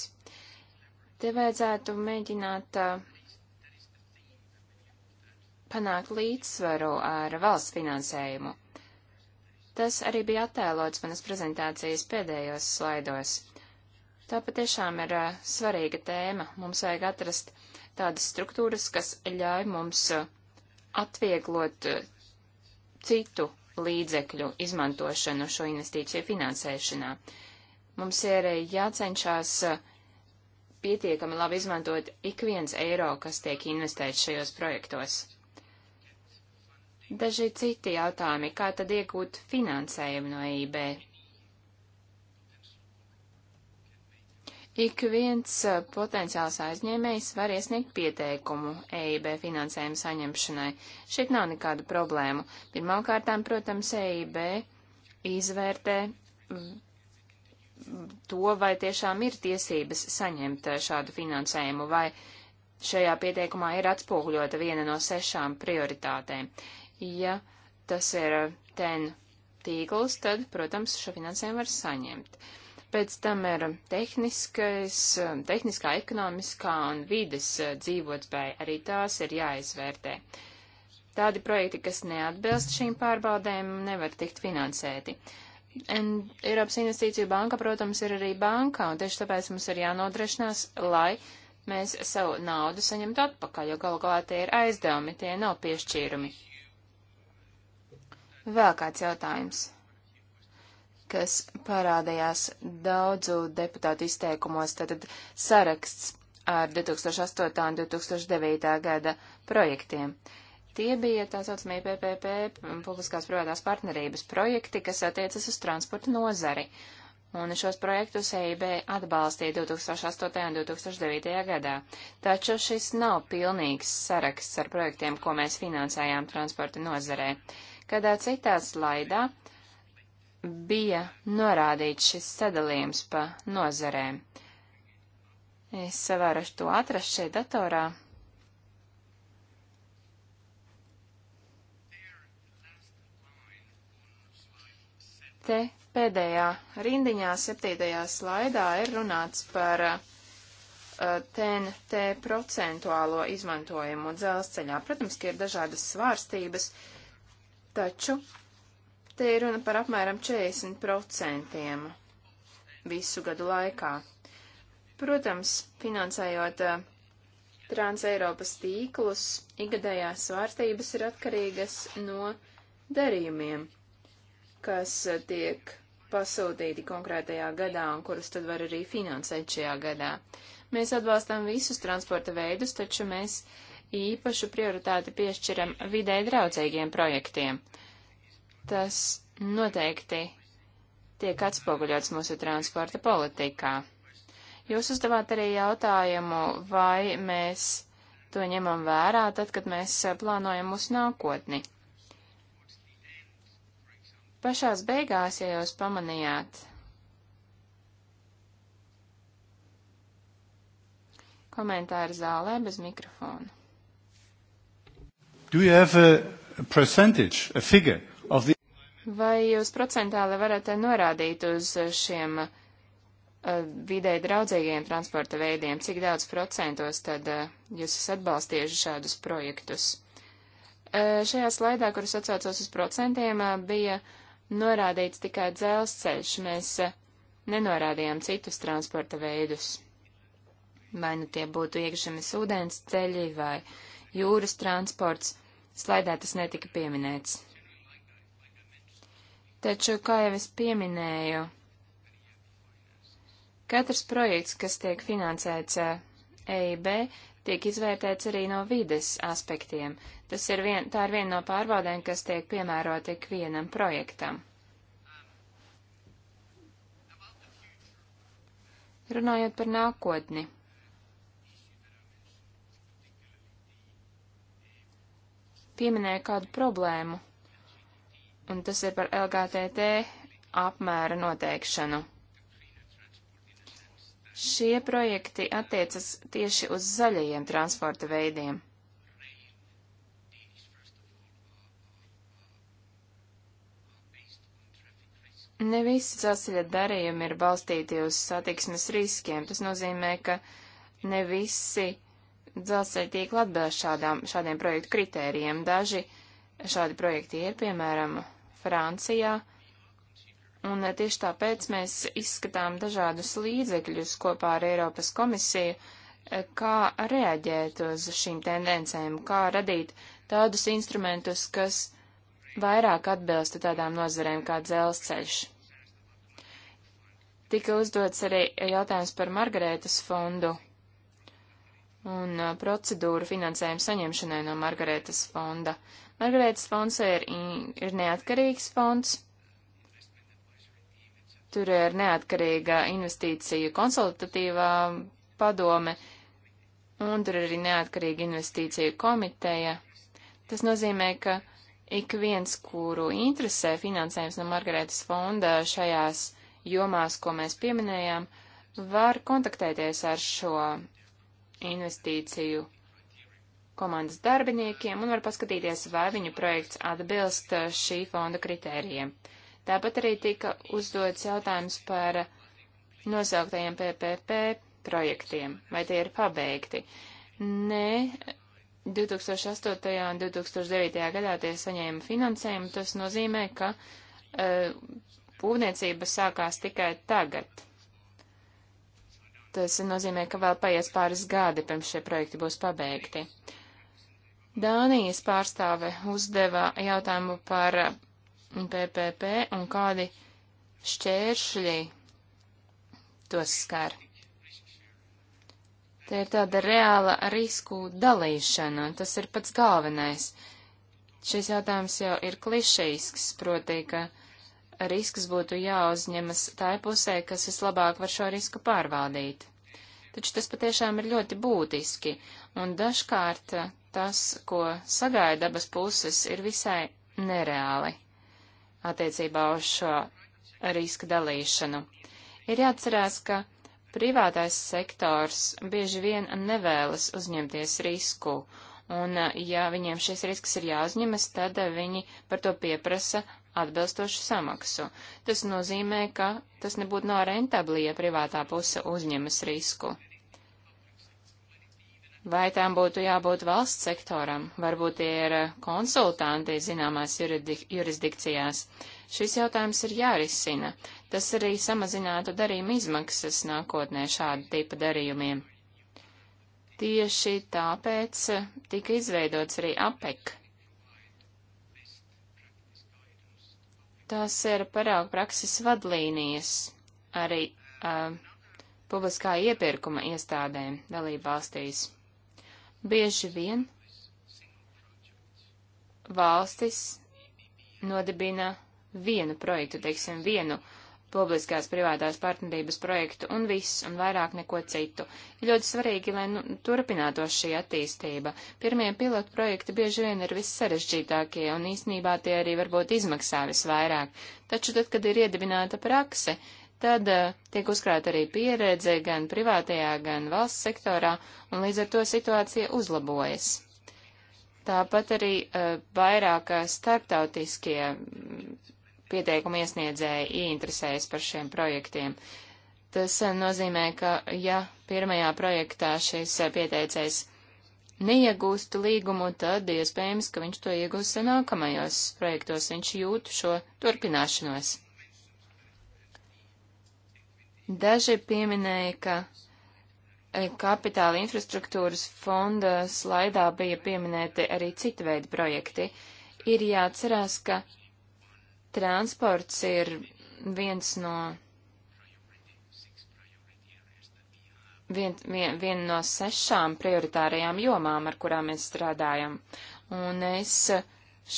Te vajadzētu mēģināt uh, panākt līdzsvaru ar valsts finansējumu. Tas arī bija attēlots manas prezentācijas pēdējos slaidos. Tā patiešām ir uh, svarīga tēma. Mums vajag atrast tādas struktūras, kas ļauj mums uh, atvieglot uh, citu līdzekļu izmantošanu šo investīciju finansēšanā. Mums ir jācenšas eh, pietiekami labi izmantot ik viens eiro, kas tiek investēts šajos projektos. Daži citi jautājumi, kā tad iegūt finansējumu no EIB? Ik viens potenciāls aizņēmējs var iesniegt pieteikumu EIB finansējuma saņemšanai. Šeit nav nekādu problēmu. Pirmkārtām, protams, EIB izvērtē to, vai tiešām ir tiesības saņemt šādu finansējumu, vai šajā pieteikumā ir atspoguļota viena no sešām prioritātēm. Ja tas ir ten tīkls, tad, protams, šo finansējumu var saņemt. Uh, pēc tam ir tehniskais, tehniskā, ekonomiskā un vides eh, dzīvotspēja, arī tās ir jāizvērtē. Tādi projekti, kas neatbilst šīm pārbaudēm, nevar tikt finansēti. Un Eiropas investīciju banka, protams, ir arī banka, un tieši tāpēc mums ir jānodrošinās, lai mēs savu naudu saņemtu atpakaļ, jo galu galā tie ir aizdevumi, tie nav piešķīrumi. Vēl kāds jautājums kas parādījās daudzu deputātu izteikumos, tātad saraksts ar 2008. un 2009. gada projektiem. Tie bija tā saucamie PPP, publiskās privātās partnerības projekti, kas attiecas uz transporta nozari. Un šos projektus EIB atbalstīja 2008. un 2009. gadā. Taču šis nav pilnīgs saraksts ar projektiem, ko mēs finansējām transporta nozarē. Kādā citā slaidā bija norādīts šis sadalījums pa nozarēm. Es varu to atrast šeit datorā. Te pēdējā rindiņā, septītajā slaidā, ir runāts par uh, TNT procentuālo izmantojumu dzelzceļā. Protams, ka ir dažādas svārstības, taču Te ir runa par apmēram 40% visu gadu laikā. Protams, finansējot uh, Transeiropas tīklus, ikgadējās svārstības ir atkarīgas no darījumiem, kas eh, tiek pasūtīti konkrētajā gadā un kurus tad var arī finansēt šajā gadā. Mēs atbalstam visus transporta veidus, taču mēs īpašu prioritāti piešķiram vidē draudzīgiem projektiem. Uh, tas noteikti tiek atspoguļots mūsu transporta politikā. Jūs uzdevāt arī jautājumu, vai mēs to ņemam vērā tad, kad mēs plānojam mūsu nākotni. Pašās beigās, ja jūs pamanījāt, komentāri zālē bez mikrofona. Do you have a percentage, a figure? Vai jūs procentāli varat norādīt uz šiem uh, vidē draudzīgiem transporta veidiem, cik daudz procentos tad uh, jūs esat atbalstījuši šādus projektus? Uh, šajā slaidā, kuras atsaucos uz procentiem, uh, bija norādīts tikai dzelzceļš. Mēs uh, nenorādījām citus transporta veidus. Vai nu tie būtu iekšzemes ūdens ceļi vai jūras transports, slaidā tas netika pieminēts. Taču, kā jau es pieminēju, katrs projekts, kas tiek finansēts EIB, eh, e tiek izvērtēts arī no vides aspektiem. Tas ir vien, tā ir viena no pārbaudēm, kas tiek piemērota ik vienam projektam. Runājot par nākotni. Pieminēju kādu problēmu, un tas ir par LGTT apmēra noteikšanu. Šie projekti attiecas tieši uz zaļajiem transporta veidiem. Ne visi sasļa darījumi ir balstīti uz satiksmes riskiem. Tas nozīmē, ka ne visi dzelzceļa tīkli atbilst šādām, šādiem projektu kritērijiem. Daži šādi projekti ir, piemēram, Francijā, un tieši tāpēc mēs izskatām dažādus līdzekļus kopā ar Eiropas komisiju, eh, kā reaģēt uz šīm tendencēm, kā radīt tādus instrumentus, kas vairāk atbilstu tādām nozarēm kā dzelzceļš. Tika uzdots arī jautājums par Margarētas fondu un eh, procedūru finansējumu saņemšanai no Margarētas fonda. Margaretas fonds ir, ir neatkarīgs fonds. Tur ir neatkarīga investīcija konsultatīvā padome, un tur ir arī neatkarīga investīcija komiteja. Tas nozīmē, ka ik viens, kuru interesē finansējums no Margaretas fonda šajās jomās, ko mēs pieminējām, var kontaktēties ar šo investīciju komandas darbiniekiem un var paskatīties, vai viņu projekts atbilst eh, šī fonda kritērijiem. Tāpat arī tika uzdots jautājums par nosauktajiem PPP projektiem, vai tie ir pabeigti. Nē, 2008. un 2009. gadā tie saņēma finansējumu, tas nozīmē, ka uh, būvniecība sākās tikai tagad. Tas nozīmē, ka vēl paies pāris gadi, pirms šie projekti būs pabeigti. Uh, Dānijas pārstāve uzdeva jautājumu par PPP un kādi šķēršļi tos skar. Te ir tāda reāla risku dalīšana, un tas ir pats galvenais. Šis jautājums jau ir klišejisks, proti, ka risks būtu jāuzņemas tai pusē, kas vislabāk var šo risku pārvaldīt. Taču tas patiešām ir ļoti būtiski, un dažkārt tas, ko sagaida abas puses, ir visai nereāli attiecībā uz šo riska dalīšanu. Ir jāatcerās, ka privātais sektors bieži vien nevēlas uzņemties risku, un ja viņiem šis risks ir jāuzņemas, tad viņi par to pieprasa atbilstošu samaksu. Tas nozīmē, ka tas nebūtu nav no rentabli, ja privātā puse uzņemas risku. Vai tām būtu jābūt valsts sektoram? Varbūt tie ir eh, konsultanti zināmās jurisdikcijās. Šis jautājums ir jārisina. Tas arī samazinātu darījuma izmaksas nākotnē šāda tipa darījumiem. Tieši tāpēc eh, tika izveidots arī APEC. Tās ir parauga prakses vadlīnijas arī uh, publiskā iepirkuma iestādēm dalībvalstīs. Bieži vien valstis nodibina vienu projektu, teiksim, vienu publiskās privātās partnerības projektu un viss, un vairāk neko citu. Ir ļoti svarīgi, lai nu, turpinātos šī attīstība. Pirmie pilotu projekti bieži vien ir vissarežģītākie, un īsnībā tie arī varbūt izmaksā visvairāk. Taču tad, kad ir iedibināta prakse, tad eh, tiek uzkrāta arī pieredze gan privātajā, gan valsts sektorā, un līdz ar to situācija uzlabojas. Tāpat arī eh, vairāk eh, starptautiskie mm, pieteikumu iesniedzēji ieinteresējas par šiem projektiem. Tas nozīmē, ka ja pirmajā projektā šis pieteicējs neiegūstu līgumu, tad iespējams, ka viņš to iegūs nākamajos projektos, viņš jūtu šo turpināšanos. Daži pieminēja, ka e, kapitāla infrastruktūras fonda slaidā bija pieminēti arī cita veida projekti. Ir jāatcerās, ka transports ir viens no vien, vien, viena no sešām prioritārajām jomām, ar kurām mēs strādājam. Un es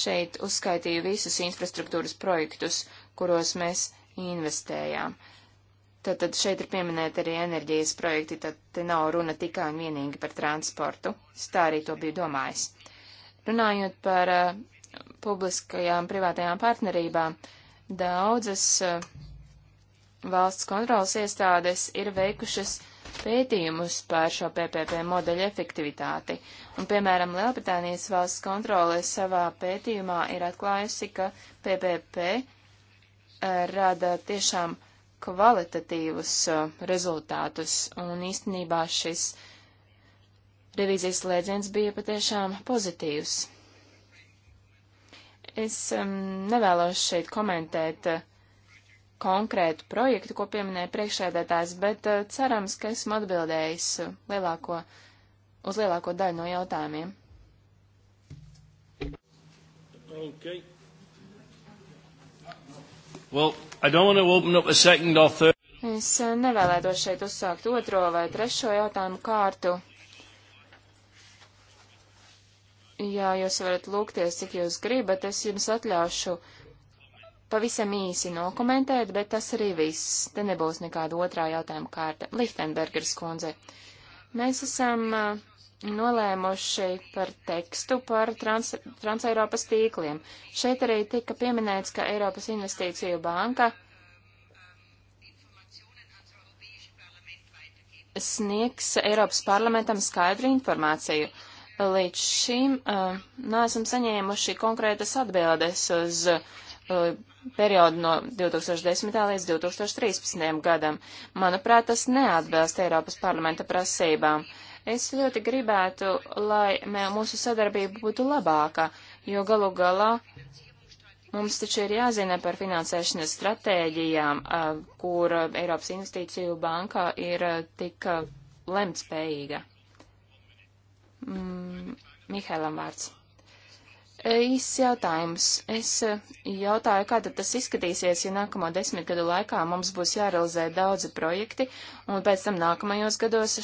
šeit uzskaitīju visus infrastruktūras projektus, kuros mēs investējām. Uh, Tātad šeit ir pieminēti arī enerģijas projekti, tad te nav runa tikai un vienīgi par transportu. Es tā arī to biju domājis. Runājot par uh, publiskajām privātajām partnerībām, daudzas uh, valsts kontrolas iestādes ir veikušas pētījumus par šo PPP modeļu efektivitāti. Un, piemēram, Lielbritānijas valsts kontrole savā pētījumā ir atklājusi, ka PPP eh, rada tiešām kvalitatīvus uh, rezultātus, un īstenībā šis revīzijas slēdziens bija patiešām pozitīvs. Es um, nevēlos šeit komentēt uh, konkrētu projektu, ko pieminēja priekšēdētājs, bet uh, cerams, ka esmu atbildējis lielāko, uz lielāko daļu no jautājumiem. Okay. Well, I don't want to open up a second or third. Es eh, nevēlētos šeit uzsākt otro vai trešo jautājumu kārtu. Jā, jūs varat lūgties, cik jūs gribat. Es jums atļaušu pavisam īsi nokomentēt, bet tas arī viss. Te nebūs nekāda otrā jautājuma kārta. Lichtenbergers kundze. Mēs esam uh, nolēmuši par tekstu par trans, transeiropas tīkliem. Šeit arī tika pieminēts, ka Eiropas investīciju banka sniegs Eiropas parlamentam skaidru informāciju. Līdz šim uh, neesam saņēmuši konkrētas atbildes uz uh, periodu no 2010. līdz 2013. gadam. Manuprāt, tas neatbilst Eiropas parlamenta prasībām. Uh, Es ļoti gribētu, lai mē, mūsu sadarbība būtu labāka, jo galu galā mums taču ir jāzina par finansēšanas stratēģijām, kur Eiropas investīciju banka ir tik lemtspējīga. Mm, Mihailam vārds īsts jautājums. Es eh, jautāju, kā tad tas izskatīsies, ja nākamo desmit gadu laikā mums būs jārealizē daudzi projekti, un pēc tam nākamajos gados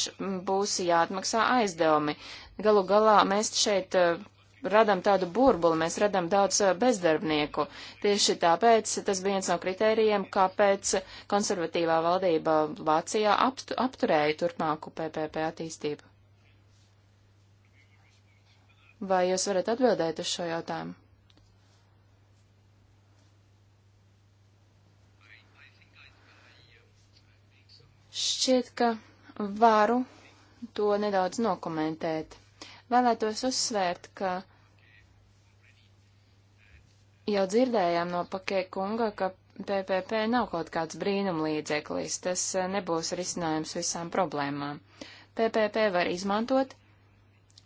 būs jāatmaksā aizdevumi. Galu galā mēs šeit eh, radam tādu burbuli, mēs radam daudz eh, bezdarbnieku. Tieši tāpēc tas bija viens no kritērijiem, kāpēc konservatīvā valdība Vācijā aptu, apturēja turpmāku PPP attīstību. Vai jūs varat atbildēt uz šo jautājumu? Šķiet, ka varu to nedaudz nokomentēt. Vēlētos uzsvērt, ka jau dzirdējām no Pakē kunga, ka PPP nav kaut kāds brīnumlīdzeklis, tas eh, nebūs risinājums visām problēmām. PPP var izmantot,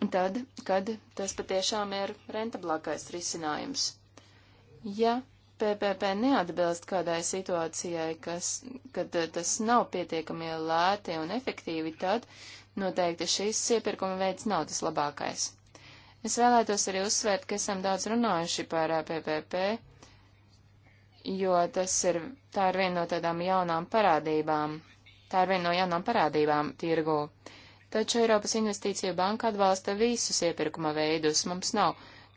tad, kad tas patiešām ir rentablākais risinājums. Ja PPP neatbilst kādai situācijai, kas, kad eh, tas nav pietiekami lēti un efektīvi, tad noteikti šīs iepirkuma veids nav tas labākais. Es vēlētos arī uzsvērt, ka esam daudz runājuši par PPP, eh, jo tas ir, tā ir viena no tādām jaunām parādībām. Tā ir viena no jaunām parādībām tirgū. Uh, taču Eiropas Investīcija Banka atbalsta visus iepirkuma veidus. Mums nav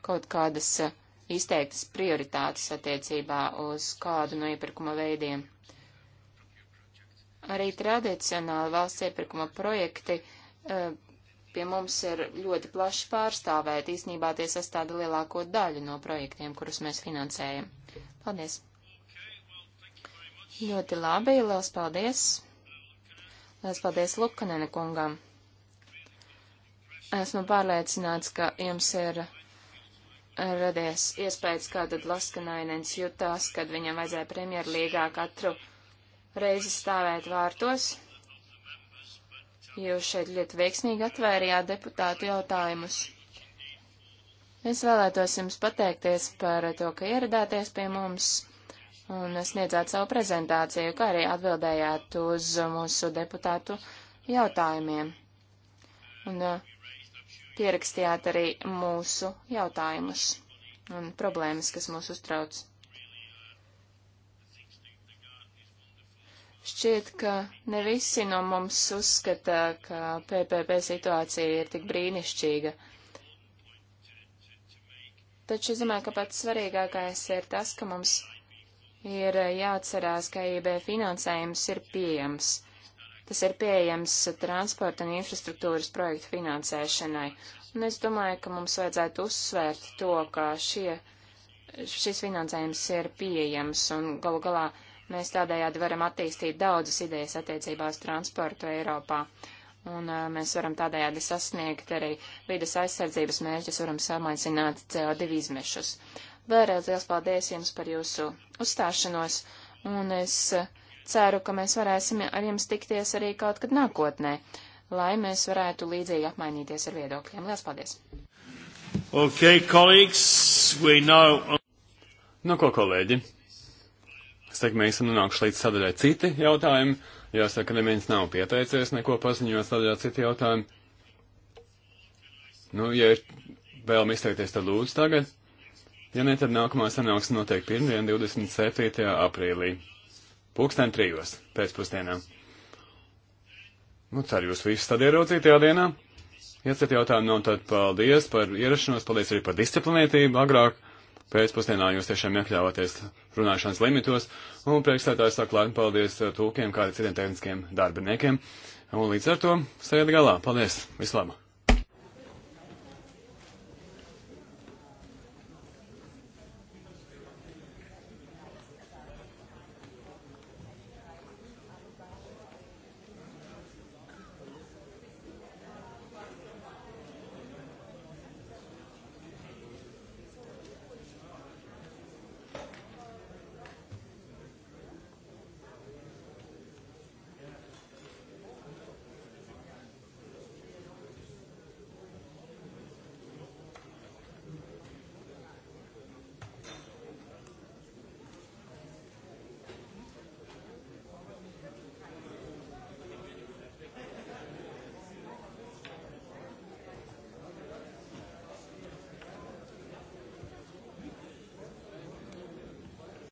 kaut kādas eh, izteiktas prioritātes attiecībā uz kādu no iepirkuma veidiem. Arī tradicionāli valsts iepirkuma projekti eh, pie mums ir ļoti plaši pārstāvēti. Īsnībā tie sastāda lielāko daļu no projektiem, kurus mēs finansējam. Paldies! Ļoti labi, liels paldies! Liels paldies Lukanene kungam! Esmu pārliecināts, ka jums ir radies iespējas, kā tad Laskanainens jutās, kad viņam vajadzēja premjerlīgā katru reizi stāvēt vārtos. Jūs šeit ļoti veiksmīgi atvērījāt deputātu jautājumus. Es vēlētos jums pateikties par to, ka ieradāties pie mums un sniedzāt savu prezentāciju, kā arī atbildējāt uz mūsu deputātu jautājumiem. Un uh, pierakstījāt arī mūsu jautājumus un problēmas, kas mūs uztrauc. Šķiet, ka ne visi no mums uzskata, ka PPP situācija ir tik brīnišķīga. Taču es domāju, ka pats svarīgākais ir tas, ka mums ir jāatcerās, ka IB finansējums ir pieejams. Tas ir pieejams transporta un infrastruktūras projektu finansēšanai. Un es domāju, ka mums vajadzētu uzsvērt to, ka šie, šis finansējums ir pieejams un galu galā mēs tādējādi varam attīstīt daudzas idejas attiecībā uz transportu Eiropā. Un uh, mēs varam tādējādi sasniegt arī vidas aizsardzības mērķus, varam samazināt CO2 izmešus. Vēlreiz liels paldies jums par jūsu uzstāšanos, un es uh, Ceru, ka mēs varēsim ar jums tikties arī kaut kad nākotnē, lai mēs varētu līdzīgi apmainīties ar viedokļiem. Lielas paldies! Okay, colleagues, we know... Nu, ko, kolēģi? Es teiktu, mēs esam nonākuši līdz sadaļai citi jautājumi. Jāsaka, neviens nav pieteicies neko paziņot sadaļā citi jautājumi. Nu, ja ir vēlam izteikties, tad lūdzu tagad. Ja ne, tad nākamā sanāksme notiek pirmdien, 27. aprīlī pulksten trijos pēcpusdienā. Nu, ceru jūs visus tad ieraudzīt tajā dienā. Ja citu jautājumu nav, nu, tad paldies par ierašanos, paldies arī par disciplinētību agrāk. Pēcpusdienā jūs tiešām iekļāvāties runāšanas limitos, un priekšstādājs saka laipni paldies tūkiem, kā arī citiem tehniskiem darbiniekiem. Un līdz ar to sēdi galā. Paldies! Vislabāk!